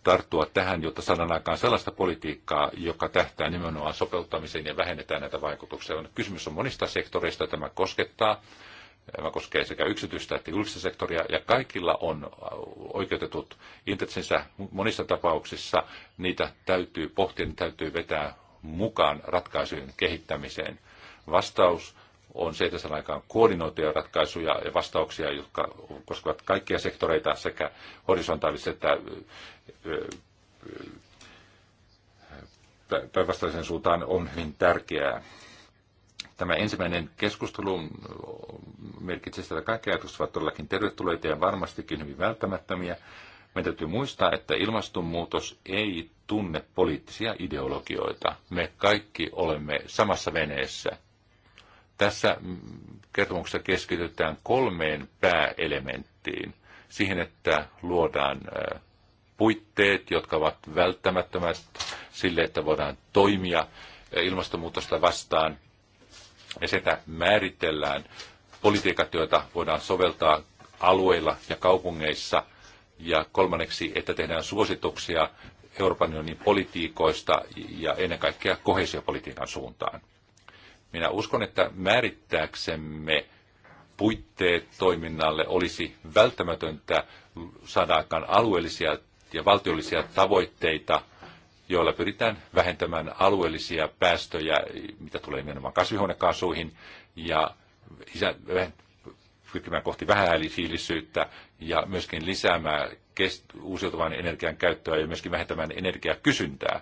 tarttua tähän, jotta saadaan aikaan sellaista politiikkaa, joka tähtää nimenomaan sopeuttamiseen ja vähennetään näitä vaikutuksia. Kysymys on monista sektoreista, tämä koskettaa. Tämä koskee sekä yksityistä että julkista sektoria, ja kaikilla on oikeutetut intressinsä monissa tapauksissa. Niitä täytyy pohtia, niitä täytyy vetää mukaan ratkaisujen kehittämiseen. Vastaus on se, että saadaan aikaan koordinoituja ratkaisuja ja vastauksia, jotka koskevat kaikkia sektoreita sekä horisontaalisesti että päinvastaisen suuntaan on hyvin tärkeää. Tämä ensimmäinen keskustelu merkitsee sitä, että kaikki ajatukset ovat todellakin tervetulleita ja varmastikin hyvin välttämättömiä, meidän täytyy muistaa, että ilmastonmuutos ei tunne poliittisia ideologioita. Me kaikki olemme samassa veneessä. Tässä kertomuksessa keskitytään kolmeen pääelementtiin. Siihen, että luodaan puitteet, jotka ovat välttämättömät sille, että voidaan toimia ilmastonmuutosta vastaan. Ja sitä määritellään politiikat, joita voidaan soveltaa alueilla ja kaupungeissa – ja kolmanneksi, että tehdään suosituksia Euroopan unionin politiikoista ja ennen kaikkea kohesiopolitiikan suuntaan. Minä uskon, että määrittääksemme puitteet toiminnalle olisi välttämätöntä saada aikaan alueellisia ja valtiollisia tavoitteita, joilla pyritään vähentämään alueellisia päästöjä, mitä tulee nimenomaan kasvihuonekaasuihin, ja pyrkimään kohti vähähiilisyyttä ja myöskin lisäämään kest- uusiutuvan energian käyttöä ja myöskin vähentämään energiakysyntää.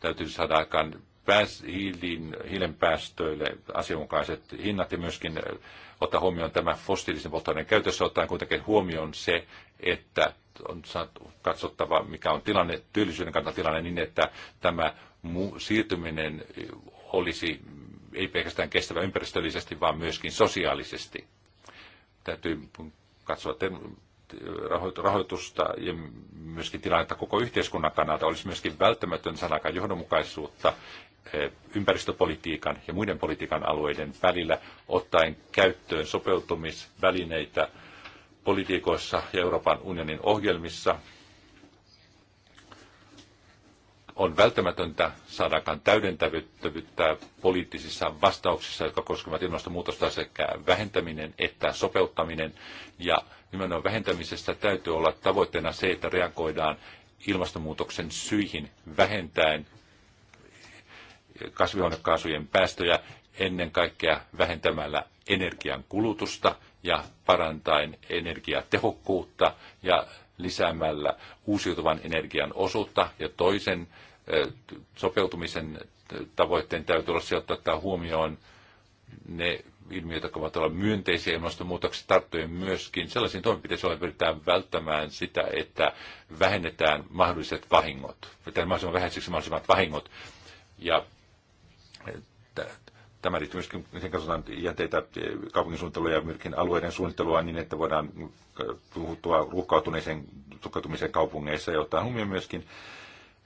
Täytyy saada aikaan pääs- hiilin, hiilen päästöille asianmukaiset hinnat ja myöskin ottaa huomioon tämä fossiilisen polttoaineen käytössä, ottaen kuitenkin huomioon se, että on katsottava, mikä on tilanne, työllisyyden kannalta tilanne niin, että tämä siirtyminen olisi ei pelkästään kestävä ympäristöllisesti, vaan myöskin sosiaalisesti. Täytyy katsoa rahoitusta ja myöskin tilannetta koko yhteiskunnan kannalta. Olisi myöskin välttämätön sanakaan johdonmukaisuutta eh, ympäristöpolitiikan ja muiden politiikan alueiden välillä, ottaen käyttöön sopeutumisvälineitä politiikoissa ja Euroopan unionin ohjelmissa, on välttämätöntä saadaankaan täydentävyyttä poliittisissa vastauksissa, jotka koskevat ilmastonmuutosta sekä vähentäminen että sopeuttaminen. Ja nimenomaan vähentämisestä täytyy olla tavoitteena se, että reagoidaan ilmastonmuutoksen syihin vähentäen kasvihuonekaasujen päästöjä ennen kaikkea vähentämällä energian kulutusta ja parantaen energiatehokkuutta ja lisäämällä uusiutuvan energian osuutta ja toisen sopeutumisen tavoitteen täytyy olla se, että ottaa huomioon ne ilmiöt, jotka voivat olla myönteisiä ilmastonmuutoksessa tarttujen myöskin sellaisiin toimenpiteisiin, joilla pyritään välttämään sitä, että vähennetään mahdolliset vahingot, tai mahdollisimman vähäiseksi mahdollisimmat vahingot. Ja tämä liittyy myöskin, sen katsotaan jäteitä, kaupunkisuunnittelua ja myöskin alueiden suunnittelua niin, että voidaan puhuttua ruuhkautuneeseen, tukkautumiseen kaupungeissa ja ottaa huomioon myöskin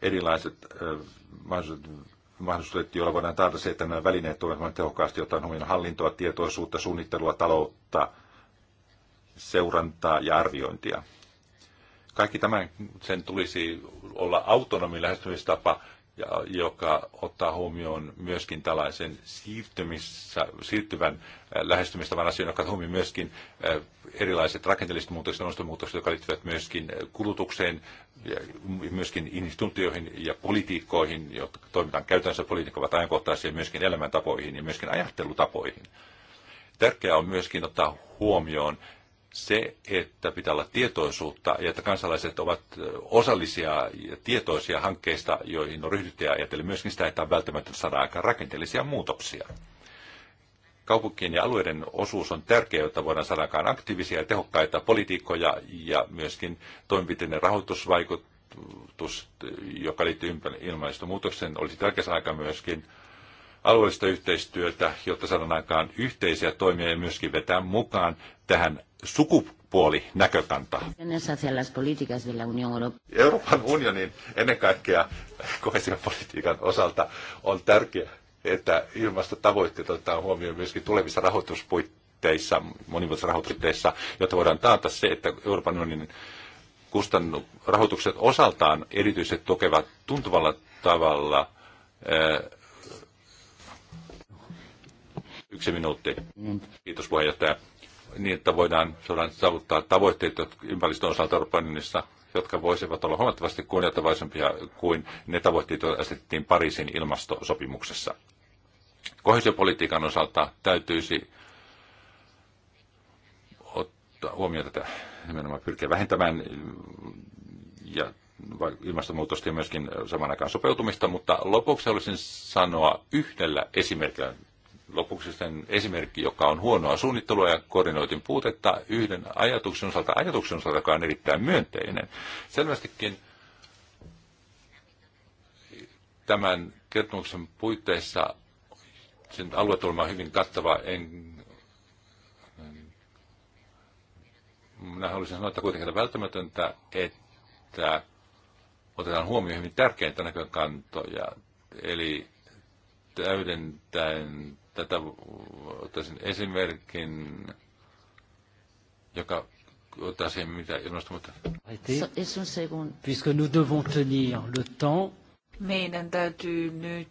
erilaiset mahdollisuudet, mahdollisuudet joilla voidaan taata se, että nämä välineet tulevat tehokkaasti ottaen huomioon hallintoa, tietoisuutta, suunnittelua, taloutta, seurantaa ja arviointia. Kaikki tämän sen tulisi olla autonomi lähestymistapa, ja joka ottaa huomioon myöskin tällaisen siirtymissä, siirtyvän äh, lähestymistavan asian, joka huomioon myöskin äh, erilaiset rakenteelliset muutokset, ilmastonmuutokset, jotka liittyvät myöskin äh, kulutukseen, ja myöskin instituutioihin ja politiikkoihin, jotka toimitaan käytännössä politiikka ovat ajankohtaisia, myöskin elämäntapoihin ja myöskin ajattelutapoihin. Tärkeää on myöskin ottaa huomioon se, että pitää olla tietoisuutta ja että kansalaiset ovat osallisia ja tietoisia hankkeista, joihin on ryhdytty ja ajatellen myöskin sitä, että on välttämättä saada aika rakenteellisia muutoksia. Kaupunkien ja alueiden osuus on tärkeä, jotta voidaan saada aikaan aktiivisia ja tehokkaita politiikkoja ja myöskin toimenpiteiden rahoitusvaikutus, joka liittyy ilmastonmuutokseen, olisi tärkeässä aika myöskin alueellista yhteistyötä, jotta saadaan aikaan yhteisiä toimia ja myöskin vetää mukaan tähän sukupuolinäkökantaa. Euroopan unionin ennen kaikkea kohesiopolitiikan osalta on tärkeää, että ilmastotavoitteet otetaan huomioon myöskin tulevissa rahoituspuitteissa, monivuotisissa rahoituspuitteissa, jotta voidaan taata se, että Euroopan unionin kustannu- rahoitukset osaltaan erityisesti tukevat tuntuvalla tavalla – Yksi minuutti. Kiitos puheenjohtaja. Niin, että voidaan saavuttaa tavoitteet ympäristön osalta Euroopan unionissa, jotka voisivat olla huomattavasti kunnioittavaisempia kuin ne tavoitteet, joita asetettiin Pariisin ilmastosopimuksessa. Kohesiopolitiikan osalta täytyisi ottaa huomioon tätä, nimenomaan pyrkiä vähentämään ja ilmastonmuutosta ja myöskin saman aikaan sopeutumista, mutta lopuksi olisin sanoa yhdellä esimerkillä lopuksi sitten esimerkki, joka on huonoa suunnittelua ja koordinoitin puutetta yhden ajatuksen osalta, ajatuksen osalta, joka on erittäin myönteinen. Selvästikin tämän kertomuksen puitteissa sen aluetulma on hyvin kattava. En, minä haluaisin sanoa, että kuitenkin on välttämätöntä, että otetaan huomioon hyvin tärkeintä näkökantoja, eli täydentäen tätä ottaisin esimerkin, joka ottaisin mitä ilmastonmuutta. Puisque nous devons tenir le temps. Meidän täytyy nyt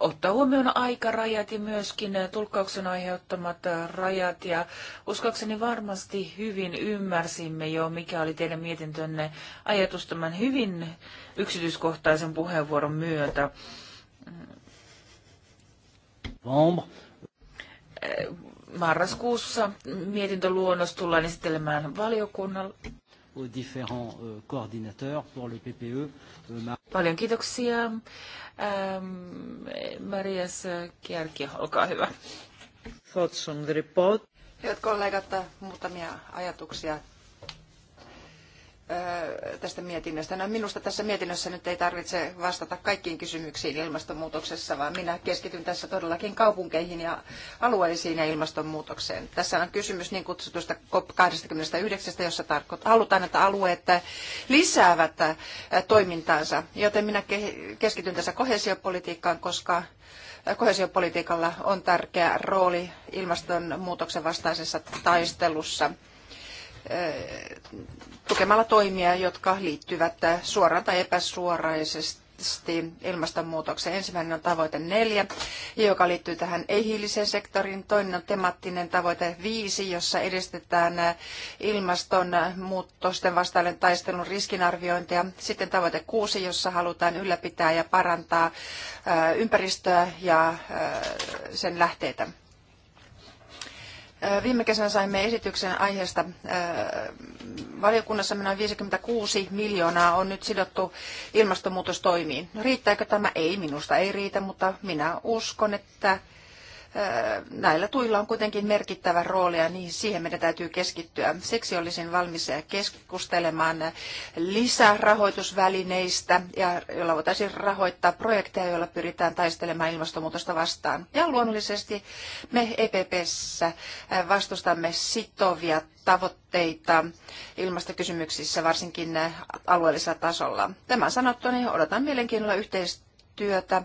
ottaa huomioon aikarajat ja myöskin tulkkauksen aiheuttamat rajat. Ja uskoakseni varmasti hyvin ymmärsimme jo, mikä oli teidän mietintönne ajatus tämän hyvin yksityiskohtaisen puheenvuoron myötä. Mm. Eh, marraskuussa mietintöluonnos tullaan esittelemään valiokunnalle. Paljon kiitoksia. Ähm, Marias Kierki, olkaa hyvä. Thoughts on the report. Hyvät kollegat, muutamia ajatuksia tästä mietinnöstä. No minusta tässä mietinnössä nyt ei tarvitse vastata kaikkiin kysymyksiin ilmastonmuutoksessa, vaan minä keskityn tässä todellakin kaupunkeihin ja alueisiin ja ilmastonmuutokseen. Tässä on kysymys niin kutsutusta COP29, jossa halutaan, että alueet lisäävät toimintaansa. Joten minä keskityn tässä kohesiopolitiikkaan, koska kohesiopolitiikalla on tärkeä rooli ilmastonmuutoksen vastaisessa taistelussa – Eh, tukemalla toimia, jotka liittyvät eh, suoraan tai epäsuoraisesti ilmastonmuutokseen. Ensimmäinen on tavoite neljä, joka liittyy tähän ei-hiiliseen sektoriin. Toinen on temaattinen tavoite viisi, jossa edistetään eh, ilmastonmuutosten vastainen taistelun riskinarviointia. Sitten tavoite kuusi, jossa halutaan ylläpitää ja parantaa ympäristöä ja sen lähteitä. Viime kesänä saimme esityksen aiheesta. Valiokunnassa noin 56 miljoonaa on nyt sidottu ilmastonmuutostoimiin. No, riittääkö tämä? Ei minusta, ei riitä, mutta minä uskon, että näillä tuilla on kuitenkin merkittävä rooli ja niin siihen meidän täytyy keskittyä. Siksi olisin valmis keskustelemaan lisärahoitusvälineistä, ja joilla voitaisiin rahoittaa projekteja, joilla pyritään taistelemaan ilmastonmuutosta vastaan. Ja luonnollisesti me EPPssä vastustamme sitovia tavoitteita ilmastokysymyksissä, varsinkin alueellisella tasolla. Tämän sanottu, niin odotan mielenkiinnolla yhteistyötä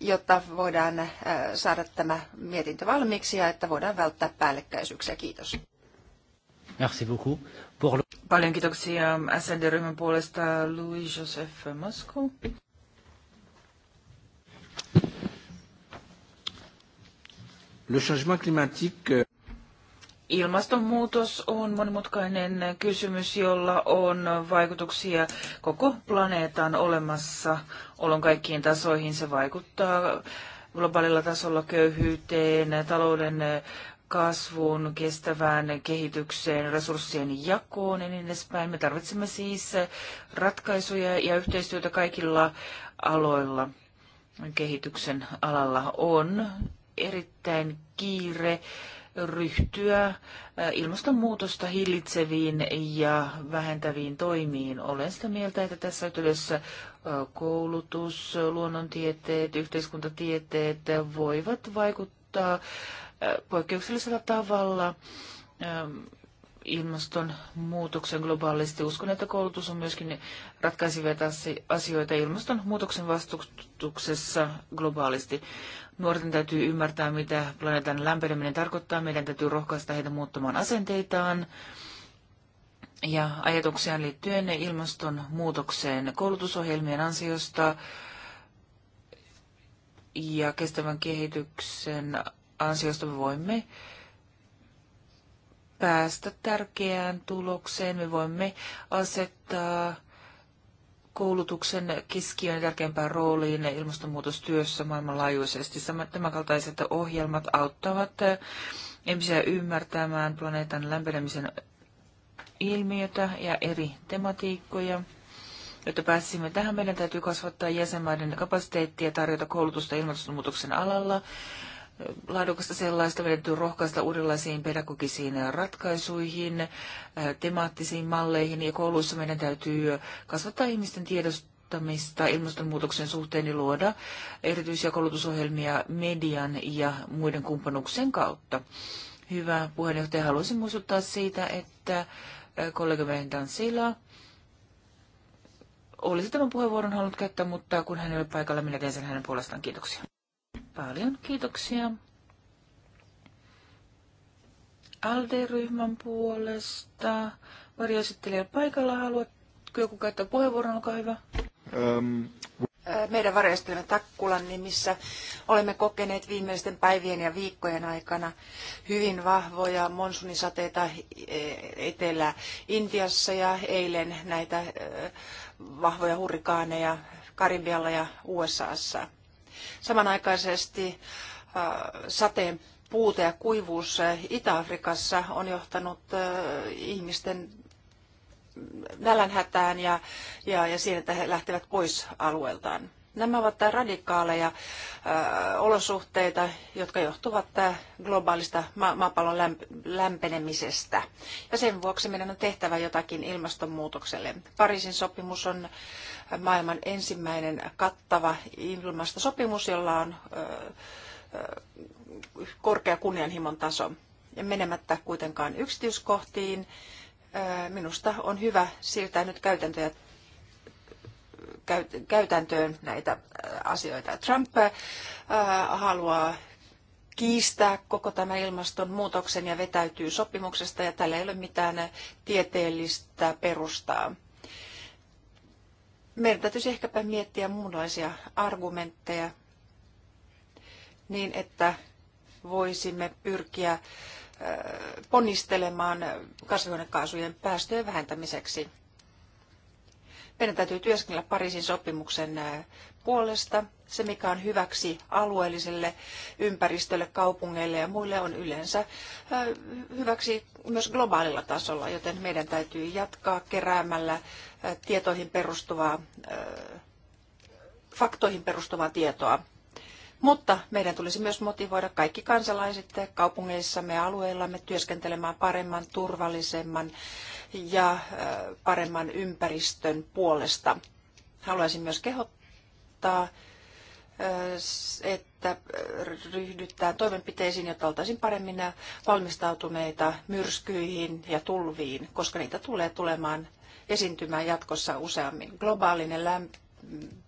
jotta voidaan äh, saada tämä mietintö valmiiksi ja että voidaan välttää päällekkäisyyksiä. Kiitos. Merci beaucoup. Pour... Paljon kiitoksia SLD-ryhmän puolesta Louis-Joseph Moscou. Le changement climatique... Euh, Ilmastonmuutos on monimutkainen kysymys, jolla on vaikutuksia koko planeetan olemassa olon kaikkiin tasoihin. Se vaikuttaa globaalilla tasolla köyhyyteen, talouden kasvuun, kestävään kehitykseen, resurssien jakoon ja niin edespäin. Me tarvitsemme siis ratkaisuja ja yhteistyötä kaikilla aloilla. Kehityksen alalla on erittäin kiire ryhtyä ilmastonmuutosta hillitseviin ja vähentäviin toimiin. Olen sitä mieltä, että tässä yhteydessä koulutus, luonnontieteet, yhteiskuntatieteet voivat vaikuttaa poikkeuksellisella tavalla ilmastonmuutoksen globaalisti. Uskon, että koulutus on myöskin ratkaisivia asioita ilmastonmuutoksen vastustuksessa globaalisti. Nuorten täytyy ymmärtää, mitä planeetan lämpeneminen tarkoittaa. Meidän täytyy rohkaista heitä muuttamaan asenteitaan ja ajatuksiaan liittyen ilmastonmuutokseen koulutusohjelmien ansiosta ja kestävän kehityksen ansiosta me voimme päästä tärkeään tulokseen. Me voimme asettaa koulutuksen keskiön tärkeämpään rooliin ilmastonmuutostyössä maailmanlaajuisesti. Tämänkaltaiset ohjelmat auttavat eh, ihmisiä ymmärtämään planeetan lämpenemisen ilmiötä ja eri tematiikkoja. Jotta pääsisimme tähän, meidän täytyy kasvattaa jäsenmaiden kapasiteettia tarjota koulutusta ilmastonmuutoksen alalla laadukasta sellaista. Meidän rohkaista uudenlaisiin pedagogisiin ratkaisuihin, äh, temaattisiin malleihin ja kouluissa meidän täytyy kasvattaa ihmisten tiedostamista ilmastonmuutoksen suhteen ja luoda erityisiä koulutusohjelmia median ja muiden kumppanuksen kautta. Hyvä puheenjohtaja, haluaisin muistuttaa siitä, että äh, kollega Vendan Sila olisi tämän puheenvuoron halunnut käyttää, mutta kun hän ei ole paikalla, minä teen sen hänen puolestaan. Kiitoksia. Paljon kiitoksia. ALDE-ryhmän puolesta. Varjoesittelijä paikalla, haluatko joku käyttää puheenvuoron, olkaa hyvä. Um. Meidän varjastelemme Takkulan nimissä olemme kokeneet viimeisten päivien ja viikkojen aikana hyvin vahvoja monsunisateita e, Etelä-Intiassa ja eilen näitä äh, vahvoja hurrikaaneja Karibialla ja USAssa. Samanaikaisesti äh, sateen puute ja kuivuus äh, Itä-Afrikassa on johtanut äh, ihmisten nälänhätään ja, ja, ja siihen, että he lähtevät pois alueeltaan. Nämä ovat radikaaleja olosuhteita, jotka johtuvat globaalista ma- maapallon lämpenemisestä. Ja sen vuoksi meidän on tehtävä jotakin ilmastonmuutokselle. Pariisin sopimus on maailman ensimmäinen kattava ilmastosopimus, jolla on korkea kunnianhimon taso. Ja menemättä kuitenkaan yksityiskohtiin, minusta on hyvä siirtää nyt käytäntöjä käytäntöön näitä äh, asioita. Trump äh, haluaa kiistää koko tämä ilmastonmuutoksen ja vetäytyy sopimuksesta ja tällä ei ole mitään tieteellistä perustaa. Meidän täytyisi ehkäpä miettiä muunlaisia argumentteja niin, että voisimme pyrkiä äh, ponnistelemaan kasvihuonekaasujen päästöjen vähentämiseksi. Meidän täytyy työskennellä Pariisin sopimuksen puolesta. Se, mikä on hyväksi alueelliselle ympäristölle, kaupungeille ja muille, on yleensä hyväksi myös globaalilla tasolla, joten meidän täytyy jatkaa keräämällä tietoihin perustuvaa, faktoihin perustuvaa tietoa mutta meidän tulisi myös motivoida kaikki kansalaiset kaupungeissamme ja alueillamme työskentelemään paremman, turvallisemman ja äh, paremman ympäristön puolesta. Haluaisin myös kehottaa, äh, että äh, ryhdytään toimenpiteisiin, jotta oltaisiin paremmin valmistautuneita myrskyihin ja tulviin, koska niitä tulee tulemaan esiintymään jatkossa useammin. Globaalinen lämpö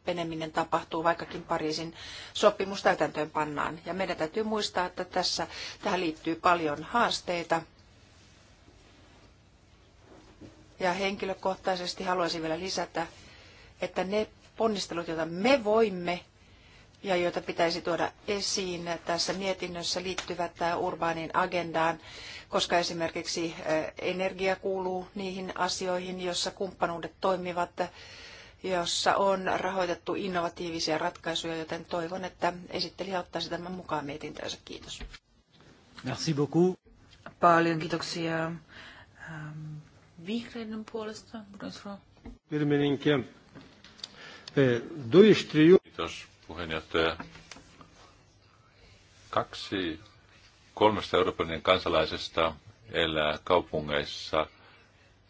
Peneminen tapahtuu, vaikkakin Pariisin sopimus täytäntöön pannaan. Ja meidän täytyy muistaa, että tässä, tähän liittyy paljon haasteita. Ja henkilökohtaisesti haluaisin vielä lisätä, että ne ponnistelut, joita me voimme ja joita pitäisi tuoda esiin tässä mietinnössä liittyvät urbaaniin agendaan, koska esimerkiksi energia kuuluu niihin asioihin, joissa kumppanuudet toimivat jossa on rahoitettu innovatiivisia ratkaisuja, joten toivon, että esittelijä ottaisi tämän mukaan mietintöönsä. Kiitos. Merci beaucoup. Paljon kiitoksia ähm, vihreiden puolesta. Kiitos puheenjohtaja. Kaksi kolmesta Euroopan kansalaisesta elää kaupungeissa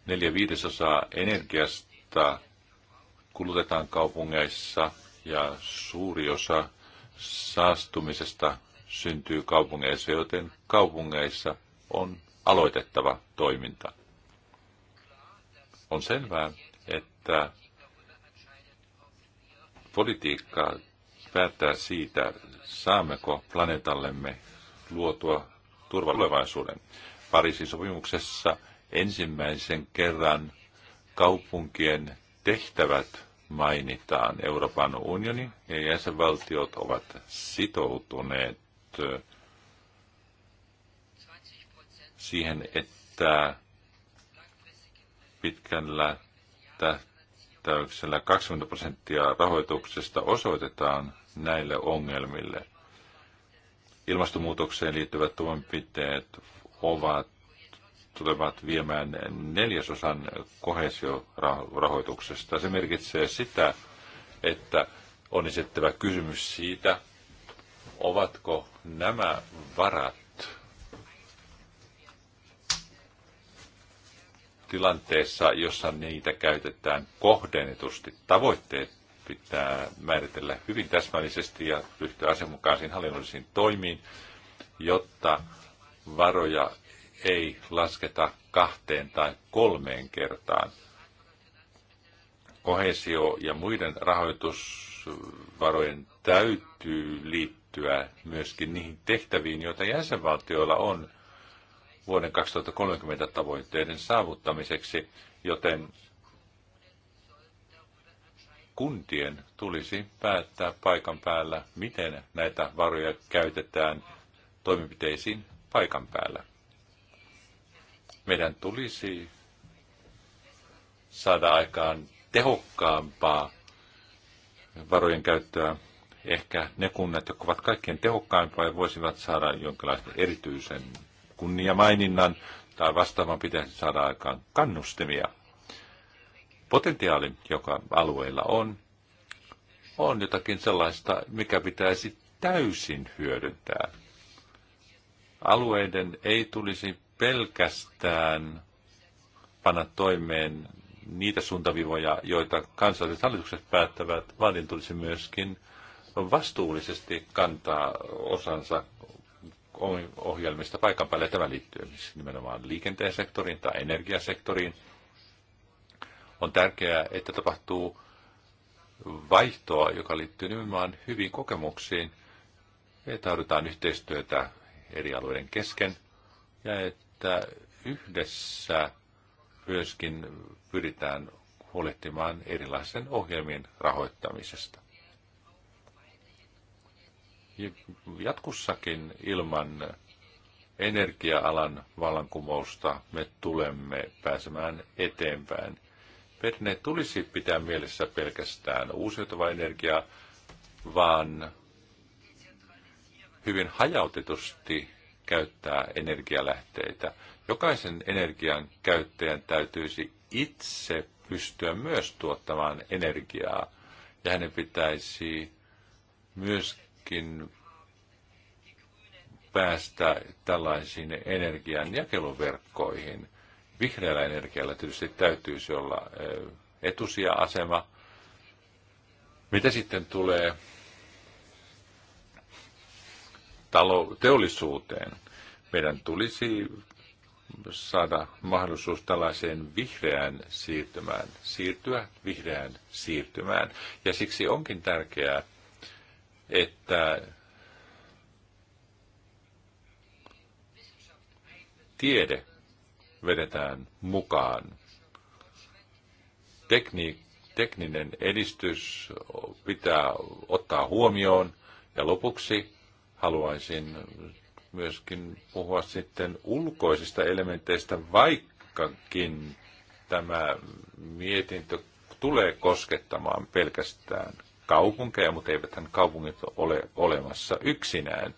neljä viidesosaa energiasta kulutetaan kaupungeissa ja suuri osa saastumisesta syntyy kaupungeissa, joten kaupungeissa on aloitettava toiminta. On selvää, että politiikka päättää siitä, saammeko planeetallemme luotua turvallisuuden. Pariisin sopimuksessa ensimmäisen kerran kaupunkien tehtävät mainitaan. Euroopan unioni ja jäsenvaltiot ovat sitoutuneet äh, siihen, että pitkällä tähtäyksellä 20 prosenttia rahoituksesta osoitetaan näille ongelmille. Ilmastonmuutokseen liittyvät toimenpiteet ovat tulevat viemään neljäsosan kohesiorahoituksesta. Se merkitsee sitä, että on esittävä kysymys siitä, ovatko nämä varat tilanteessa, jossa niitä käytetään kohdennetusti. Tavoitteet pitää määritellä hyvin täsmällisesti ja ryhtyä asianmukaisiin hallinnollisiin toimiin, jotta varoja ei lasketa kahteen tai kolmeen kertaan. Kohesio ja muiden rahoitusvarojen täytyy liittyä myöskin niihin tehtäviin, joita jäsenvaltioilla on vuoden 2030 tavoitteiden saavuttamiseksi, joten kuntien tulisi päättää paikan päällä, miten näitä varoja käytetään toimenpiteisiin paikan päällä. Meidän tulisi saada aikaan tehokkaampaa varojen käyttöä. Ehkä ne kunnat, jotka ovat kaikkein tehokkaimpia, voisivat saada jonkinlaisen erityisen kunniamaininnan tai vastaavan pitäisi saada aikaan kannustimia. Potentiaali, joka alueilla on, on jotakin sellaista, mikä pitäisi täysin hyödyntää. Alueiden ei tulisi pelkästään panna toimeen niitä suuntavivoja, joita kansalliset hallitukset päättävät, vaan niin tulisi myöskin vastuullisesti kantaa osansa ohjelmista paikan päälle. Tämä liittyy siis nimenomaan liikenteen sektoriin tai energiasektoriin. On tärkeää, että tapahtuu vaihtoa, joka liittyy nimenomaan hyviin kokemuksiin, että tarvitaan yhteistyötä eri alueiden kesken ja että että yhdessä myöskin pyritään huolehtimaan erilaisten ohjelmien rahoittamisesta. Jatkussakin ilman energia-alan vallankumousta me tulemme pääsemään eteenpäin. Perne tulisi pitää mielessä pelkästään uusiutuva energia, vaan hyvin hajautetusti käyttää energialähteitä. Jokaisen energian käyttäjän täytyisi itse pystyä myös tuottamaan energiaa. Ja hänen pitäisi myöskin päästä tällaisiin energian jakeluverkkoihin. Vihreällä energialla tietysti täytyisi olla etusija-asema. Mitä sitten tulee talo- teollisuuteen. Meidän tulisi saada mahdollisuus tällaiseen vihreään siirtymään, siirtyä vihreään siirtymään. Ja siksi onkin tärkeää, että tiede vedetään mukaan. Tekni, tekninen edistys pitää ottaa huomioon. Ja lopuksi haluaisin myöskin puhua sitten ulkoisista elementeistä, vaikkakin tämä mietintö tulee koskettamaan pelkästään kaupunkeja, mutta eiväthän kaupungit ole olemassa yksinään.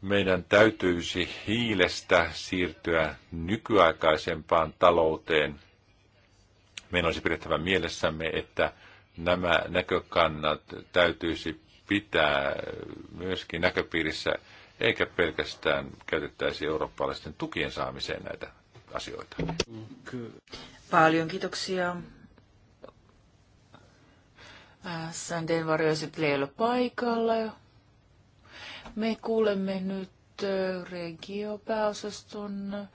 Meidän täytyisi hiilestä siirtyä nykyaikaisempaan talouteen. Meidän olisi pidettävä mielessämme, että nämä näkökannat täytyisi pitää myöskin näköpiirissä, eikä pelkästään käytettäisi eurooppalaisten tukien saamiseen näitä asioita. Paljon kiitoksia. Sänden varjoesittelijä ei paikalla. Me kuulemme nyt regiopääosaston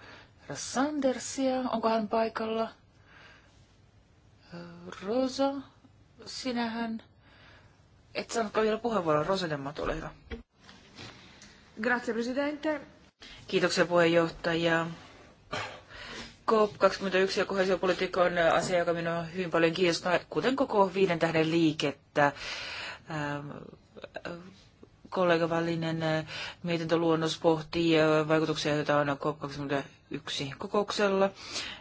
Sandersia. Onko hän paikalla? Rosa, sinähän et saanutko vielä puheenvuoron? Roselemma, ole hyvä. Grazie, presidente. Kiitoksia puheenjohtaja. COP21 ja kohesiopolitiikka on asia, joka minua hyvin paljon kiinnostaa, kuten koko viiden tähden liikettä. Ähm, kollega Vallinen äh, mietintöluonnos pohtii äh, vaikutuksia, joita on COP21 kokouksella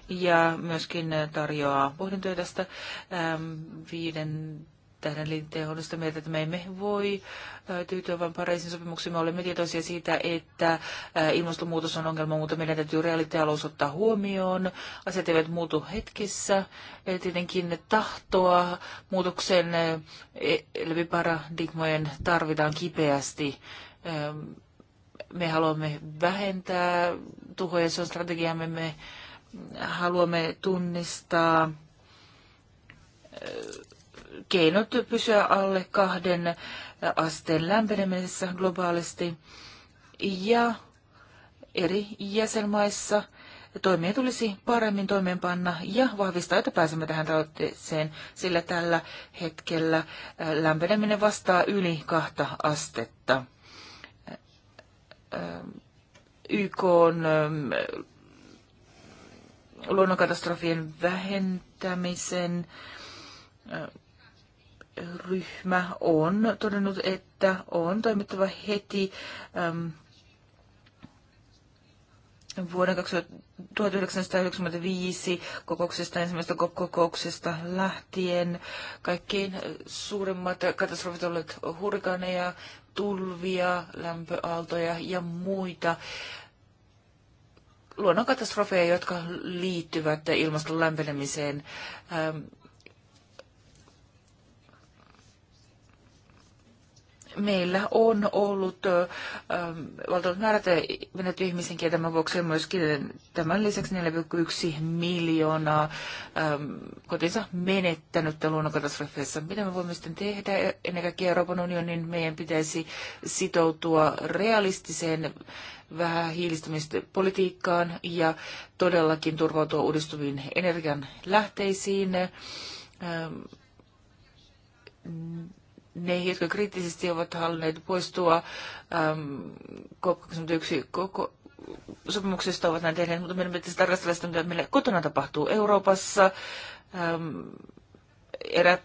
ja myöskin äh, tarjoaa pohdintoja tästä ähm, viiden tähän liittyen olen sitä mieltä, että me emme voi tyytyä vain Pariisin sopimuksiin. Me olemme tietoisia siitä, että ilmastonmuutos on ongelma, mutta meidän täytyy reaalitalous ottaa huomioon. Asiat eivät muutu hetkessä. Tietenkin tahtoa muutoksen eli paradigmojen tarvitaan kipeästi. Me haluamme vähentää tuhoja, se on strategiamme. Me haluamme tunnistaa keinot pysyä alle kahden asteen lämpenemisessä globaalisti ja eri jäsenmaissa toimia tulisi paremmin toimeenpanna ja vahvistaa, että pääsemme tähän tavoitteeseen, sillä tällä hetkellä lämpeneminen vastaa yli kahta astetta. YK on luonnonkatastrofien vähentämisen ryhmä on todennut, että on toimittava heti äm, vuoden 1995 kokouksesta, ensimmäisestä kokouksesta lähtien. Kaikkein suurimmat katastrofit olivat hurrikaaneja, tulvia, lämpöaaltoja ja muita luonnonkatastrofeja, jotka liittyvät ilmaston lämpenemiseen. Ähm, meillä on ollut ähm, valtavat määrät menet ihmisen kieltämän tämän ja myöskin tämän lisäksi 4,1 miljoonaa ähm, kotinsa menettänyt luonnonkatastrofeissa. Mitä me voimme sitten tehdä? Ennen kaikkea Euroopan unionin meidän pitäisi sitoutua realistiseen vähän hiilistymispolitiikkaan ja todellakin turvautua uudistuviin energian lähteisiin. Ähm, ne, jotka kriittisesti ovat halunneet poistua äm, COP21 koko sopimuksesta ovat näin tehneet, mutta meidän pitäisi tarkastella sitä, mitä meillä kotona tapahtuu Euroopassa. Äm, erät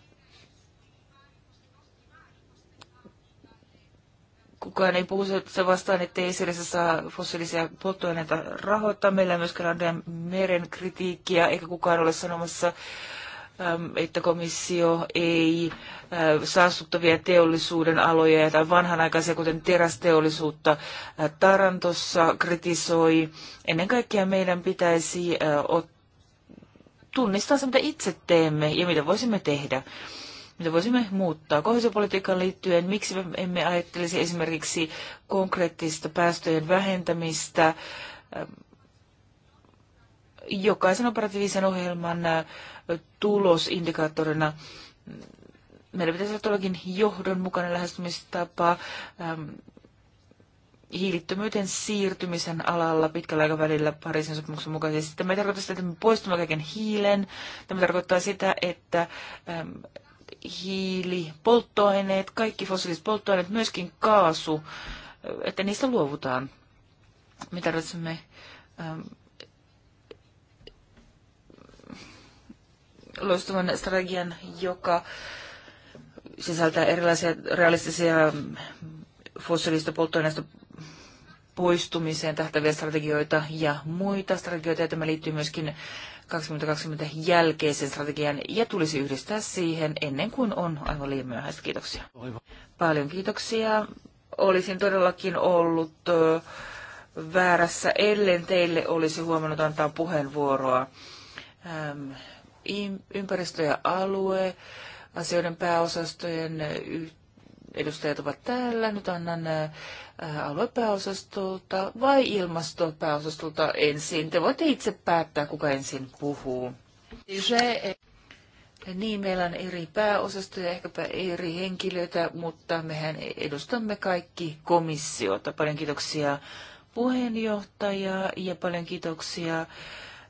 kukaan ei puhu se vastaan, että ei saa fossiilisia polttoaineita rahoittaa. Meillä on myöskään meren kritiikkiä, eikä kukaan ole sanomassa Ähm, että komissio ei äh, saastuttavia teollisuuden aloja tai vanhanaikaisia, kuten terästeollisuutta äh, Tarantossa kritisoi. Ennen kaikkea meidän pitäisi äh, tunnistaa se, mitä itse teemme ja mitä voisimme tehdä mitä voisimme muuttaa. Kohesiopolitiikkaan liittyen, miksi emme ajattelisi esimerkiksi konkreettista päästöjen vähentämistä ähm, jokaisen operatiivisen ohjelman tulosindikaattorina. Meillä pitäisi olla todellakin johdonmukainen lähestymistapa ähm, hiilittömyyteen siirtymisen alalla pitkällä aikavälillä Pariisin sopimuksen mukaisesti. Tämä ei tarkoita sitä, että me poistumme kaiken hiilen. Tämä tarkoittaa sitä, että äm, hiilipolttoaineet, kaikki fossiiliset polttoaineet, myöskin kaasu, äh, että niistä luovutaan. Me tarvitsemme äm, loistavan strategian, joka sisältää erilaisia realistisia fossiilista polttoaineista poistumiseen tähtäviä strategioita ja muita strategioita, ja tämä liittyy myöskin 2020 jälkeisen strategian ja tulisi yhdistää siihen ennen kuin on aivan liian myöhäistä. Kiitoksia. Paljon kiitoksia. Olisin todellakin ollut väärässä, ellen teille olisi huomannut antaa puheenvuoroa. Ähm, ympäristö- ja alue, asioiden pääosastojen edustajat ovat täällä. Nyt annan äh, aluepääosastolta vai ilmastopääosastolta ensin. Te voitte itse päättää, kuka ensin puhuu. Niin, meillä on eri pääosastoja, ehkäpä eri henkilöitä, mutta mehän edustamme kaikki komissiota. Paljon kiitoksia puheenjohtaja ja paljon kiitoksia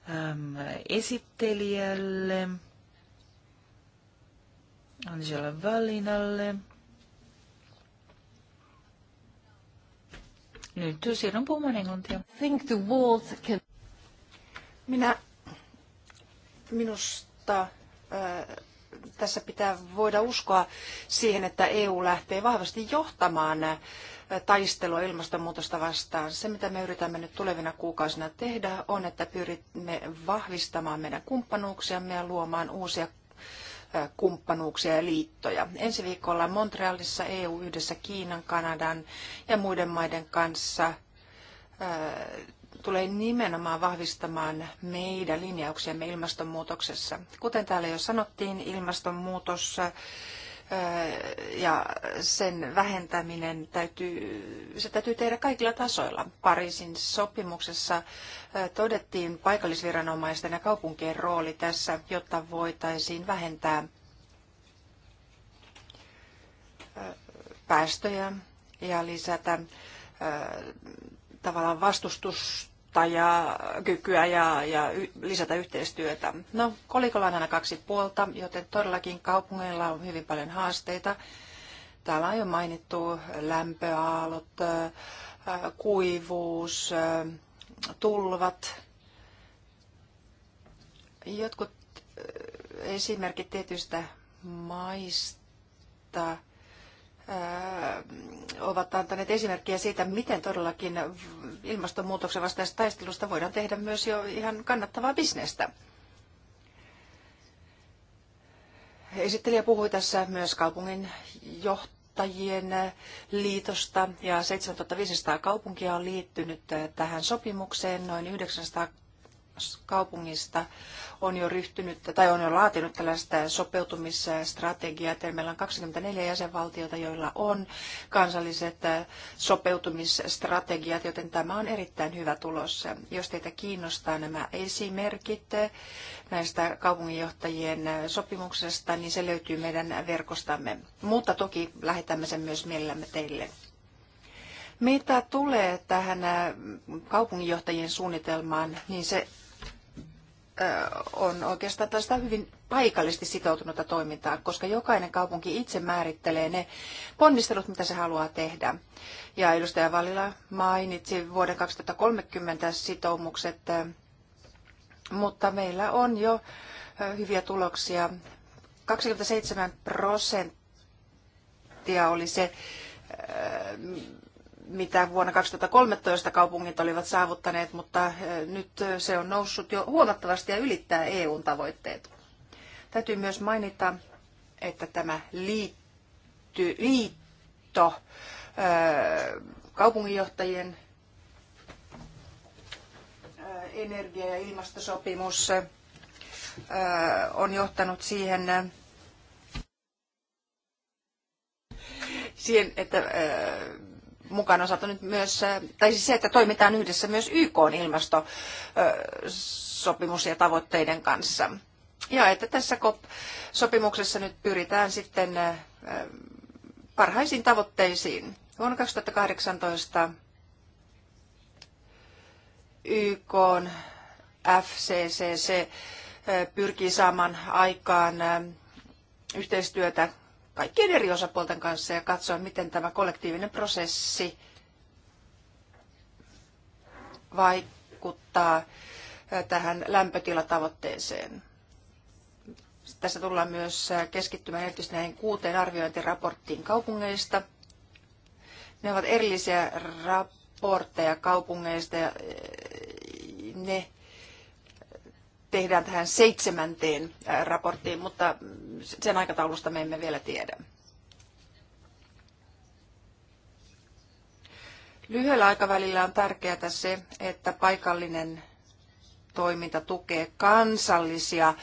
Ähm, esittelijälle, Angela Vallinalle. Nyt on puhumaan englantia. Think the world can... Minä, minusta äh, tässä pitää voida uskoa siihen, että EU lähtee vahvasti johtamaan äh, taistelua ilmastonmuutosta vastaan. Se, mitä me yritämme nyt tulevina kuukausina tehdä, on, että pyrimme vahvistamaan meidän kumppanuuksiamme ja luomaan uusia kumppanuuksia ja liittoja. Ensi viikolla Montrealissa EU yhdessä Kiinan, Kanadan ja muiden maiden kanssa tulee nimenomaan vahvistamaan meidän linjauksiamme ilmastonmuutoksessa. Kuten täällä jo sanottiin, ilmastonmuutos ja sen vähentäminen täytyy, se täytyy tehdä kaikilla tasoilla. Pariisin sopimuksessa todettiin paikallisviranomaisten ja kaupunkien rooli tässä, jotta voitaisiin vähentää päästöjä ja lisätä tavallaan vastustus vaikuttajakykyä ja, ja lisätä yhteistyötä. No, kolikolla on aina kaksi puolta, joten todellakin kaupungeilla on hyvin paljon haasteita. Täällä on jo mainittu lämpöaalot, kuivuus, tulvat. Jotkut esimerkit tietystä maista – ovat antaneet esimerkkiä siitä, miten todellakin ilmastonmuutoksen vastaisesta taistelusta voidaan tehdä myös jo ihan kannattavaa bisnestä. Esittelijä puhui tässä myös kaupungin johtajien liitosta ja 7500 kaupunkia on liittynyt tähän sopimukseen. Noin 900 kaupungista on jo ryhtynyt tai on jo laatinut tällaista sopeutumisstrategiaa. Meillä on 24 jäsenvaltiota, joilla on kansalliset sopeutumisstrategiat, joten tämä on erittäin hyvä tulos. Jos teitä kiinnostaa nämä esimerkit näistä kaupunginjohtajien sopimuksesta, niin se löytyy meidän verkostamme. Mutta toki lähetämme sen myös mielellämme teille. Mitä tulee tähän kaupunginjohtajien suunnitelmaan, niin se on oikeastaan tästä hyvin paikallisesti sitoutunutta toimintaa, koska jokainen kaupunki itse määrittelee ne ponnistelut, mitä se haluaa tehdä. Ja edustaja Valila mainitsi vuoden 2030 sitoumukset, mutta meillä on jo hyviä tuloksia. 27 prosenttia oli se mitä vuonna 2013 kaupungit olivat saavuttaneet, mutta eh, nyt eh, se on noussut jo huomattavasti ja ylittää EUn tavoitteet. Täytyy myös mainita, että tämä liitty, liitto eh, kaupunginjohtajien energia- ja ilmastosopimus on johtanut siihen, siihen että mukaan on saatu nyt myös, äh, tai siis se, että toimitaan yhdessä myös YK ilmastosopimus ja tavoitteiden kanssa. Ja että tässä COP-sopimuksessa nyt pyritään sitten äh, parhaisiin tavoitteisiin. Vuonna 2018 YK FCCC pyrkii saamaan aikaan äh, yhteistyötä kaikkien eri osapuolten kanssa ja katsoa, miten tämä kollektiivinen prosessi vaikuttaa tähän lämpötilatavoitteeseen. Tässä tullaan myös keskittymään erityisesti näihin kuuteen arviointiraporttiin kaupungeista. Ne ovat erillisiä raportteja kaupungeista ja ne tehdään tähän seitsemänteen äh, raporttiin, mutta sen aikataulusta me emme vielä tiedä. Lyhyellä aikavälillä on tärkeää se, että paikallinen toiminta tukee kansallisia äh,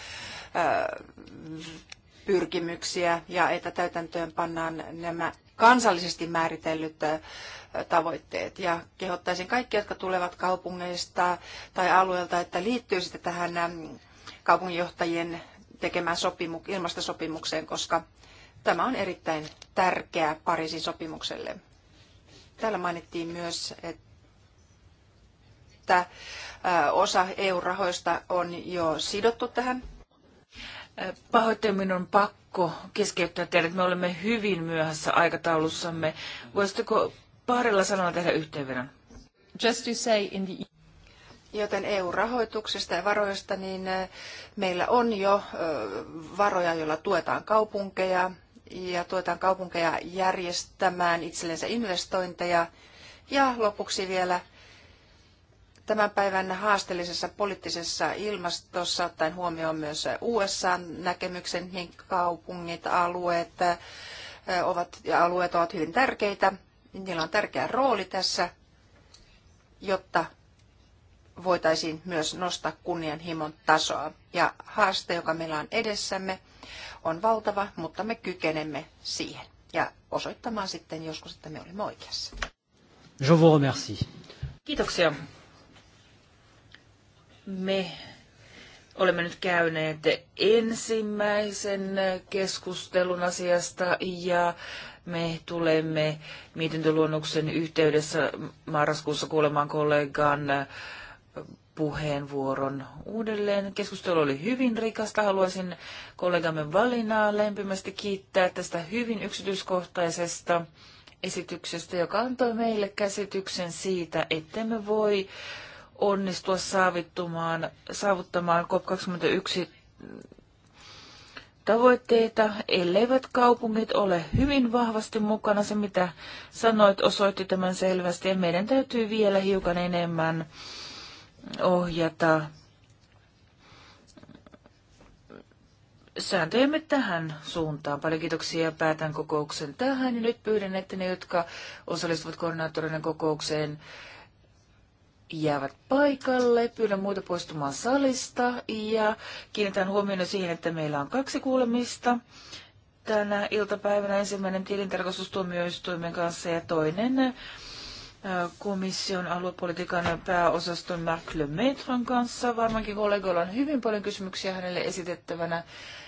pyrkimyksiä ja että täytäntöön pannaan nämä kansallisesti määritellyt tavoitteet. Ja kehottaisin kaikki, jotka tulevat kaupungeista tai alueelta, että liittyisitte tähän kaupunginjohtajien tekemään sopimu- ilmastosopimukseen, koska tämä on erittäin tärkeä Pariisin sopimukselle. Täällä mainittiin myös, että osa EU-rahoista on jo sidottu tähän Pahoittelen minun pakko keskeyttää teidät. Me olemme hyvin myöhässä aikataulussamme. Voisitteko parilla sanalla tehdä yhteenvedon? Just to say in the... Joten EU-rahoituksesta ja varoista, niin eh, meillä on jo eh, varoja, joilla tuetaan kaupunkeja ja tuetaan kaupunkeja järjestämään itsellensä investointeja. Ja lopuksi vielä tämän päivän haasteellisessa poliittisessa ilmastossa, ottaen huomioon myös USA-näkemyksen, niin kaupungit, alueet, ovat, ja alueet ovat hyvin tärkeitä. Niillä on tärkeä rooli tässä, jotta voitaisiin myös nostaa kunnianhimon tasoa. Ja haaste, joka meillä on edessämme, on valtava, mutta me kykenemme siihen ja osoittamaan sitten joskus, että me olimme oikeassa. Je vous remercie. Kiitoksia. Me olemme nyt käyneet ensimmäisen keskustelun asiasta ja me tulemme mietintöluonnoksen yhteydessä marraskuussa kuulemaan kollegan puheenvuoron uudelleen. Keskustelu oli hyvin rikasta. Haluaisin kollegamme Valinaa lämpimästi kiittää tästä hyvin yksityiskohtaisesta esityksestä, joka antoi meille käsityksen siitä, että me voi onnistua saavittumaan, saavuttamaan COP21 tavoitteita, elleivät kaupungit ole hyvin vahvasti mukana. Se, mitä sanoit, osoitti tämän selvästi ja meidän täytyy vielä hiukan enemmän ohjata sääntöjämme tähän suuntaan. Paljon kiitoksia ja päätän kokouksen tähän. Ja nyt pyydän, että ne, jotka osallistuvat koordinaattorinen kokoukseen, jäävät paikalle. Pyydän muita poistumaan salista ja kiinnitän huomioon siihen, että meillä on kaksi kuulemista. Tänä iltapäivänä ensimmäinen tilintarkastustuomioistuimen kanssa ja toinen äh, komission aluepolitiikan pääosaston Mark Lemaitron kanssa. Varmaankin kollegoilla on hyvin paljon kysymyksiä hänelle esitettävänä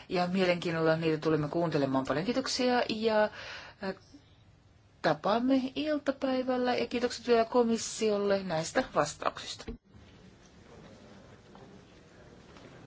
ja mielenkiinnolla niitä tulemme kuuntelemaan. Paljon kiitoksia ja äh, tapaamme iltapäivällä ja kiitokset vielä komissiolle näistä vastauksista.